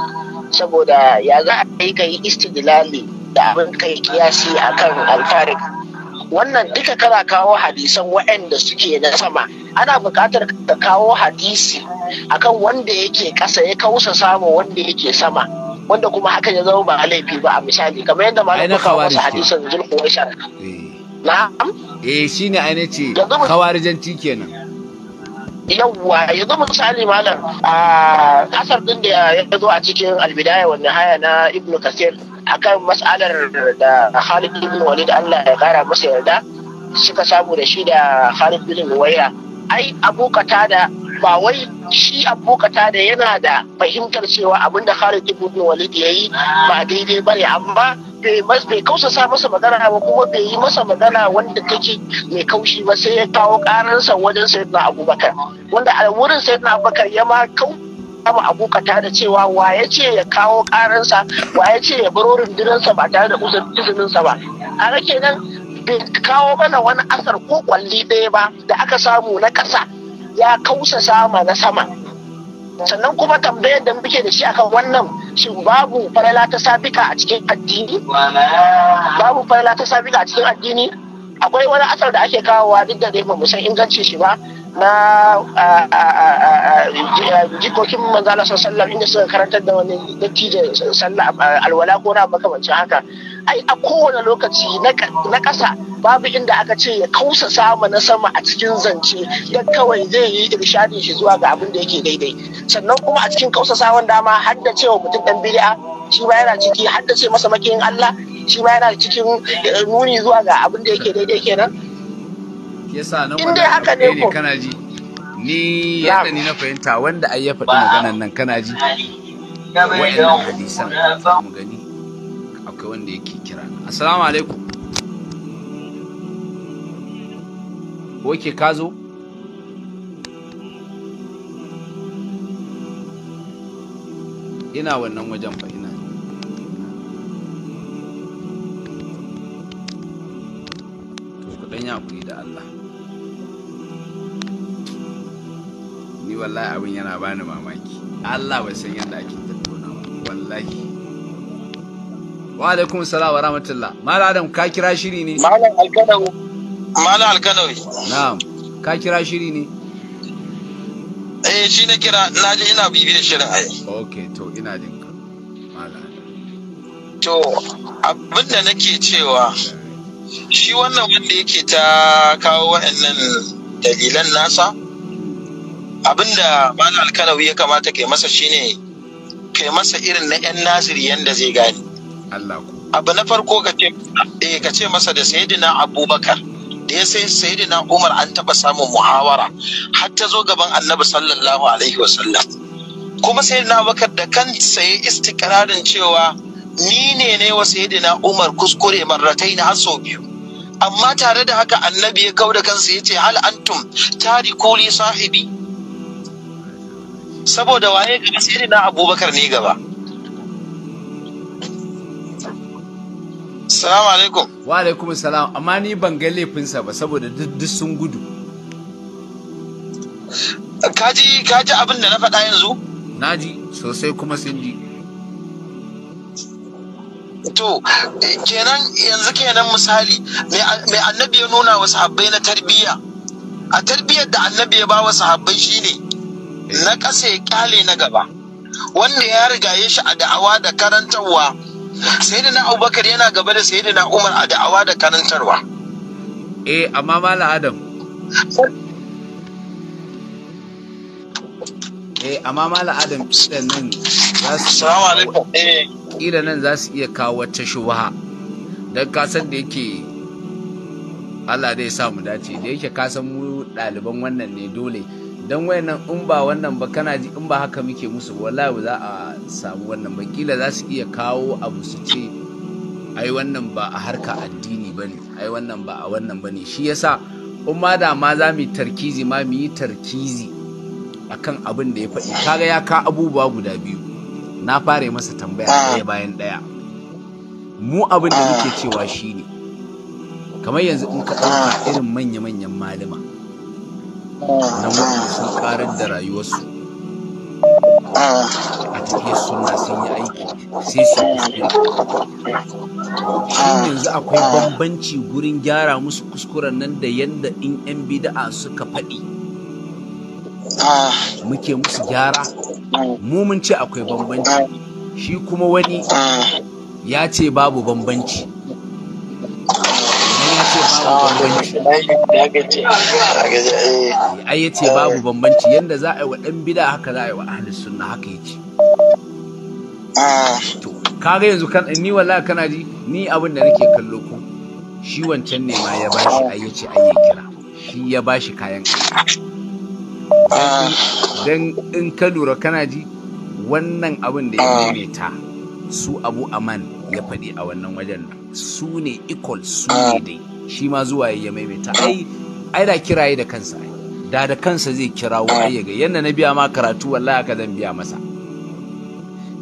Speaker 10: saboda ya za a yi kai istidlali da abin kai kiyasi akan alfarik wannan duka kana kawo hadisan waɗanda suke na sama ana buƙatar ka kawo hadisi akan wanda yake ƙasa ya kausa samu wanda yake sama wanda kuma hakan ya zama ba laifi ba a misali kamar yadda malam ya kawo wasu hadisin zulhuwaisha eh. na'am
Speaker 1: eh shine ai nace khawarijanci kenan
Speaker 10: yawwa yanzu misali malam a kasar din da ya zo a cikin albidaya wa haya na ibn kasir akan mas'alar da Khalid ibn Walid Allah ya kara masa yarda suka samu da shi da Khalid ibn Waya ai abu da ba wai shi abokata da yana da fahimtar cewa abin da Khalid ibn Walid yi ba daidai bane amma bai sa masa magana ba kuma bai yi masa magana wanda take mai kaushi ba sai ya kawo karansa wajen sayyidina Abubakar wanda a wurin sayyidina Abubakar ya ma kau kama abokata da cewa wa ya ce ya kawo karansa wa ya ce ya baro rundunarsa ba tare da izininsa ba a kenan bai kawo mana wani asar ko kwalli ɗaya ba da aka samu na ƙasa ya kausa sama na sama sannan kuma tambayar da muke da shi akan wannan shi babu falala ta sabika a cikin addini babu falala ta sabika a cikin addini akwai wani asar da ake kawowa duk da dai ba san ingancin shi ba na jikokin manzala sallallahu inda suka karantar da wani dattijo sallah alwala ko na makamancin haka ai a kowane lokaci na ƙasa babu inda aka ce ya kausa sama na sama a cikin zance don kawai zai yi irshadin shi zuwa ga abin da yake daidai sannan kuma a cikin kausa sawan dama har da cewa mutum dan bid'a shi ma yana ciki har da ce masa makin Allah shi ma yana cikin eh, nuni zuwa ga abin da yake daidai kenan
Speaker 1: yasa nan wanda haka ne ko kana ji ni yadda ni na fahimta wanda ai ya faɗi maganan nan kana ji
Speaker 5: wa'annan hadisan mu gani
Speaker 1: ga wanda yake kira assalamu alaikum oke ka zo ina wannan wajen fa ina to kudan kuri da Allah ni wallahi abin yana bani mamaki Allah bai san yadda ake tattaunawa wallahi wa alaikum salam wa rahmatullah malam adam ka kira shiri ne malam alkanawi
Speaker 7: malam alkanawi
Speaker 1: na'am ka kira shiri ne
Speaker 7: eh shi na kira na ji ina bibiyar shirin ai okay to ina jin ka malam to abinda nake cewa shi wannan wanda yake ta kawo wa'annan dalilan nasa abinda malam alkanawi ya kamata kai masa shine kai masa irin na 'yan naziri yanda zai gane abu na farko ka ce eh ka ce masa da sayyidina abubakar da ya sai sayyidina umar an taba samun muhawara har ta zo gaban annabi sallallahu alaihi wasallam kuma sayyidina abubakar da kan sayi istiqrarin cewa ni
Speaker 6: ne ne wa sayyidina umar kuskure marratai na haso biyu amma tare da haka annabi ya kauda da kansa ya ce hal antum tarikuli sahibi saboda waye ga sayyidina abubakar ne gaba
Speaker 1: Salamu alaikum. Wa alaikum salam, amma ni ban ga laifinsa ba saboda duk sun gudu. Kaji kaji abin da na faɗa yanzu? Naji sosai kuma sun ji.
Speaker 7: To, kenan yanzu kenan misali, mai annabi ya nuna wa sahabbai na tarbiyya. A tarbiyyar da annabi ya ba wa sahabbai shine na
Speaker 6: ƙasa ya ƙyale na gaba. Wanda ya riga ya shi a da'awa da karantarwa sayyidina abubakar yana gaba da sayyidina umar a da'awa da karantarwa
Speaker 1: eh amma mala adam eh amma mala adam idan nan za su idan eh. nan za su iya kawo wata shubha don kasan da yake Allah zai sa mu dace da yake kasan mu ɗaliban wannan ne dole don wayannan in ba wannan ba kana ji in ba haka muke musu wallahi ba za a samu wannan ba kila za su iya kawo abu su ce ai wannan ba a harka addini ba ne ai wannan ba a wannan ba ne shi yasa in ma da ma za mu yi tarkizi ma mu yi tarkizi akan abin da ya faɗi kaga ya ka abubuwa guda biyu na fara masa tambaya ɗaya bayan ɗaya mu abin da muke cewa shine kamar yanzu in ka ɗauka irin manya-manyan malama na wani ah. sun karar da rayuwarsu ah. a cikin suna sun yi aiki sai su yanzu akwai ah. bambanci gurin gyara musu kuskuren nan da yadda in 'yan bida'a suka faɗi muke musu gyara Mumunci akwai bambanci shi kuma wani ya ce babu bambanci ai yace babu bambanci yadda za a yi wa bida haka za a yi wa ahalis suna haka ce. Ka kaga yanzu kan ni wala kana ji ni abin da nake kallo ku shi wancan ne ma ya bashi ai ce ai kira shi ya bashi kayan dan in ka lura kana ji wannan abin da ya ta su abu aman ya faɗi a wannan wajen su ne equal su ne dai shi ma zuwa ya maimaita ai ai da kiraye da kansa da da kansa zai kira wani ya ga yanda na biya ma karatu wallahi haka zan biya masa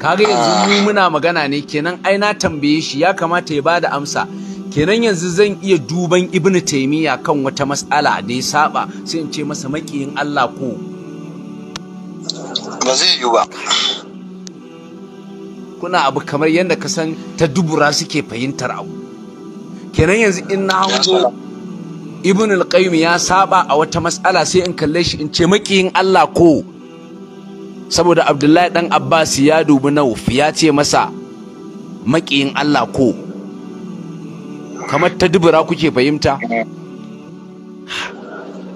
Speaker 1: kaga yanzu mu muna magana ne kenan ai na tambaye shi ya kamata ya bada amsa kenan yanzu zan iya duban ibnu taymiya kan wata mas'ala da ya saba sai in ce masa makiyin Allah ko
Speaker 5: ba zai yi ba
Speaker 1: kuna abu kamar yadda ka san ta dubura suke fahimtar abu kenan yanzu in na hango ibn al-qayyim ya saba a wata matsala sai in kalle shi in ce makiyin Allah ko saboda Abdullahi dan Abbas ya dubi Nauf ya ce masa makiyin Allah ko kamar ta dubura kuke fahimta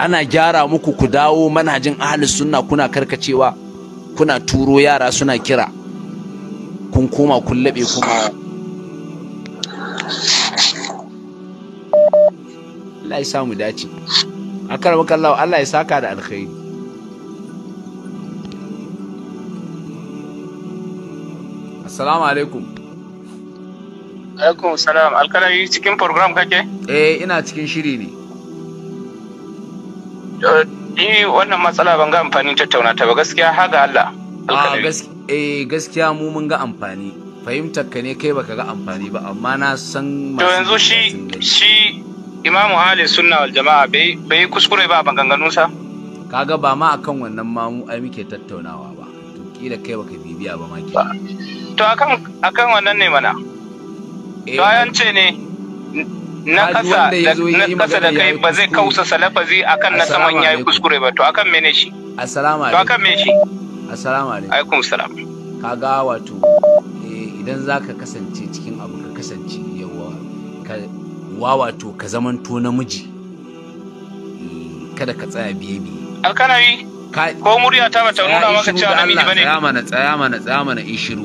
Speaker 1: ana gyara muku ku dawo manhajin ahli sunna kuna karkacewa kuna turo yara suna kira kun koma kun laɓe kuma Allah ya samu dace A akarwaka Allah Allah ya saka da alkhairi Assalamu alaikum
Speaker 2: Alaikum salam alkalami cikin program kake
Speaker 1: eh ina cikin shiri ne
Speaker 2: eh wannan matsala ban ga amfani tattauna ta ba gaskiya ha
Speaker 1: ga Allah ah, eh gaskiya mu mun ga amfani fahimtar ka ne kai baka ga amfani ba amma na san to yanzu shi
Speaker 2: shi imamu Ali sunna wal jama'a bai bai kuskure ba sa
Speaker 1: kaga ba ma akan wannan mamu ai muke tattaunawa ba to kila kai baka bibiya ba ma to akan
Speaker 2: akan wannan ne mana eh, to ayan ce ne na kasa na kasa da kai ba zai kausa salafazi akan na saman yayi kuskure ba to akan mene shi
Speaker 1: assalamu alaikum to akan mene shi assalamu alaikum alaikum salam kaga wato eh, idan zaka kasance cikin abu ka kasance yawa uwa wato ka zamanto namiji hmm, kada ka tsaya biye biye
Speaker 6: alkanawi ko murya ta bata nuna maka cewa namiji bane tsaya
Speaker 1: mana tsaya mana tsaya mana in shiru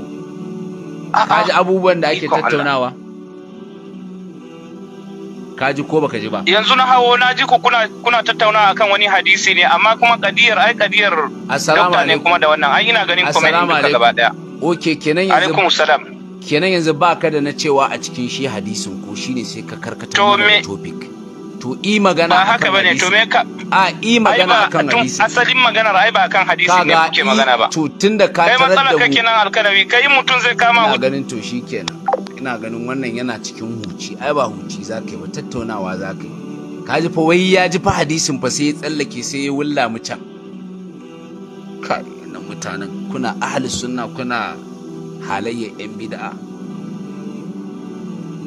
Speaker 1: kaji abubuwan da ake tattaunawa kaji ko baka ji ba yanzu na hawo na ji
Speaker 2: ku kuna kuna tattaunawa akan wani hadisi ne amma kuma kadiyar ai kadiyar
Speaker 1: assalamu alaikum ne kuma da wannan ai ina ganin comment duka gaba daya okay kenan yanzu alaikum assalam kenan yanzu baka da na cewa a cikin shi hadisin ko shine sai ka karkata da topic to i magana ba haka bane to me ka a i magana akan hadisi
Speaker 2: asalin magana ai ba akan hadisi ne kuke magana ba
Speaker 1: to tunda ka tarar da mu kai matsala kake
Speaker 2: nan kai mutun zai
Speaker 1: kama ina ganin to shikenan ina ganin wannan yana cikin huci ai ba huci zaka yi ba tattaunawa zaka yi ka ji fa wai ya ji fa hadisin fa sai ya tsallake sai ya wulla mu can kai nan mutanen kuna ahli sunna kuna halayyar 'yan bida'a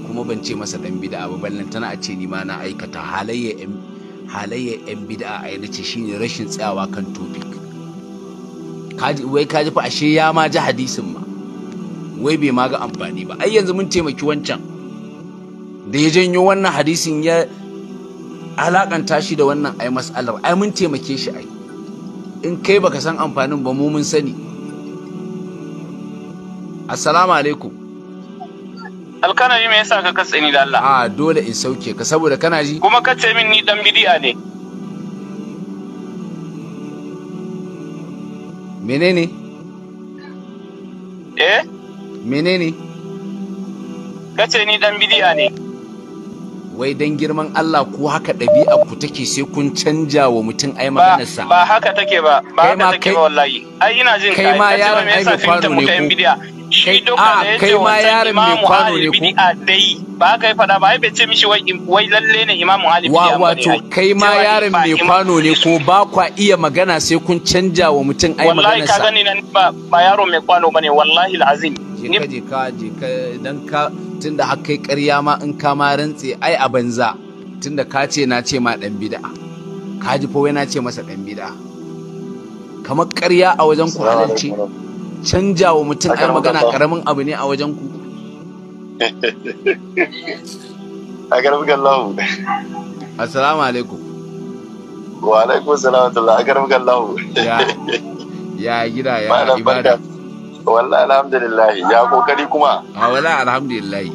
Speaker 1: kuma ban ce masa dan bida'a ba tana a ce ni ma na aikata halayyar 'yan bida'a a yana ce shine rashin tsayawa kan topic wai kaji fa ashe ya ma ji hadisin ma wai bai ma ga amfani ba ai yanzu mun taimaki wancan da ya janyo wannan hadisin ya alakanta shi da wannan ai mas'alar ai mun taimake shi ai in kai baka san amfanin ba mu mun sani assalamu alaikum alkanabi me yasa ka katse ni da Allah a ah, dole in sauke ka saboda kana ji kuma ka ce min ni dan bidi'a ne menene eh menene
Speaker 2: ka ce ni dan bidi'a ne
Speaker 1: wai dan girman Allah ko haka ɗabi'a ku take sai kun canja wa mutum ai maganarsa ba haka
Speaker 2: take ba ba haka take ba wallahi ai ina jin kai ma yaron ai faro ne ku. shi kai ma yaron mai kwano ne ko ba wato
Speaker 1: kai ma yaron mai kwano ne ko ba kwa iya magana sai kun canja wa mutum ai magana sa wallahi ka gani nan ba yaro mai kwano ne wallahi alazim je ka je ka je ka dan ka tunda har kai ma in ka rantse ai a banza tunda ka ce na ce ma dan bid'a ka ji fa wai na ce masa dan bid'a kamar ƙarya a wajen Qur'anci canja wa mutum ai magana karamin abu ne a wajen ku
Speaker 9: a garbi gallahu assalamu alaikum wa alaikum salam a garbi gallahu ya gida ya ibada wallahi alhamdulillah ya kokari kuma a ah, wala alhamdulillah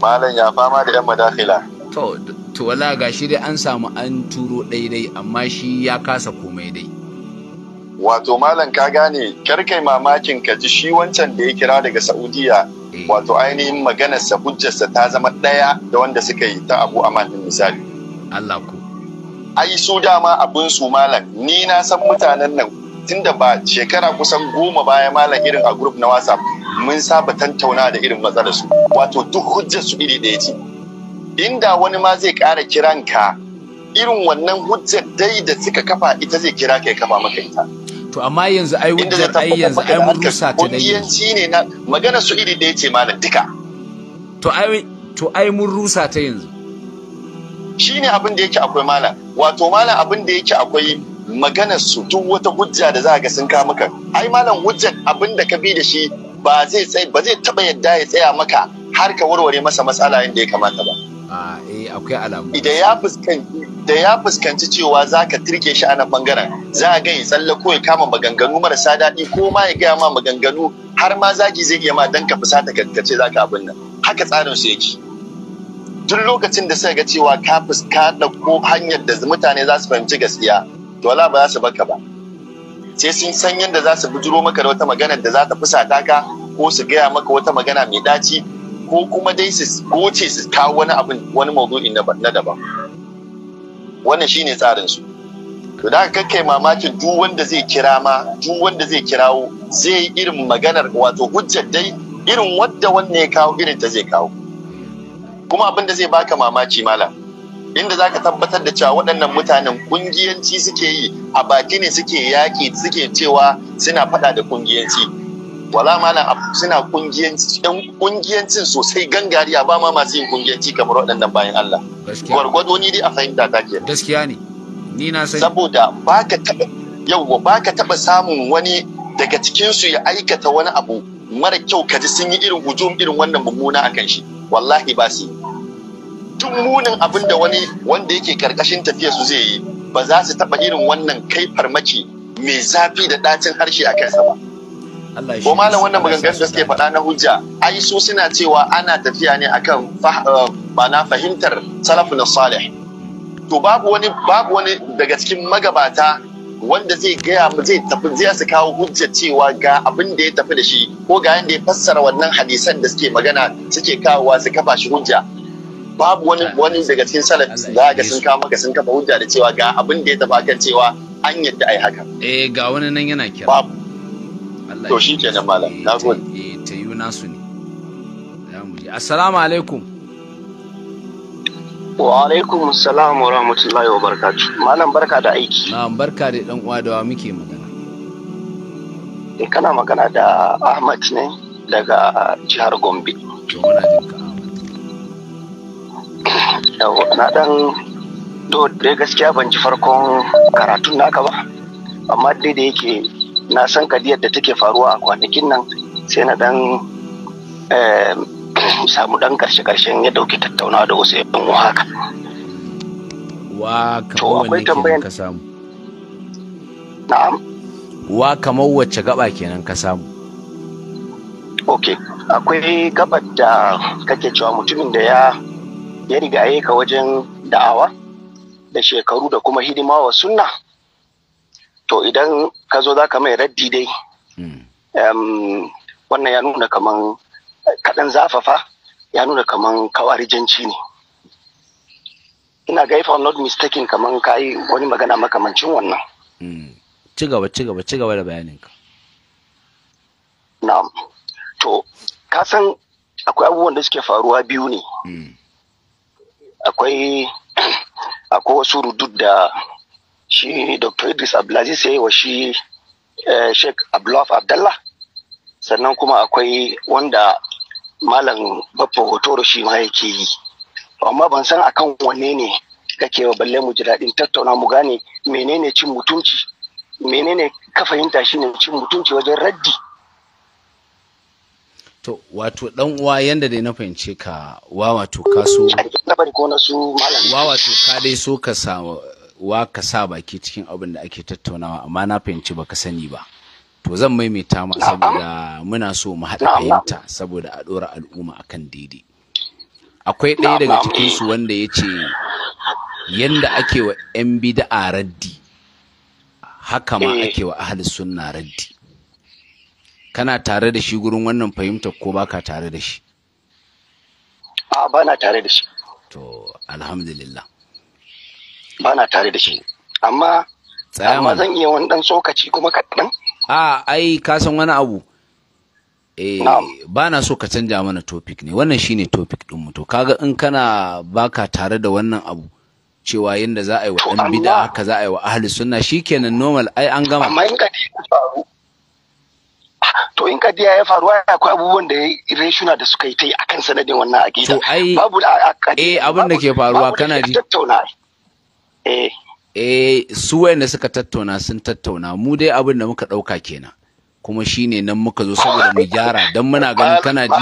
Speaker 9: malam ya fama da yan madakhila
Speaker 1: to to wallahi gashi dai an samu an turo daidai amma shi ya kasa komai dai
Speaker 9: wato malam ka gane karkai mamakin ka ji shi wancan da ya kira daga saudiya mm. wato ainihin maganarsa hujjarsa ta zama ɗaya da wanda suka yi ta abu aman din misali Allah ku ai su dama abin su malam ni na san mutanen nan tunda ba shekara kusan goma baya malam irin a group na whatsapp mun saba tantauna da irin matsalar su wato duk hujjar su iri ɗaya ce inda wani ma zai ƙara kiranka irin wannan hujjar dai da suka kafa ita zai kira ka ya kafa maka ita to amma yanzu ai wajen ai yanzu ai mun rusa ta dai kungiyanci ne na magana su iri da yace malam duka to ai to ai mun rusa ta yanzu shine abin da yake akwai malam wato malam abin da yake akwai magana su duk wata hujja da za ga sun ka maka ai malam hujjar abin da ka bi da shi ba zai ba zai taba yadda ya tsaya maka har ka warware masa matsala yadda ya kamata ba
Speaker 1: ah, akwai alamu
Speaker 9: da ya fuskanci da ya fuskanci cewa zaka tirke shi a bangaren za a ga ya ko ya kama maganganu marasa daɗi ko ma ya gaya ma maganganu har ma zagi zai iya ma dan ka ta ka ce ka abin nan haka tsarin su yake duk lokacin da suka ga cewa ka fuska da ko hanyar da mutane za su fahimci gaskiya to wala ba za su baka ba sai sun san yadda za su bujuro maka da wata magana da za ta fusata ka ko su gaya maka wata magana mai daci ko kuma dai su goce su kawo wani abin wani maudu'i na daban wannan shine tsarin su to da ka kai mamakin duk wanda zai kira ma duk wanda zai kirawo zai yi irin maganar wato hujjar dai irin wadda wanne ya kawo irin ta zai kawo kuma abin da zai baka mamaki mala inda zaka tabbatar da cewa waɗannan mutanen kungiyanci suke yi a baki ne suke yaƙi suke cewa suna faɗa da kungiyanci wala malam suna kungiyanci yan kungiyancin sosai gangariya ba ma masu yin kungiyanci kamar waɗannan bayan Allah gwargwado ni dai a fahimta ta ke gaskiya ne ni na sani saboda baka taba yawwa baka taba samun wani daga cikin su ya aikata wani abu mara kyau kaji sun yi irin hujum irin wannan mummuna akan shi wallahi ba su duk munin abin da wani wanda yake karkashin tafiyar su zai yi ba za su taba irin wannan kai farmaki mai zafi da ɗacin harshe a kansa ba ko malam wannan maganganun da suke faɗa na hujja ai su suna cewa ana tafiya ne akan eh, ba na fahimtar salafun salih to babu wani babu wani daga cikin magabata wanda zai gaya zai tafi zai su kawo hujja cewa ga abin da ya tafi da shi ko ga yanda ya fassara wannan hadisan da suke magana suke kawowa su kafa shi hujja babu wani wani daga cikin salafi za ga sun kawo maka sun kafa hujja da cewa ga abin da ya tafi akan cewa an yadda ai haka
Speaker 1: eh ga wani nan yana kira babu to shi kenan malam na gode eh, eh, ta yi nasu ne za mu
Speaker 3: je assalamu alaikum wa alaikum salam wa rahmatullahi wa barakatu. malam barka da aiki na'am barka da dan uwa da wa muke magana eh kana magana da Ahmad ne daga jihar Gombe to muna jin ka Ahmad na dan do dai gaskiya ban ji farkon karatun naka ba amma dai da yake na san kadiyar da take faruwa a kwanakin nan sai na dan eh, samu dan karshe karshen ya dauki tattaunawa da wasu yan uwa haka
Speaker 1: wa kamar wanne kenan ka samu na'am wa kamar wacce gaba kenan ka samu
Speaker 3: ok akwai gabar da kake cewa mutumin da ya ya rigaye ka wajen da'awa da shekaru da kuma hidima wa sunna to idan ka zo za ka mai raddi dai hmm. wannan ya nuna kaman kaɗan zafafa ya nuna kaman kawarijanci ne ina ga if I'm not mistaken kaman ka yi wani magana makamancin wannan
Speaker 1: hmm. ci gaba ci gaba ci gaba da bayaninka
Speaker 3: na'am to ka san akwai abubuwan da suke faruwa biyu ne hmm. akwai akwai wasu rudud da shi dr idris abdulaziz ya wa shi eh, sheikh Abdullah abdallah sannan kuma akwai wanda malam babban hotoro shi ma yake yi amma ban san akan wanne ne kake wa balle mu ji daɗin tattauna mu gane menene cin mutunci menene ka fahimta ne, cin mutunci wajen raddi
Speaker 1: to wato dan uwa yanda dai na fahimce ka wa wato ka so wa wato ka dai so ka samu wa ka sa baki cikin abin da ake tattaunawa amma na fahimci baka sani ba to zan maimaita ma saboda muna so mu haɗa fahimta saboda a ɗora al'umma akan daidai akwai ɗaya daga cikin su wanda ya ce yanda ake wa 'yan bida'a raddi haka ma eh. ake wa ahal sunna raddi kana tare da shi gurin wannan fahimta ko baka tare da shi
Speaker 3: a ba tare da shi
Speaker 1: to alhamdulillah
Speaker 3: ba na tare da shi amma amma zan iya wani dan tsokaci kuma kaɗan
Speaker 1: a ai ka san wani abu eh ba na so ka canja mana topic ne wannan shine topic din mu to kaga in kana baka tare da wannan abu cewa yadda za a yi wa ɗan bida haka za a yi wa ahli sunna shikenan normal ai an gama amma
Speaker 3: in ka ya faru to in ka kadiya ya faru ai akwai abubuwan da reshuna da suka yi ta yi akan sanadin wannan aqida to ai babu
Speaker 1: eh abin da ke faruwa kana ji eh eh su wayanda suka tattauna sun tattauna mu dai abin da muka ɗauka kenan kuma shine nan muka zo saboda mu gyara dan muna ganin kana ji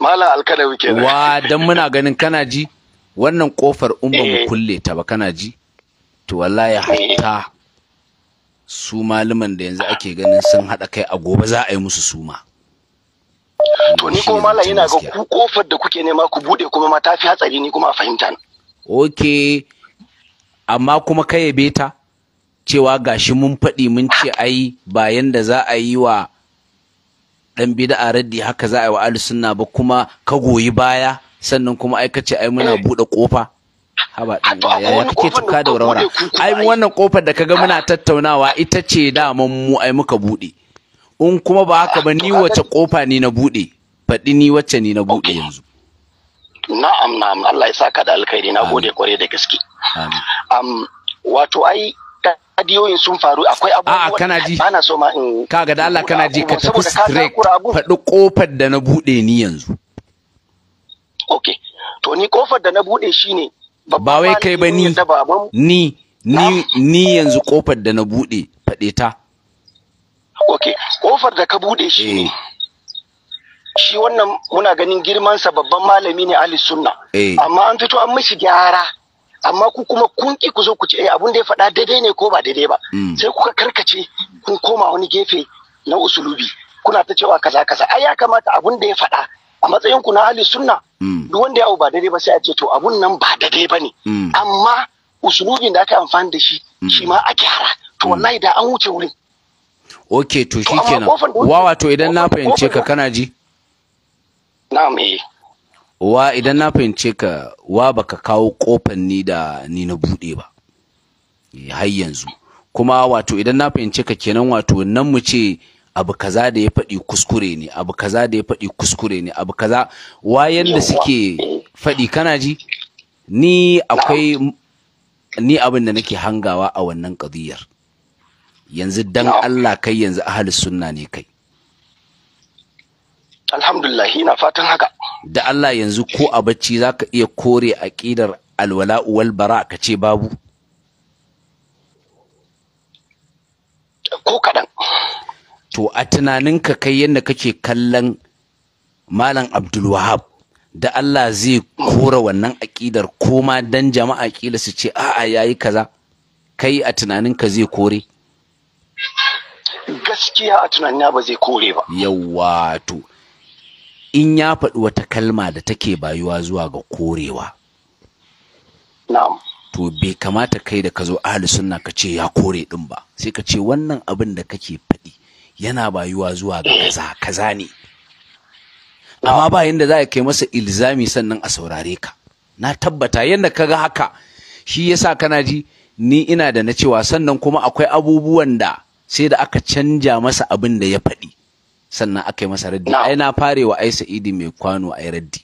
Speaker 9: mala alkalawi kenan wa
Speaker 1: dan muna ganin kana ji wannan kofar in mu eh. kulle ta ba kana ji to wallahi hatta su malaman da yanzu ake ganin sun haɗa kai a gobe za a yi musu suma
Speaker 3: to ni kuma malam yana ga ku kofar da kuke nema ku bude kuma ma fi hatsari ni kuma a fahimta
Speaker 1: Ok, amma kuma ka yabe ta cewa gashi mun faɗi mun ce ai ba yanda za a yi wa dan bid'a raddi haka za a yi wa ahlus sunna ba kuma ka goyi baya sannan kuma ai kace ai muna eh. buɗe kofa haba dan yaya kake tuka da warwara ai wannan kofar da kaga muna tattaunawa ita ce daman mu ai muka buɗe in kuma ba haka ba ni wace kofa ni na buɗe faɗi ni wace ni na buɗe yanzu
Speaker 3: Na'am na'am Allah ya saka da alkhairi na gode kware da gaske. Um, wato ai radiyoyin sun faru akwai abubuwa a kana ji ana so ma in ga da Allah kana ji ka tafi straight
Speaker 1: faɗi kofar da na buɗe ni yanzu.
Speaker 3: Okay. To ni kofar da na buɗe shine ba wai kai ba ni
Speaker 1: ni ni yanzu kofar da na buɗe faɗe ta.
Speaker 3: Okay. Kofar da ka buɗe shi shi wannan muna ganin girmansa babban malami ne ahli sunna eh. amma an fito an mishi gyara amma ku kuma kun ki ku zo ku ce eh abun da ya faɗa daidai ne ko ba daidai ba hmm. sai kuka karkace kun koma wani gefe na usulubi kuna ta cewa kaza kaza ai ya kamata abun da ya faɗa a matsayin ku na ahli sunna hmm. duk wanda ya ba daidai ba sai a ce to abun nan ba daidai ba ne hmm. amma usulubin da aka amfani da shi shi ma a gyara to wallahi da an wuce wurin
Speaker 1: ok to kenan wawa to idan na fahimce ka kana ji na'am eh wa idan na fahimce ka wa baka kawo kofan ni da ni na bude ba eh, har yanzu kuma wato idan na fahimce ka kenan wato nan mu ce abu kaza da ya faɗi kuskure ne abu kaza da ya faɗi kuskure ne abu kaza wa yanda suke faɗi kana ji ni akwai ni abin da nake hangawa a wannan ƙadiyar yanzu dan Allah kai yanzu ahli sunna ne kai
Speaker 3: alhamdulillah ina fatan haka
Speaker 1: da Allah yanzu ko a bacci ka iya kore aƙidar alwala wal bara ka ce babu ko kaɗan. to a tunaninka kai yadda kake kallon malam Abdul Wahab da Allah zai kora wannan aƙidar koma dan jama'a kila su ce a'a yayi kaza kai a tunaninka zai kore
Speaker 3: gaskiya a tunanina ba zai kore ba
Speaker 1: yawwa to in ya faɗi wata kalma da take bayuwa zuwa ga korewa to bai kamata kai da ka zo ahli sunna ka ce ya kore ɗin ba sai ka ce wannan abin da kake faɗi yana bayuwa zuwa ga kaza kaza ne amma ba yanda za a kai masa ilzami sannan a saurare ka na tabbata yanda ka ga haka shi yasa kana ji ni ina da na cewa sannan kuma akwai abubuwan da sai da aka canja masa abin da ya faɗi sannan aka yi masa raddi ai na fare wa ai sa'idi mai kwano ai raddi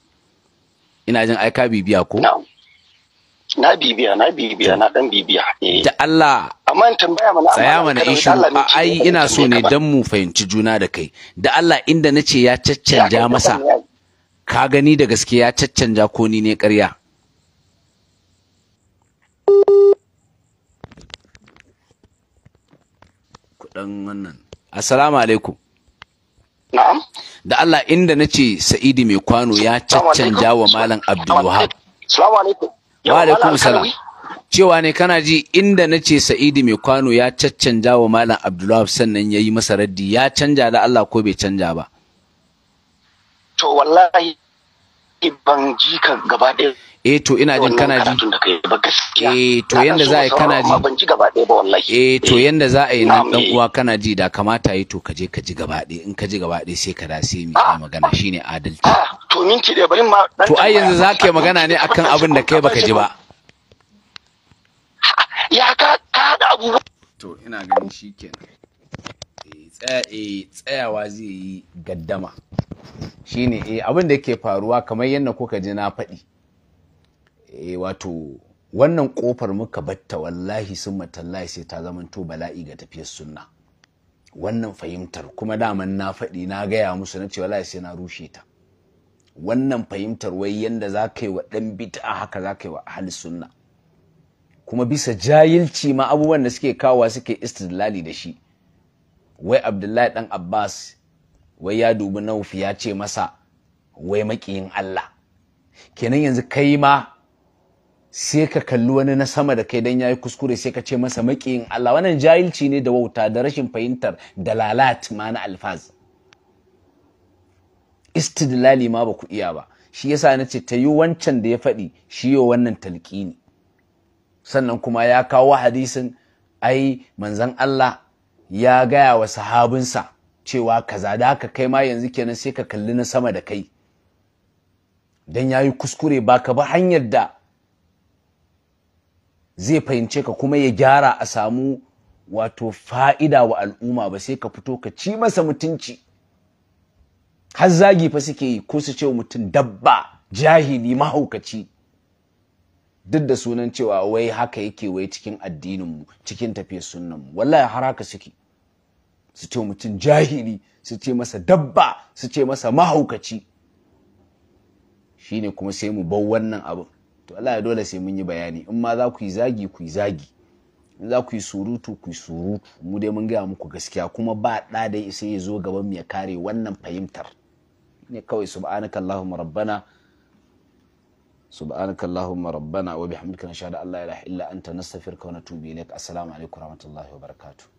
Speaker 1: ina jin ai ka bibiya ko na
Speaker 3: bibiya na bibiya na dan bibiya eh. da Allah amma in tambaya mana tsaya mana in ai ina so ne dan
Speaker 1: mu fahimci juna da kai da Allah inda nace ya caccanja masa ka gani da gaske ya caccanja ko ni ne ƙarya kudan wannan assalamu alaikum da Allah inda na ce Sa'idi mai kwano ya caccanja wa Malam Abdulwahab.
Speaker 3: Wa alaikum salam.
Speaker 1: Cewa ne kana ji inda na ce Sa'idi mai kwano ya caccanja wa Malam Abdulwahab sannan ya yi masa raddi ya canja da Allah ko bai canja ba.
Speaker 3: To wallahi ban ji ka gaba ɗaya
Speaker 1: eh to ina jin kana ji eh to eh, eh, yanda za a yi kana
Speaker 3: ji eh to yanda za a yi nan dan
Speaker 1: uwa kana ji da kamata yi to ka je ka ji gaba ɗaya in ka ji gaba ɗaya sai ka da sai mu yi ah, magana ah. shine adalci ah,
Speaker 3: to minti dai bari ma to ai yanzu za ka yi magana ne akan abin da kai baka ji ba ya ka ka da abubuwa to ina ganin shikenan
Speaker 1: eh, tsayawa zai yi gaddama shine eh abin da ke faruwa kamar yadda kuka ji na faɗi Eh, wato wannan kofar muka batta wallahi sun matallahi sai ta zamanto bala'i ga tafiyar sunna wannan fahimtar kuma daman na faɗi na gaya musu na ce wallahi sai na rushe ta wannan fahimtar wai yanda za ka yi wa ɗan bid'a haka za ka yi wa ahli sunna kuma bisa jahilci ma abubuwan da suke kawowa suke istidlali da shi wai abdullahi dan abbas wai ya dubi Naufi ya ce masa wai maƙiyin allah kenan yanzu kai ma sai ka kalli wani na sama da kai dan yayi kuskure sai ka ce masa maƙiyin Allah wannan jahilci ne da wauta da rashin fahimtar da dalalat na alfaz istidlali ma ba ku iya ba shi yasa na ce ta yi wancan da ya faɗi shi yo wannan talƙini sannan kuma ya kawo hadisin ai manzan Allah ya gaya wa sahabinsa cewa kaza da haka kai ma yanzu kenan sai ka kalli na sama da kai dan yayi kuskure ba ka ba hanyar da zai fahimce ka kuma ya gyara a samu wato fa'ida wa al'umma ba sai ka fito ka ci masa mutunci har zagi fa suke yi ko su ce mutum dabba jahili mahaukaci duk da sunan cewa wai haka yake wai cikin addininmu cikin tafiyar sunanmu, wallahi har haka suke su ce mutum jahili su ce masa dabba su ce masa mahaukaci shine kuma sai mu bar wannan abin to Allah ya dole sai mun yi bayani in ma za ku yi zagi ku yi zagi in za ku yi surutu ku yi surutu mu dai mun gaya muku gaskiya kuma ba ɗa dai sai ya zo gaban mu ya kare wannan fahimtar ne kawai subhanaka allahumma rabbana subhanaka allahumma rabbana wa bihamdika nashhadu an la ilaha illa anta nastaghfiruka wa natubu ilaik assalamu alaikum warahmatullahi wabarakatuh